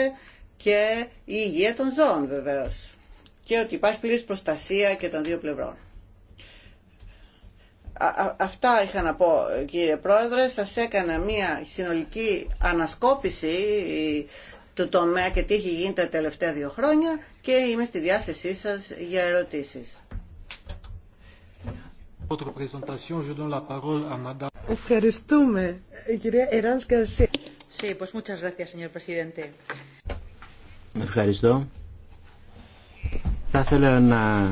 και η υγεία των ζώων βεβαίως και ότι υπάρχει πλήρης προστασία και των δύο πλευρών. αυτά είχα να πω κύριε Πρόεδρε, σας έκανα μια συνολική ανασκόπηση του τομέα και τι έχει γίνει τα τελευταία δύο χρόνια και είμαι στη διάθεσή σας για ερωτήσεις. Ευχαριστούμε. Κυρία Εράνς Sí, pues muchas gracias, señor Ευχαριστώ. Θα ήθελα να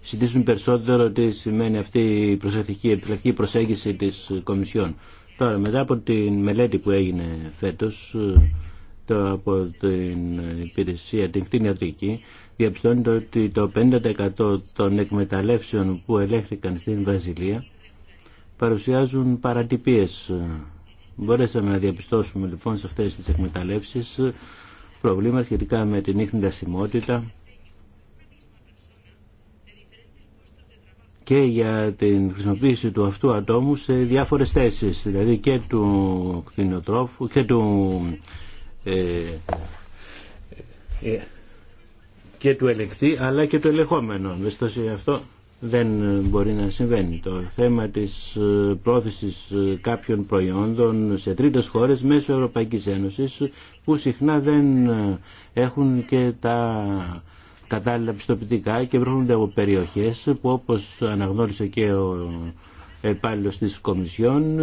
συζητήσουμε περισσότερο τι σημαίνει αυτή η προσεκτική επιλεκτική προσέγγιση της Κομισιόν. Τώρα, μετά από τη μελέτη που έγινε φέτος ε, από την υπηρεσία, την κτηνιατρική, διαπιστώνεται ότι το 50% των εκμεταλλεύσεων που ελέγχθηκαν στην Βραζιλία παρουσιάζουν παρατυπίες ε, Μπορέσαμε να διαπιστώσουμε λοιπόν σε αυτές τις εκμεταλλεύσεις προβλήματα σχετικά με την ίχνη δασιμότητα και για την χρησιμοποίηση του αυτού ατόμου σε διάφορες θέσεις, δηλαδή και του κτηνοτρόφου και του, ε, ε, ε και του ελεκτή αλλά και του ελεγχόμενου. αυτό δεν ε, μπορεί να συμβαίνει. Το θέμα της ε, πρόθεσης ε, κάποιων προϊόντων σε τρίτες χώρες μέσω Ευρωπαϊκής Ένωσης που συχνά δεν έχουν και τα κατάλληλα πιστοποιητικά και βρίσκονται από περιοχές που όπως αναγνώρισε και ο υπάλληλο τη Κομισιόν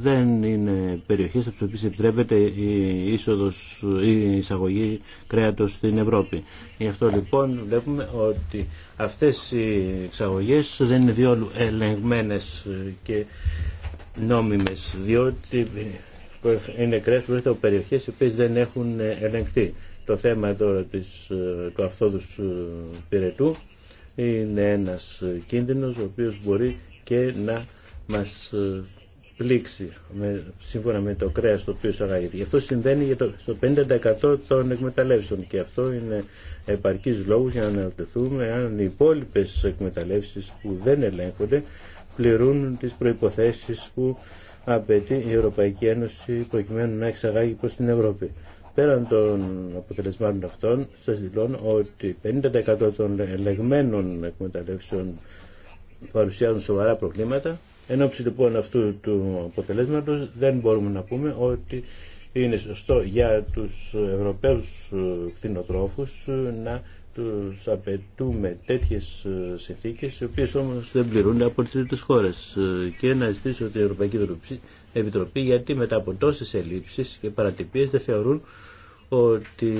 δεν είναι περιοχέ από τι οποίε επιτρέπεται η, είσοδος, η εισαγωγή κρέατο στην Ευρώπη. Γι' αυτό λοιπόν βλέπουμε ότι αυτέ οι εξαγωγέ δεν είναι διόλου ελεγμένε και νόμιμε, διότι είναι κρέατο που έρχεται από περιοχέ οι οποίε δεν έχουν ελεγχθεί. Το θέμα τώρα της, του αυθόδους ε, πυρετού είναι ένας κίνδυνος ο οποίος μπορεί και να μας ε, πλήξει με, σύμφωνα με το κρέας το οποίο εισαγάγεται. Γι' αυτό συμβαίνει για το, στο 50% των εκμεταλλεύσεων και αυτό είναι επαρκής λόγος για να αναρωτηθούμε αν οι υπόλοιπε εκμεταλλεύσεις που δεν ελέγχονται πληρούν τις προϋποθέσεις που απαιτεί η Ευρωπαϊκή Ένωση προκειμένου να εξαγάγει προς την Ευρώπη. Πέραν των αποτελεσμάτων αυτών, σας δηλώνω ότι 50% των ελεγμένων εκμεταλλεύσεων παρουσιάζουν σοβαρά προβλήματα. Εν ώψη λοιπόν αυτού του αποτελέσματος δεν μπορούμε να πούμε ότι είναι σωστό για τους Ευρωπαίους κτηνοτρόφους να τους απαιτούμε τέτοιες συνθήκες οι οποίες όμως δεν πληρούν από τις τρίτες χώρες και να ζητήσω την Ευρωπαϊκή Επιτροπή γιατί μετά από τόσες ελλείψεις και παρατυπίες δεν θεωρούν ότι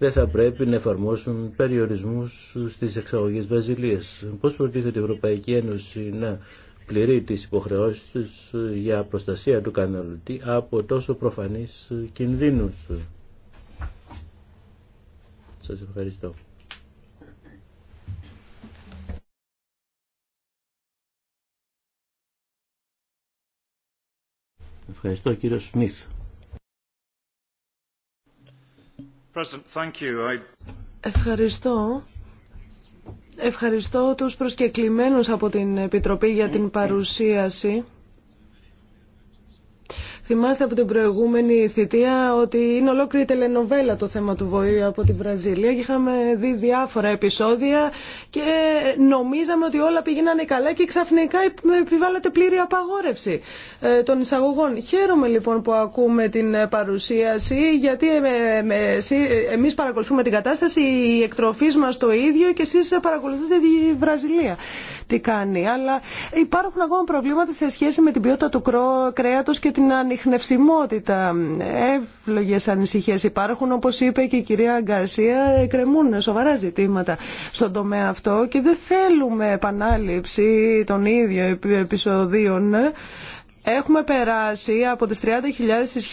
δεν θα πρέπει να εφαρμόσουν περιορισμούς στις εξαγωγές Βραζιλίας. Πώς προτίθεται η Ευρωπαϊκή Ένωση να πληρεί τις υποχρεώσεις της για προστασία του καταναλωτή από τόσο προφανείς κινδύνους. Σας ευχαριστώ. Ευχαριστώ κύριο Σμίθ. Ευχαριστώ. Ευχαριστώ τους προσκεκλημένους από την Επιτροπή για την παρουσίαση. Θυμάστε από την προηγούμενη θητεία ότι είναι ολόκληρη τελενοβέλα το θέμα του Βοή από την Βραζιλία και είχαμε δει διάφορα επεισόδια και νομίζαμε ότι όλα πηγαίνανε καλά και ξαφνικά επιβάλλεται πλήρη απαγόρευση ε, των εισαγωγών. Χαίρομαι λοιπόν που ακούμε την παρουσίαση γιατί ε, εμείς παρακολουθούμε την κατάσταση, η εκτροφή μας το ίδιο και εσείς παρακολουθείτε τη Βραζιλία τι κάνει. Αλλά υπάρχουν ακόμα προβλήματα σε σχέση με την ποιότητα του κρέατος και την ανοιχτή ανιχνευσιμότητα. εύλογε ανησυχίες υπάρχουν, όπω είπε και η κυρία Γκαρσία, κρεμούν σοβαρά ζητήματα στον τομέα αυτό και δεν θέλουμε επανάληψη των ίδιων επεισοδίων. Έχουμε περάσει από τις 30.000 στις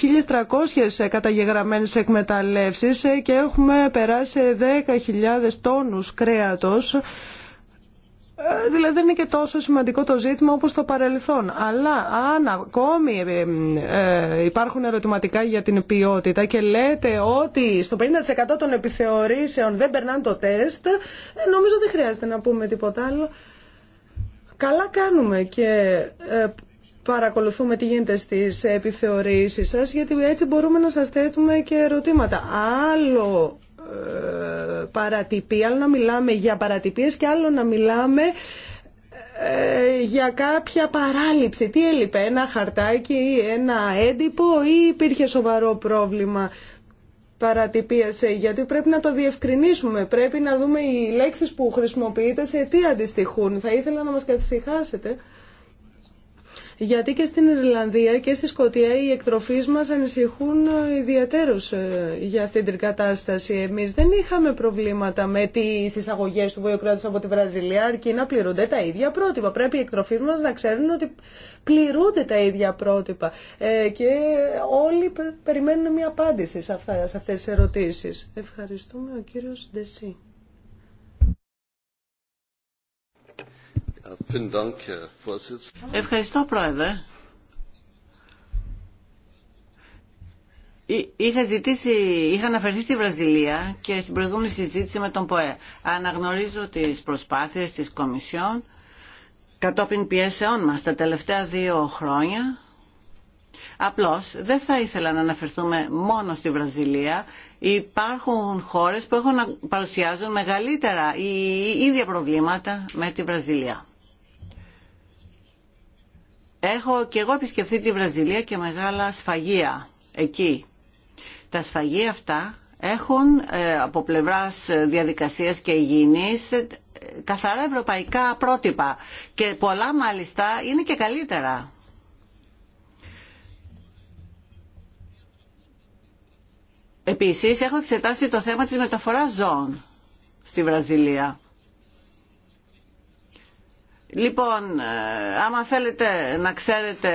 1.300 καταγεγραμμένες εκμεταλλεύσεις και έχουμε περάσει 10.000 τόνους κρέατος ε, δηλαδή δεν είναι και τόσο σημαντικό το ζήτημα όπως το παρελθόν. Αλλά αν ακόμη ε, ε, υπάρχουν ερωτηματικά για την ποιότητα και λέτε ότι στο 50% των επιθεωρήσεων δεν περνάνε το τεστ, νομίζω δεν χρειάζεται να πούμε τίποτα άλλο. Καλά κάνουμε και παρακολουθούμε τι γίνεται στις επιθεωρήσεις σας, γιατί έτσι μπορούμε να σας θέτουμε και ερωτήματα. Άλλο ε, παρατυπή, άλλο να μιλάμε για παρατυπίες και άλλο να μιλάμε ε, για κάποια παράληψη. Τι έλειπε, ένα χαρτάκι ή ένα έντυπο ή υπήρχε σοβαρό πρόβλημα παρατυπίας, ε, γιατί πρέπει να το διευκρινίσουμε, πρέπει να δούμε οι λέξεις που χρησιμοποιείτε σε τι αντιστοιχούν. Θα ήθελα να μας καθησυχάσετε. Γιατί και στην Ιρλανδία και στη Σκωτία οι εκτροφείς μας ανησυχούν ιδιαίτερως ε, για αυτή την κατάσταση. Εμείς δεν είχαμε προβλήματα με τις εισαγωγές του βοηοκράτους από τη Βραζιλία, αρκεί να πληρούνται τα ίδια πρότυπα. Πρέπει οι εκτροφείς μας να ξέρουν ότι πληρούνται τα ίδια πρότυπα. Ε, και όλοι περιμένουν μια απάντηση σε, σε αυτές τις ερωτήσεις. Ευχαριστούμε ο κύριος Ντεσί. Ευχαριστώ, Πρόεδρε. Είχα, είχα αναφερθεί στη Βραζιλία και στην προηγούμενη συζήτηση με τον ΠΟΕ. Αναγνωρίζω τις προσπάθειες της Κομισιόν κατόπιν πιέσεών μας τα τελευταία δύο χρόνια. Απλώς δεν θα ήθελα να αναφερθούμε μόνο στη Βραζιλία. Υπάρχουν χώρες που έχουν παρουσιάζουν μεγαλύτερα ή ίδια προβλήματα με τη Βραζιλία. Έχω και εγώ επισκεφθεί τη Βραζιλία και μεγάλα σφαγεία εκεί. Τα σφαγεία αυτά έχουν ε, από πλευράς διαδικασίας και υγιεινής ε, καθαρά ευρωπαϊκά πρότυπα και πολλά μάλιστα είναι και καλύτερα. Επίσης έχω εξετάσει το θέμα της μεταφοράς ζώων στη Βραζιλία Λοιπόν, ε, άμα θέλετε να ξέρετε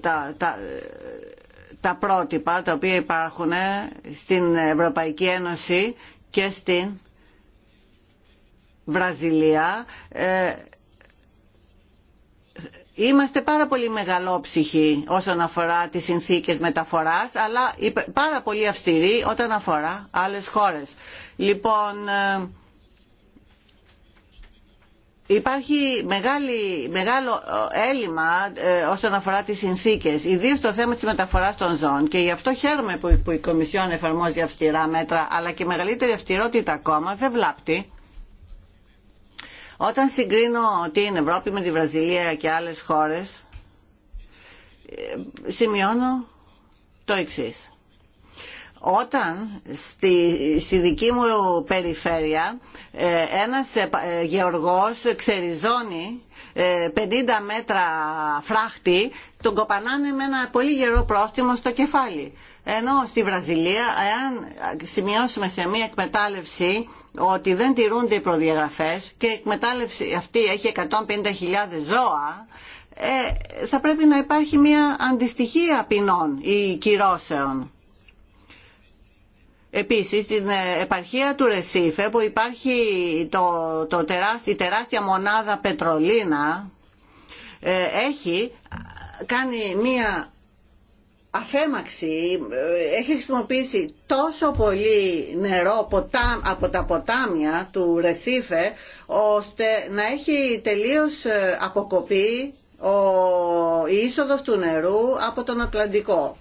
τα, τα, τα πρότυπα τα οποία υπάρχουν στην Ευρωπαϊκή Ένωση και στην Βραζιλία, ε, Είμαστε πάρα πολύ μεγαλόψυχοι όσον αφορά τις συνθήκες μεταφοράς, αλλά πάρα πολύ αυστηροί όταν αφορά άλλες χώρες. Λοιπόν, ε, Υπάρχει μεγάλο ε, έλλειμμα ε, όσον αφορά τις συνθήκες, ιδίως το θέμα της μεταφοράς των ζώων και γι' αυτό χαίρομαι που, η Κομισιόν εφαρμόζει αυστηρά μέτρα, αλλά και μεγαλύτερη αυστηρότητα ακόμα δεν βλάπτει. Όταν συγκρίνω την Ευρώπη με τη Βραζιλία και άλλες χώρες, ε, σημειώνω το εξής. Όταν στη, δική μου περιφέρεια ε, ένας ε, ε, γεωργός ξεριζώνει 50 μέτρα φράχτη, τον κοπανάνε με ένα πολύ γερό πρόστιμο στο κεφάλι. Ενώ στη Βραζιλία, εάν σημειώσουμε σε μία εκμετάλλευση ότι δεν τηρούνται οι προδιαγραφές και η εκμετάλλευση αυτή έχει 150.000 ζώα, θα πρέπει να υπάρχει μία αντιστοιχία ποινών ή κυρώσεων. Επίσης στην ε, επαρχία του Ρεσίφε που υπάρχει το, το τεράστι, η τεράστια μονάδα πετρολίνα ε, έχει κάνει μία αφέμαξη, ε, έχει χρησιμοποιήσει τόσο πολύ νερό από τα ποτάμια του Ρεσίφε ώστε να έχει τελείως αποκοπή ο, η είσοδος του νερού από τον Ατλαντικό.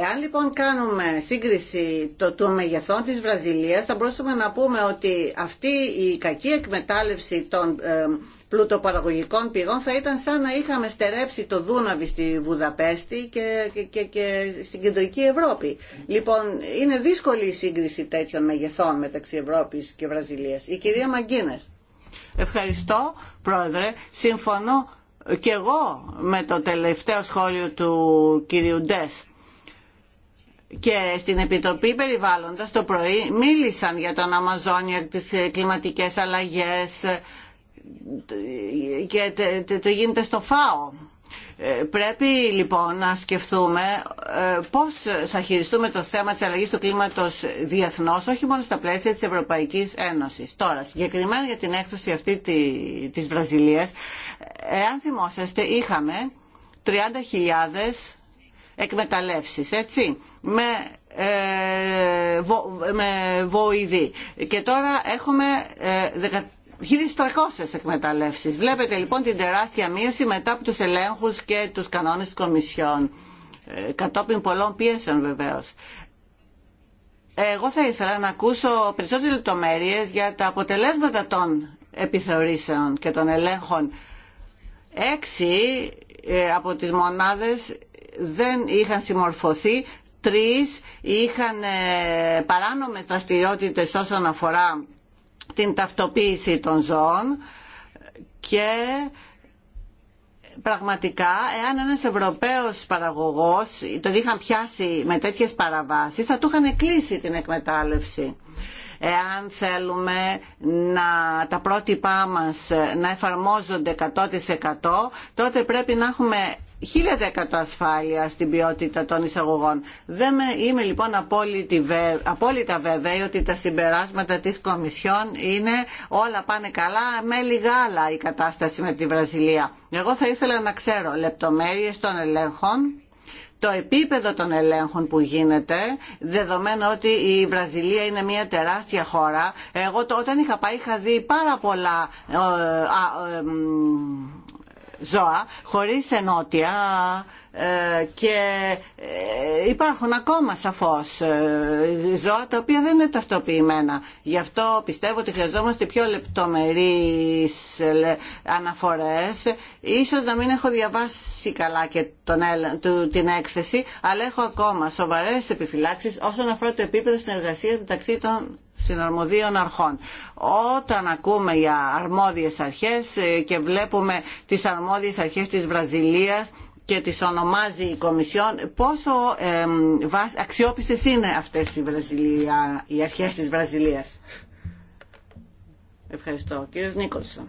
Εάν λοιπόν κάνουμε σύγκριση το, του μεγεθών της Βραζιλίας θα μπορούσαμε να πούμε ότι αυτή η κακή εκμετάλλευση των ε, πλουτοπαραγωγικών πηγών θα ήταν σαν να είχαμε στερέψει το Δούναβι στη Βουδαπέστη και, και, και, στην Κεντρική Ευρώπη. Λοιπόν, είναι δύσκολη η σύγκριση τέτοιων μεγεθών μεταξύ Ευρώπης και Βραζιλίας. Η κυρία Μαγκίνες. Ευχαριστώ, Πρόεδρε. Συμφωνώ και εγώ με το τελευταίο σχόλιο του κυρίου Ντέστ και στην Επιτροπή Περιβάλλοντας το πρωί μίλησαν για τον Αμαζόνια, τις κλιματικές αλλαγές και το γίνεται στο ΦΑΟ. Ε, πρέπει λοιπόν να σκεφτούμε ε, πώς θα χειριστούμε το θέμα της αλλαγής του κλίματος διεθνώς, όχι μόνο στα πλαίσια της Ευρωπαϊκής Ένωσης. Τώρα, συγκεκριμένα για την έκθεση αυτή της Βραζιλίας, ε, εάν θυμόσαστε είχαμε 30.000 εκμεταλλεύσεις, έτσι με, ε, βοηδή. Και τώρα έχουμε ε, 1.300 εκμεταλλεύσεις. Βλέπετε λοιπόν την τεράστια μείωση μετά από τους ελέγχους και τους κανόνες της Κομισιόν. Ε, κατόπιν πολλών πίεσεων βεβαίως. Εγώ θα ήθελα να ακούσω περισσότερες λεπτομέρειες για τα αποτελέσματα των επιθεωρήσεων και των ελέγχων. Έξι ε, από τις μονάδες δεν είχαν συμμορφωθεί τρεις είχαν ε, παράνομες δραστηριότητες όσον αφορά την ταυτοποίηση των ζώων και πραγματικά εάν ένας Ευρωπαίος παραγωγός τον είχαν πιάσει με τέτοιες παραβάσεις θα του είχαν κλείσει την εκμετάλλευση. Εάν θέλουμε να τα πρότυπά μας να εφαρμόζονται 100% τότε πρέπει να έχουμε 1000% ασφάλεια στην ποιότητα των εισαγωγών. Δεν είμαι λοιπόν απόλυτα βέβαιη ότι τα συμπεράσματα της Κομισιόν είναι όλα πάνε καλά με λιγάλα η κατάσταση με τη Βραζιλία. Εγώ θα ήθελα να ξέρω λεπτομέρειες των ελέγχων το επίπεδο των ελέγχων που γίνεται, δεδομένου ότι η Βραζιλία είναι μια τεράστια χώρα. Εγώ όταν είχα πάει είχα δει πάρα πολλά ε, ε, ζώα χωρίς ενότια ε, και ε, υπάρχουν ακόμα σαφώς ε, ζώα τα οποία δεν είναι ταυτοποιημένα. Γι' αυτό πιστεύω ότι χρειαζόμαστε πιο λεπτομερείς αναφορές. Ίσως να μην έχω διαβάσει καλά και τον, την έκθεση, αλλά έχω ακόμα σοβαρές επιφυλάξεις όσον αφορά το επίπεδο συνεργασίας μεταξύ των συναρμοδίων αρχών. Όταν ακούμε για αρμόδιες αρχές ε, και βλέπουμε τις αρμόδιες αρχές της Βραζιλίας και τις ονομάζει η Κομισιόν, πόσο ε, αξιόπιστες είναι αυτές οι, Βραζιλία, οι αρχές της Βραζιλίας. Ευχαριστώ. Κύριος Νίκολσον.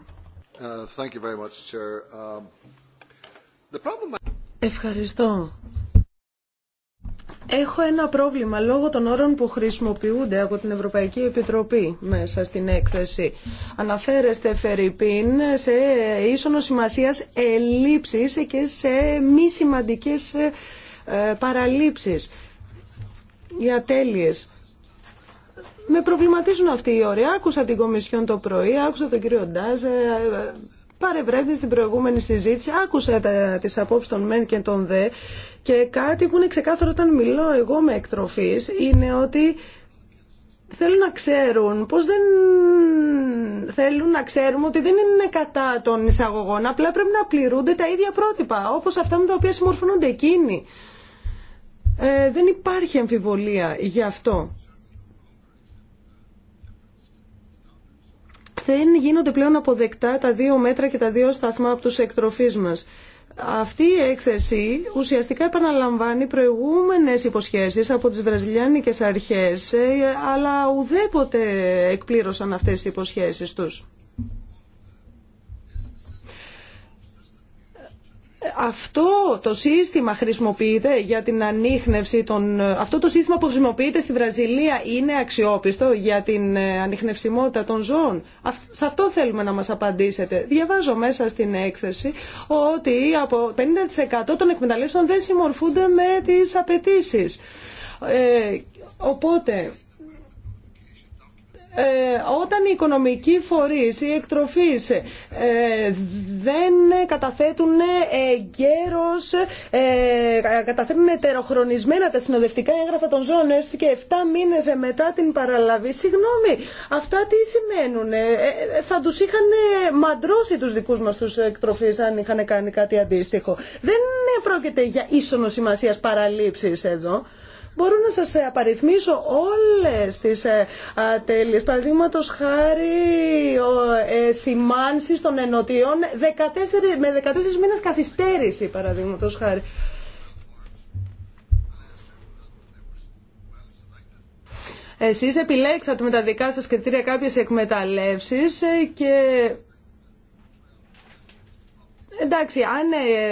Ευχαριστώ. Έχω ένα πρόβλημα λόγω των όρων που χρησιμοποιούνται από την Ευρωπαϊκή Επιτροπή μέσα στην έκθεση. Αναφέρεστε, Φερρυπίν, σε ίσονο σημασία ελλείψεις και σε μη σημαντικέ ε, παραλήψεις Οι ατέλειε. Με προβληματίζουν αυτοί οι όροι. Άκουσα την Κομισιόν το πρωί, άκουσα τον κύριο Ντάζ, ε, παρευρέθη στην προηγούμενη συζήτηση, άκουσα τα, τις απόψεις των μεν και των δε και κάτι που είναι ξεκάθαρο όταν μιλώ εγώ με εκτροφής είναι ότι θέλουν να ξέρουν πως δεν θέλουν να ξέρουμε ότι δεν είναι κατά των εισαγωγών απλά πρέπει να πληρούνται τα ίδια πρότυπα όπως αυτά με τα οποία συμμορφωνονται εκείνοι ε, δεν υπάρχει αμφιβολία γι' αυτό δεν γίνονται πλέον αποδεκτά τα δύο μέτρα και τα δύο σταθμά από τους εκτροφείς μας. Αυτή η έκθεση ουσιαστικά επαναλαμβάνει προηγούμενες υποσχέσεις από τις βραζιλιάνικες αρχές, ε, αλλά ουδέποτε εκπλήρωσαν αυτές τις υποσχέσεις τους. Αυτό το σύστημα χρησιμοποιείται για την ανείχνευση των... Αυτό το σύστημα που χρησιμοποιείται στη Βραζιλία είναι αξιόπιστο για την ε, ανιχνευσιμότητα των ζώων. Σε αυτό θέλουμε να μας απαντήσετε. Διαβάζω μέσα στην έκθεση ότι από 50% των εκμεταλλεύσεων δεν συμμορφούνται με τις απαιτήσει. Ε, οπότε ε, όταν οι οικονομικοί φορείς, οι εκτροφείς ε, δεν καταθέτουν εγκαίρως, ε, καταθέτουν ετεροχρονισμένα τα συνοδευτικά έγγραφα των ζώων και 7 μήνες μετά την παραλαβή. Συγγνώμη, αυτά τι σημαίνουν. θα τους είχαν μαντρώσει τους δικούς μας τους εκτροφείς αν είχαν κάνει κάτι αντίστοιχο. Δεν πρόκειται για ίσονο σημασίας παραλήψεις εδώ. Μπορώ να σας ε, απαριθμίσω όλες τις ε, ατέλειες. Παραδείγματος χάρη ε, των ενωτιών 14, με 14 μήνες καθυστέρηση παραδείγματος χάρη. Εσείς επιλέξατε με τα δικά σας κριτήρια κάποιες εκμεταλλεύσεις ε, και εντάξει, αν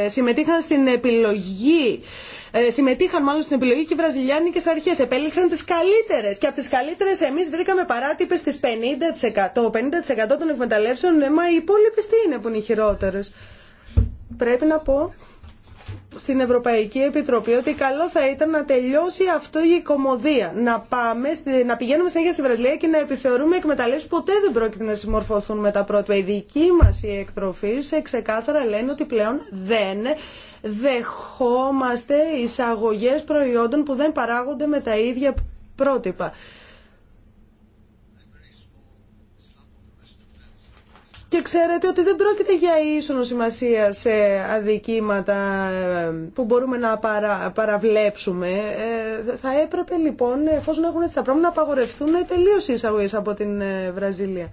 συμμετείχαν στην επιλογή ε, συμμετείχαν μάλλον στην επιλογή και οι βραζιλιάνικες αρχές. Επέλεξαν τις καλύτερες και από τις καλύτερες εμείς βρήκαμε παράτυπες τις 50%. Το 50% των εκμεταλλεύσεων, ε, μα οι υπόλοιπες τι είναι που είναι οι χειρότερες. Πρέπει να πω στην Ευρωπαϊκή Επιτροπή ότι καλό θα ήταν να τελειώσει αυτό η κομμωδία. Να, πάμε, να πηγαίνουμε συνέχεια στη Βραζιλία και να επιθεωρούμε εκμεταλλεύσει που ποτέ δεν πρόκειται να συμμορφωθούν με τα πρώτα. Οι δικοί μα οι εκτροφεί ξεκάθαρα λένε ότι πλέον δεν δεχόμαστε εισαγωγές προϊόντων που δεν παράγονται με τα ίδια πρότυπα. Και ξέρετε ότι δεν πρόκειται για ίσονο σημασία σε αδικήματα ε, που μπορούμε να παραβλέψουμε. Ε, θα έπρεπε λοιπόν, εφόσον έχουν έτσι τα πράγματα, να απαγορευτούν τελείω οι εισαγωγέ από την ε, Βραζιλία.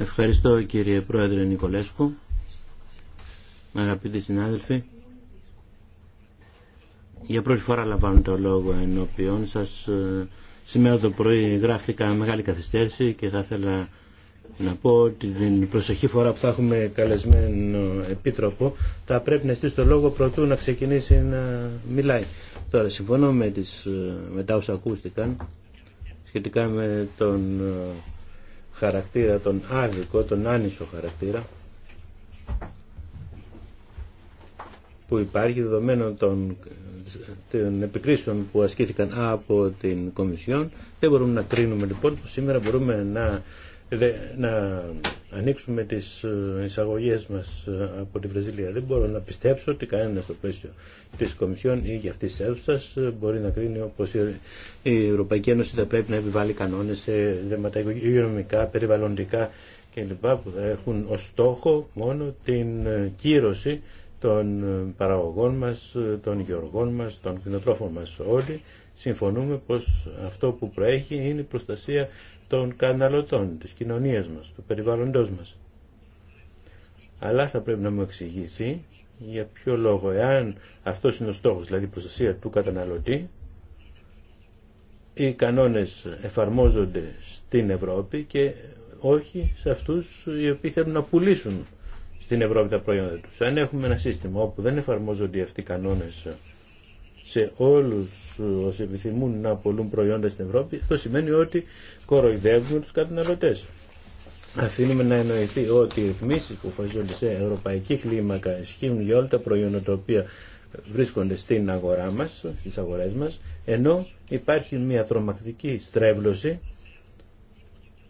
Ευχαριστώ κύριε Πρόεδρε Νικολέσκου. Αγαπητοί συνάδελφοι, για πρώτη φορά λαμβάνω το λόγο ενώπιον σας. Σήμερα το πρωί γράφτηκα μεγάλη καθυστέρηση και θα ήθελα να πω ότι την προσεχή φορά που θα έχουμε καλεσμένο επίτροπο θα πρέπει να στήσει το λόγο προτού να ξεκινήσει να μιλάει. Τώρα συμφωνώ με, τις, με τα όσα ακούστηκαν σχετικά με τον χαρακτήρα, τον άδικο, τον άνισο χαρακτήρα που υπάρχει δεδομένων των, των επικρίσεων που ασκήθηκαν από την Κομισιόν. Δεν μπορούμε να κρίνουμε λοιπόν που σήμερα μπορούμε να να ανοίξουμε τις ε, εισαγωγές μας ε, από τη Βραζιλία. Δεν μπορώ να πιστέψω ότι κανένα στο πλαίσιο της Κομισιόν ή για αυτής της αίθουσας ε, μπορεί να κρίνει όπως η Ευρωπαϊκή Ένωση θα πρέπει να επιβάλλει κανόνες σε δεμάτα περιβαλλοντικά κλπ. που θα έχουν ως στόχο μόνο την κύρωση των παραγωγών μας, των γεωργών μας, των κοινοτρόφων μας όλοι συμφωνούμε πως αυτό που προέχει είναι η προστασία των καταναλωτών, της κοινωνίας μας, του περιβάλλοντός μας. Αλλά θα πρέπει να μου εξηγήσει για ποιο λόγο, εάν αυτό είναι ο στόχος, δηλαδή η προστασία του καταναλωτή, οι κανόνες εφαρμόζονται στην Ευρώπη και όχι σε αυτούς οι οποίοι θέλουν να πουλήσουν στην Ευρώπη τα προϊόντα τους. Αν έχουμε ένα σύστημα όπου δεν εφαρμόζονται αυτοί οι κανόνες σε όλους όσοι επιθυμούν να πολλούν προϊόντα στην Ευρώπη, αυτό σημαίνει ότι κοροϊδεύουν τους καταναλωτές. Αφήνουμε να εννοηθεί ότι οι ρυθμίσει που φασίζονται σε ευρωπαϊκή κλίμακα ισχύουν για όλα τα προϊόντα τα οποία βρίσκονται στην αγορά μας, στις αγορές μας, ενώ υπάρχει μια τρομακτική στρέβλωση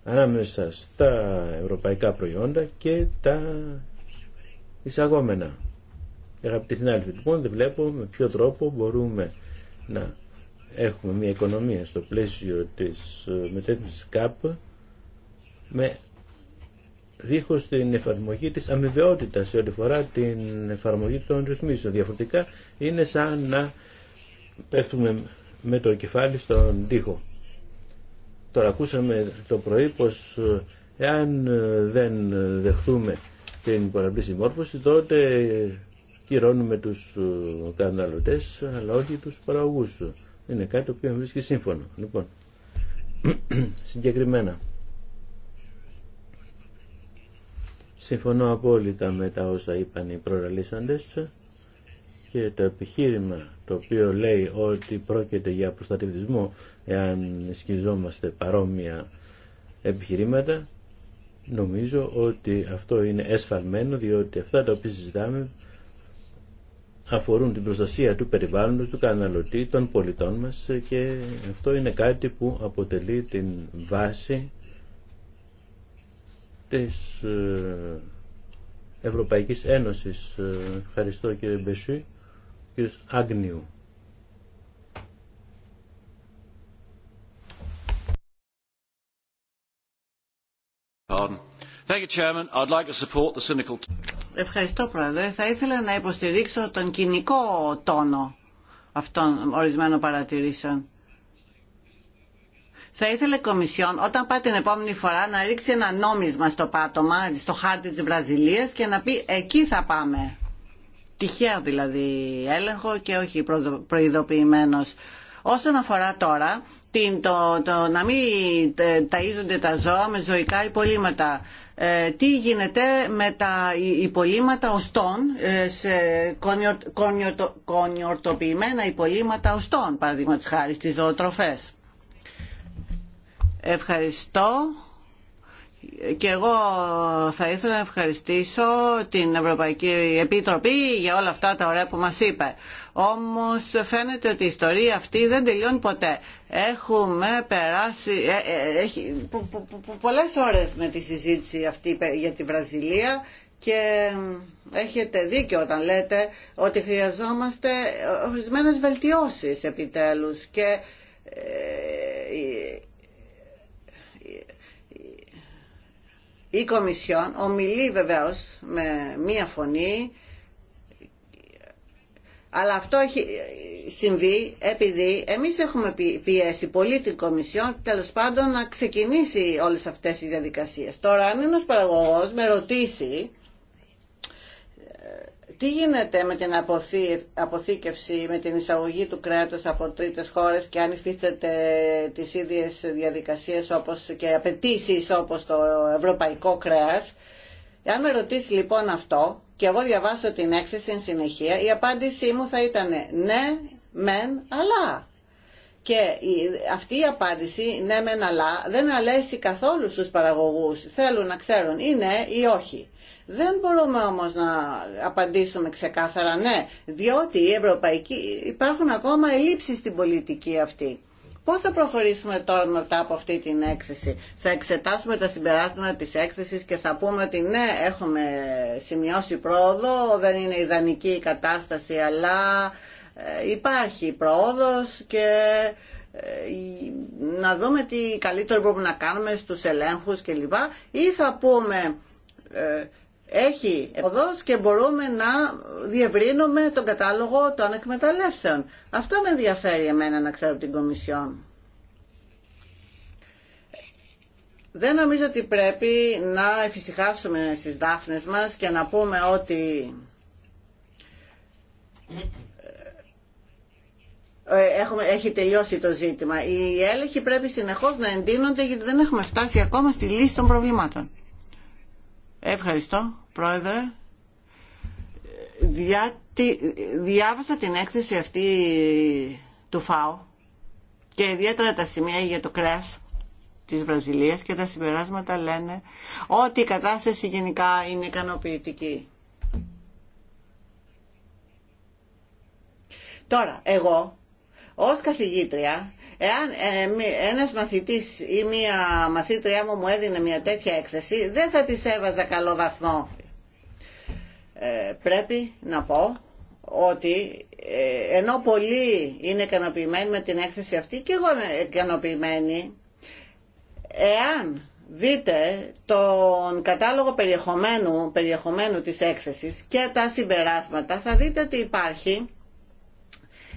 ανάμεσα στα ευρωπαϊκά προϊόντα και τα εισαγόμενα. Αγαπητοί συνάδελφοι, λοιπόν, δεν βλέπω με ποιο τρόπο μπορούμε να έχουμε μια οικονομία στο πλαίσιο της ε, μετέθεσης ΚΑΠ με δίχως την εφαρμογή της αμοιβαιότητας σε ό,τι φορά την εφαρμογή των ρυθμίσεων. Διαφορετικά είναι σαν να πέφτουμε με το κεφάλι στον τοίχο. Τώρα ακούσαμε το πρωί πως ε, εάν ε, δεν δεχθούμε την παραπλή συμμόρφωση τότε κυρώνουμε τους ε, καταναλωτές αλλά όχι τους παραγωγούς. Είναι κάτι το οποίο βρίσκει σύμφωνο. Λοιπόν, συγκεκριμένα. Συμφωνώ απόλυτα με τα όσα είπαν οι προραλήσαντες και το επιχείρημα το οποίο λέει ότι πρόκειται για προστατευτισμό εάν σκιζόμαστε παρόμοια επιχειρήματα νομίζω ότι αυτό είναι εσφαλμένο διότι αυτά τα οποία συζητάμε αφορούν την προστασία του περιβάλλοντος, του καναλωτή, των πολιτών μας και αυτό είναι κάτι που αποτελεί την βάση της ε, Ευρωπαϊκής Ένωσης. Ε, ευχαριστώ κύριε Μπεσού, κύριε Άγνιου. Thank Ευχαριστώ Πρόεδρε. Θα ήθελα να υποστηρίξω τον κοινικό τόνο αυτών ορισμένων παρατηρήσεων. Θα ήθελε Κομισιόν όταν πάει την επόμενη φορά να ρίξει ένα νόμισμα στο πάτωμα, στο χάρτη της Βραζιλίας και να πει εκεί θα πάμε. Τυχαίο δηλαδή έλεγχο και όχι προειδοποιημένος. Όσον αφορά τώρα την, το, το, να μην ε, ταΐζονται τα ζώα με ζωικά υπολείμματα, ε, τι γίνεται με τα υπολείμματα οστών, ε, σε κονιορ, κονιορ, κονιορτοποιημένα υπολείμματα οστών, παραδείγματος χάρη στις ζωοτροφές. Ευχαριστώ και εγώ θα ήθελα να ευχαριστήσω την Ευρωπαϊκή Επίτροπη για όλα αυτά τα ωραία που μας είπε. Όμως φαίνεται ότι η ιστορία αυτή δεν τελειώνει ποτέ. Έχουμε περάσει ε, ε, έχει, πο, πολλές ώρες με τη συζήτηση αυτή για τη Βραζιλία και έχετε δίκιο όταν λέτε ότι χρειαζόμαστε ορισμένε βελτιώσεις επιτέλους και ε, η Κομισιόν ομιλεί βεβαίως με μία φωνή αλλά αυτό έχει συμβεί επειδή εμείς έχουμε πιέσει πολύ την Κομισιόν τέλος πάντων να ξεκινήσει όλες αυτές οι διαδικασίες. Τώρα αν ένας παραγωγός με ρωτήσει τι γίνεται με την αποθήκευση, με την εισαγωγή του κράτους από τρίτες χώρες και αν υφίσταται τις ίδιες διαδικασίες όπως και απαιτήσει όπως το ευρωπαϊκό κρέας. Αν με ρωτήσει λοιπόν αυτό και εγώ διαβάσω την έκθεση εν συνεχεία, η απάντησή μου θα ήταν ναι, μεν, αλλά. Και αυτή η απάντηση, ναι μεν αλλά, δεν αλέσει καθόλου στους παραγωγούς. Θέλουν να ξέρουν ή ναι ή όχι. Δεν μπορούμε όμως να απαντήσουμε ξεκάθαρα ναι, διότι οι Ευρωπαϊκή υπάρχουν ακόμα ελλείψεις στην πολιτική αυτή. Πώς θα προχωρήσουμε τώρα μετά από αυτή την έκθεση. Θα εξετάσουμε τα συμπεράσματα της έκθεσης και θα πούμε ότι ναι, έχουμε σημειώσει πρόοδο, δεν είναι ιδανική η κατάσταση, αλλά ε, υπάρχει πρόοδος και ε, να δούμε τι καλύτερο μπορούμε να κάνουμε στους ελέγχους κλπ. Ή θα πούμε ε, έχει οδός και μπορούμε να διευρύνουμε τον κατάλογο των εκμεταλλεύσεων. Αυτό με ενδιαφέρει εμένα να ξέρω την Κομισιόν. Δεν νομίζω ότι πρέπει να εφησυχάσουμε στις δάφνες μας και να πούμε ότι ε, έχουμε, έχει τελειώσει το ζήτημα. Οι έλεγχοι πρέπει συνεχώς να εντείνονται γιατί δεν έχουμε φτάσει ακόμα στη λύση των προβλημάτων. Ευχαριστώ, Πρόεδρε. Διά, διάβασα την έκθεση αυτή του ΦΑΟ και ιδιαίτερα τα σημεία για το κρέας της Βραζιλίας και τα συμπεράσματα λένε ότι η κατάσταση γενικά είναι ικανοποιητική. Τώρα, εγώ ως καθηγήτρια Εάν ε, ένας μαθητής ή μία μαθήτριά μου μου έδινε μια τέτοια έκθεση, δεν θα της έβαζα καλό βαθμό. Ε, πρέπει να πω ότι ε, ενώ πολλοί είναι ικανοποιημένοι με την έκθεση αυτή και εγώ είμαι ικανοποιημένη, εάν δείτε τον κατάλογο περιεχομένου, περιεχομένου της έκθεσης και τα συμπεράσματα, θα δείτε ότι υπάρχει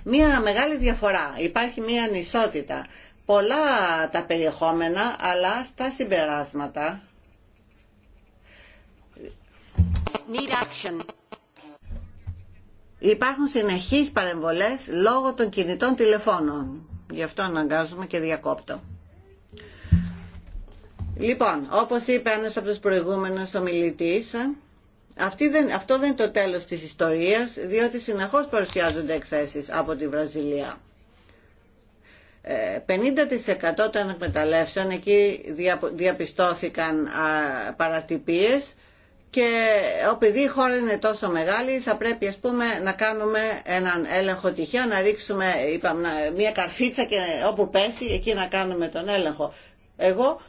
μία μεγάλη διαφορά. Υπάρχει μία ανισότητα. Πολλά τα περιεχόμενα, αλλά στα συμπεράσματα Need action. Υπάρχουν συνεχείς παρεμβολές λόγω των κινητών τηλεφώνων. Γι' αυτό αναγκάζομαι και διακόπτω. Λοιπόν, όπως είπε ένας από τους προηγούμενους ομιλητής, αυτή αυτό δεν είναι το τέλος της ιστορίας, διότι συνεχώς παρουσιάζονται εκθέσεις από τη Βραζιλία. 50% ε, των εκμεταλλεύσεων εκεί διαπιστώθηκαν παρατυπίες και επειδή η χώρα είναι τόσο μεγάλη θα πρέπει ας πούμε να κάνουμε έναν έλεγχο τυχαίο, να ρίξουμε μια καρφίτσα και όπου πέσει εκεί να κάνουμε τον έλεγχο. Εγώ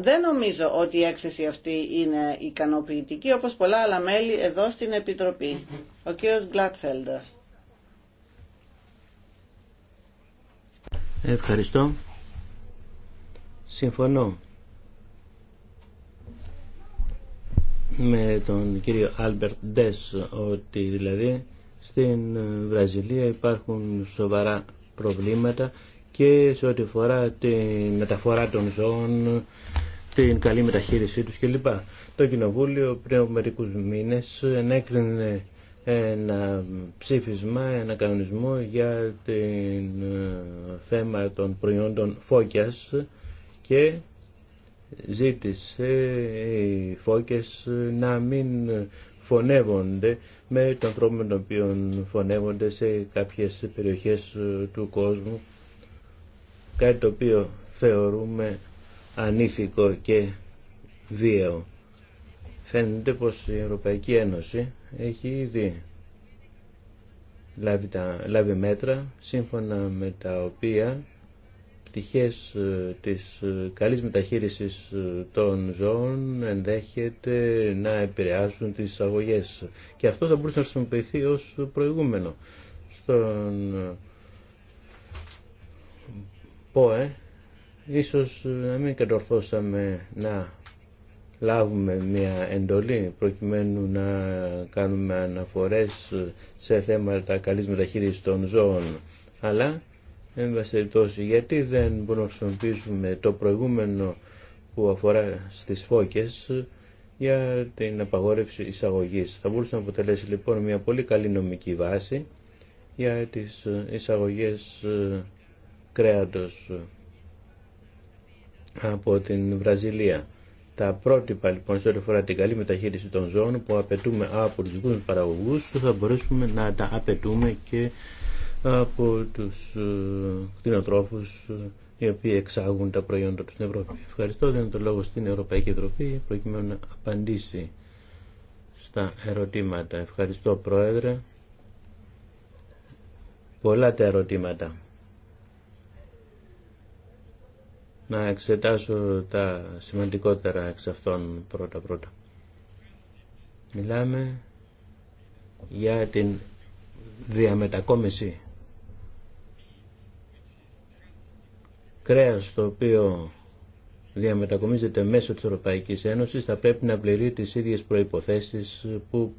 δεν νομίζω ότι η έκθεση αυτή είναι ικανοποιητική όπως πολλά άλλα μέλη εδώ στην Επιτροπή. Ο κύριος Γκλάτφελντερ. Ευχαριστώ. Συμφωνώ με τον κύριο Άλμπερτ Ντες ότι δηλαδή στην Βραζιλία υπάρχουν σοβαρά προβλήματα και σε ό,τι αφορά τη μεταφορά των ζώων, την καλή μεταχείρισή τους κλπ. Το Κοινοβούλιο πριν από μερικούς μήνες ενέκρινε ένα ψήφισμα, ένα κανονισμό για το ε, θέμα των προϊόντων φώκιας και ζήτησε οι φώκες να μην φωνεύονται με τον τρόπο με τον οποίο φωνεύονται σε κάποιες περιοχές του κόσμου κάτι το οποίο θεωρούμε ανήθικο και βίαιο. Φαίνεται πως η Ευρωπαϊκή Ένωση έχει ήδη λάβει, μέτρα σύμφωνα με τα οποία πτυχές ε, της ε, καλής μεταχείρισης ε, των ζώων ενδέχεται να επηρεάσουν τις αγωγές. Και αυτό θα μπορούσε να χρησιμοποιηθεί ως προηγούμενο. Στον ΠΟΕ ίσως ε, να μην κατορθώσαμε να λάβουμε μια εντολή προκειμένου να κάνουμε αναφορές σε θέματα καλής μεταχείρισης των ζώων αλλά εν τόσο γιατί δεν μπορούμε να χρησιμοποιήσουμε το προηγούμενο που αφορά στις φώκες για την απαγόρευση εισαγωγής. Θα μπορούσε να αποτελέσει λοιπόν μια πολύ καλή νομική βάση για τις εισαγωγές ε, κρέατος από την Βραζιλία. Τα πρότυπα λοιπόν σε ό,τι αφορά την καλή μεταχείριση των ζώων που απαιτούμε από τους δικούς παραγωγούς θα μπορέσουμε να τα απαιτούμε και από τους ε, κτηνοτρόφους ε, οι οποίοι εξάγουν τα προϊόντα του στην Ευρώπη. Ευχαριστώ. Δίνω το λόγο στην Ευρωπαϊκή Ευρωπή προκειμένου να απαντήσει στα ερωτήματα. Ευχαριστώ Πρόεδρε. Πολλά τα ερωτήματα. να εξετάσω τα σημαντικότερα εξ αυτών πρώτα-πρώτα. Μιλάμε για την διαμετακόμιση κρέας το οποίο διαμετακομίζεται μέσω της Ευρωπαϊκής Ένωσης θα πρέπει να πληρεί τις ίδιες προϋποθέσεις που,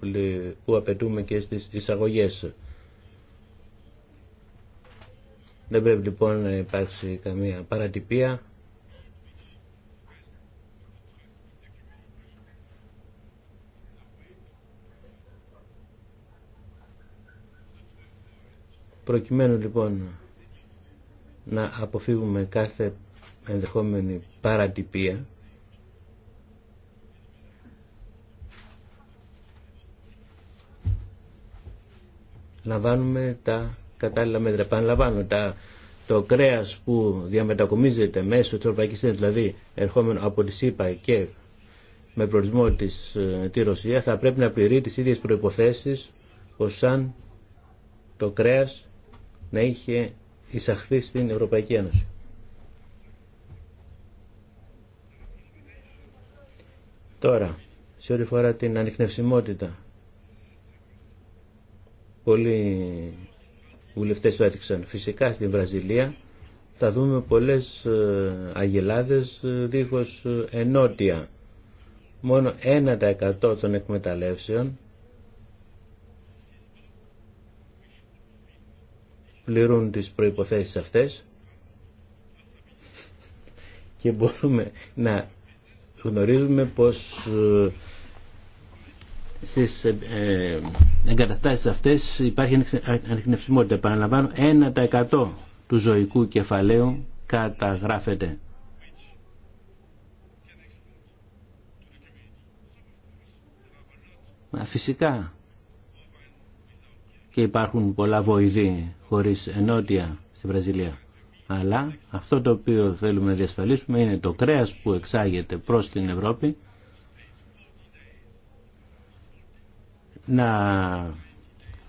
που απαιτούμε και στις εισαγωγές. Δεν πρέπει λοιπόν να υπάρξει καμία παρατυπία Προκειμένου λοιπόν να αποφύγουμε κάθε ενδεχόμενη παρατυπία λαμβάνουμε τα κατάλληλα μέτρα. Επαναλαμβάνω, τα, το κρέας που διαμετακομίζεται μέσω της Ευρωπαϊκής δηλαδή ερχόμενο από τη ΣΥΠΑ και με προορισμό της, ε, τη Ρωσία, θα πρέπει να πληρεί τις ίδιες προϋποθέσεις ως αν το κρέας να είχε εισαχθεί στην Ευρωπαϊκή Ένωση. Τώρα, σε ό,τι φορά την ανιχνευσιμότητα, πολλοί βουλευτές το έδειξαν. Φυσικά στην Βραζιλία θα δούμε πολλές ε, αγελάδες ε, δίχως ενότια. Μόνο 1% των εκμεταλλεύσεων πληρούν τις προϋποθέσεις αυτές και μπορούμε να γνωρίζουμε πως ε, στις ε, ε, εγκαταστάσεις αυτές υπάρχει ανεχνευσιμότητα. Παραλαμβάνω, 1% του ζωικού κεφαλαίου καταγράφεται. Μα φυσικά και υπάρχουν πολλά βοηθοί χωρίς ενότια στη Βραζιλία. Αλλά αυτό το οποίο θέλουμε να διασφαλίσουμε είναι το κρέας που εξάγεται προς την Ευρώπη να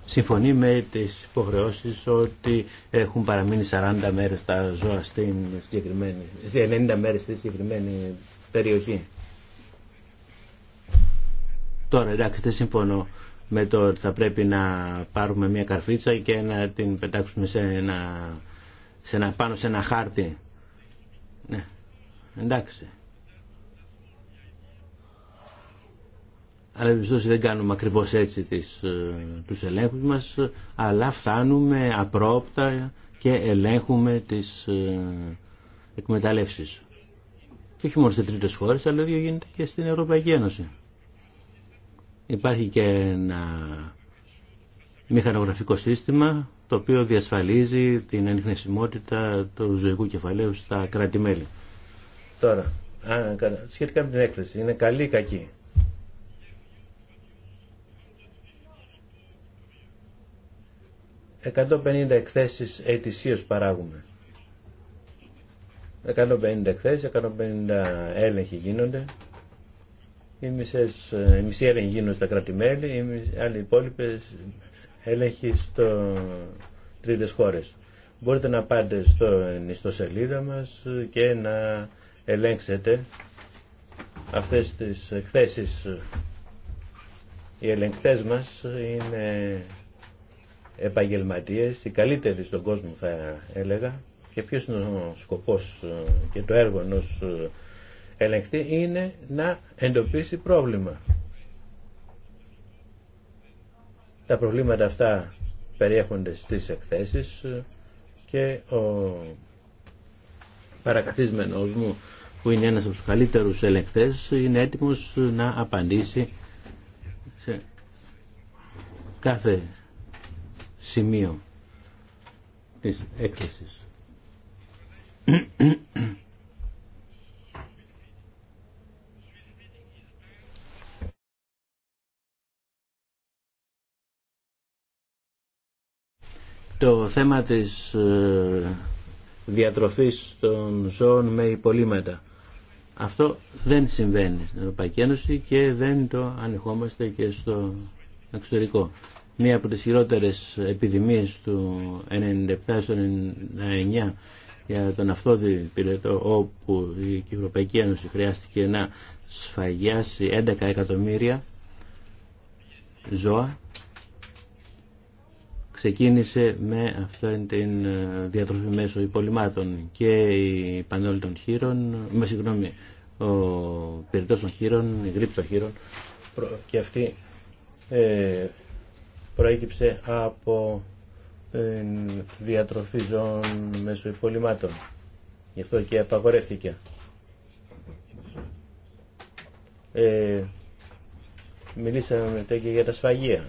συμφωνεί με τις υποχρεώσεις ότι έχουν παραμείνει 40 μέρες τα ζώα στην συγκεκριμένη, 90 μέρες στη συγκεκριμένη περιοχή. Τώρα εντάξει δεν συμφωνώ με το ότι θα πρέπει να πάρουμε μια καρφίτσα και να την πετάξουμε σε ένα, σε ένα, πάνω σε ένα χάρτη. Ναι, εντάξει. Αλλά επιστώσει δεν κάνουμε ακριβώς έτσι τις, ε, τους ελέγχους μας, αλλά φτάνουμε απρόπτα και ελέγχουμε τις ε, εκμεταλλεύσεις. Και όχι μόνο σε τρίτες χώρες, αλλά δύο γίνεται και στην Ευρωπαϊκή Ένωση. Υπάρχει και ένα μηχανογραφικό σύστημα το οποίο διασφαλίζει την ανιχνεσιμότητα του ζωικού κεφαλαίου στα κράτη-μέλη. Τώρα, σχετικά με την έκθεση, είναι καλή ή κακή. ...150 εκθέσεις ετησίως παράγουμε. 150 εκθέσεις, 150 έλεγχοι γίνονται... Οι, μισές, ε, οι μισή έλεγχοι γίνουν στα κράτη-μέλη, οι άλλοι υπόλοιπε έλεγχοι στο τρίτες χώρες. Μπορείτε να πάτε στο ιστοσελίδα μας και να ελέγξετε αυτές τις εκθέσεις. Οι ελεγκτές μας είναι επαγγελματίες, οι καλύτεροι στον κόσμο θα έλεγα. Και ποιος είναι ο σκοπός ε, και το έργο ενός ε, ελεγχθεί είναι να εντοπίσει πρόβλημα. Τα προβλήματα αυτά περιέχονται στις εκθέσεις και ο παρακαθισμένος μου που είναι ένας από τους καλύτερους ελεγχθές είναι έτοιμος να απαντήσει σε κάθε σημείο της έκθεσης. Το θέμα της ε, διατροφής των ζώων με υπολείμματα. Αυτό δεν συμβαίνει στην Ευρωπαϊκή Ένωση και δεν το ανεχόμαστε και στο εξωτερικό. Μία από τις χειρότερες επιδημίες του 1997-1999 για τον αυτόδη πυρετό όπου η Ευρωπαϊκή Ένωση χρειάστηκε να σφαγιάσει 11 εκατομμύρια ζώα ξεκίνησε με αυτή την ε, διατροφή μέσω υπολοιμάτων και η πανόλη των χείρων, με συγγνώμη, ο πυρητός των χείρων, η γρήπη των χείρων και αυτή ε, προέκυψε από την διατροφή ζώων μέσω υπολοιμάτων. Γι' αυτό και απαγορεύτηκε. Ε, μιλήσαμε μετά και για τα σφαγεία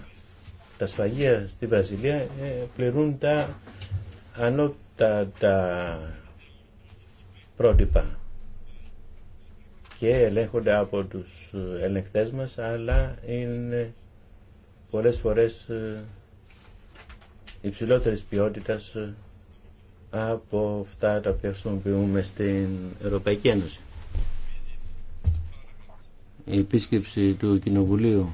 τα σφαγεία στη Βραζιλία ε, πληρούν τα ανώτατα πρότυπα και ελέγχονται από τους ελεγχτές μας αλλά είναι πολλές φορές ε, υψηλότερης ποιότητας ε, από αυτά τα οποία χρησιμοποιούμε στην Ευρωπαϊκή Ένωση. Η επίσκεψη του Κοινοβουλίου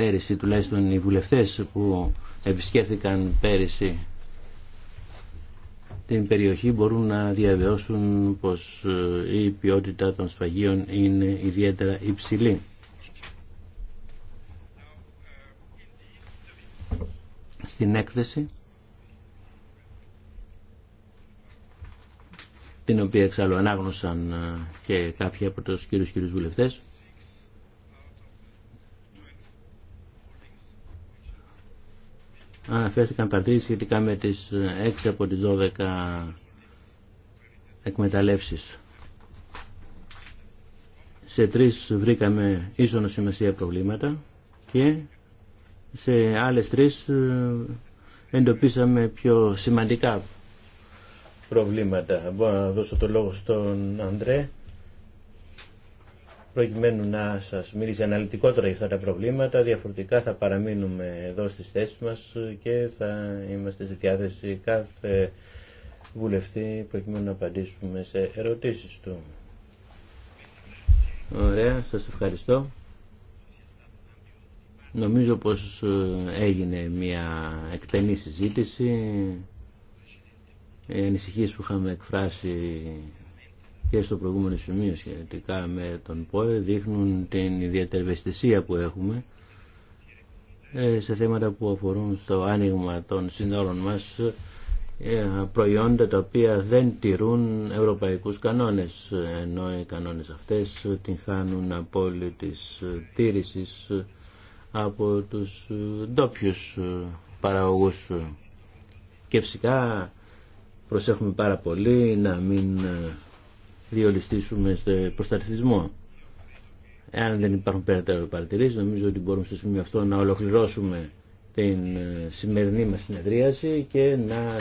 πέρυσι τουλάχιστον οι βουλευτές που επισκέφθηκαν πέρυσι την περιοχή μπορούν να διαβεώσουν πως ε, η ποιότητα των σφαγίων είναι ιδιαίτερα υψηλή. Στην έκθεση την οποία εξάλλου ανάγνωσαν ε, και κάποιοι από τους κύριους κύριους βουλευτές αναφέρθηκαν παρατηρήσεις σχετικά με τις 6 ε, από τις 12 εκμεταλλεύσεις. Σε τρεις βρήκαμε ίσονο σημασία προβλήματα και σε άλλες τρεις ε, εντοπίσαμε πιο σημαντικά προβλήματα. Μπορώ να δώσω το λόγο στον Αντρέ προκειμένου να σας μιλήσει αναλυτικότερα για αυτά τα προβλήματα. Διαφορετικά θα παραμείνουμε εδώ στις θέσεις μας και θα είμαστε στη κάθε βουλευτή προκειμένου να απαντήσουμε σε ερωτήσεις του. Ωραία, σας ευχαριστώ. Νομίζω πως ε, έγινε μια εκτενή συζήτηση. Οι ανησυχίες που είχαμε εκφράσει στο προηγούμενο σημείο σχετικά με τον ΠΟΕ δείχνουν την ιδιαίτερη ευαισθησία που έχουμε ε, σε θέματα που αφορούν στο άνοιγμα των συνόρων μας ε, προϊόντα τα οποία δεν τηρούν ευρωπαϊκούς κανόνες ενώ οι κανόνες αυτές την χάνουν απόλυτης τήρησης από τους ντόπιου παραγωγούς και φυσικά προσέχουμε πάρα πολύ να μην διολυστήσουμε στο προστατευτισμό. Εάν δεν υπάρχουν περαιτέρω παρατηρήσει, νομίζω ότι μπορούμε στο σημείο αυτό να ολοκληρώσουμε την ε, σημερινή μας συνεδρίαση και να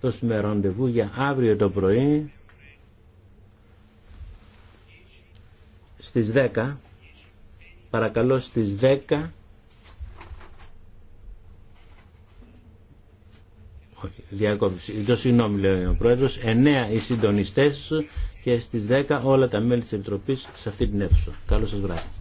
δώσουμε ραντεβού για αύριο το πρωί στις 10. Παρακαλώ στις 10. Όχι, διακόψη. Το συγγνώμη λέει ο Πρόεδρος. 9 οι συντονιστές και στις 10 όλα τα μέλη της Επιτροπής σε αυτή την αίθουσα. Καλό σας βράδυ.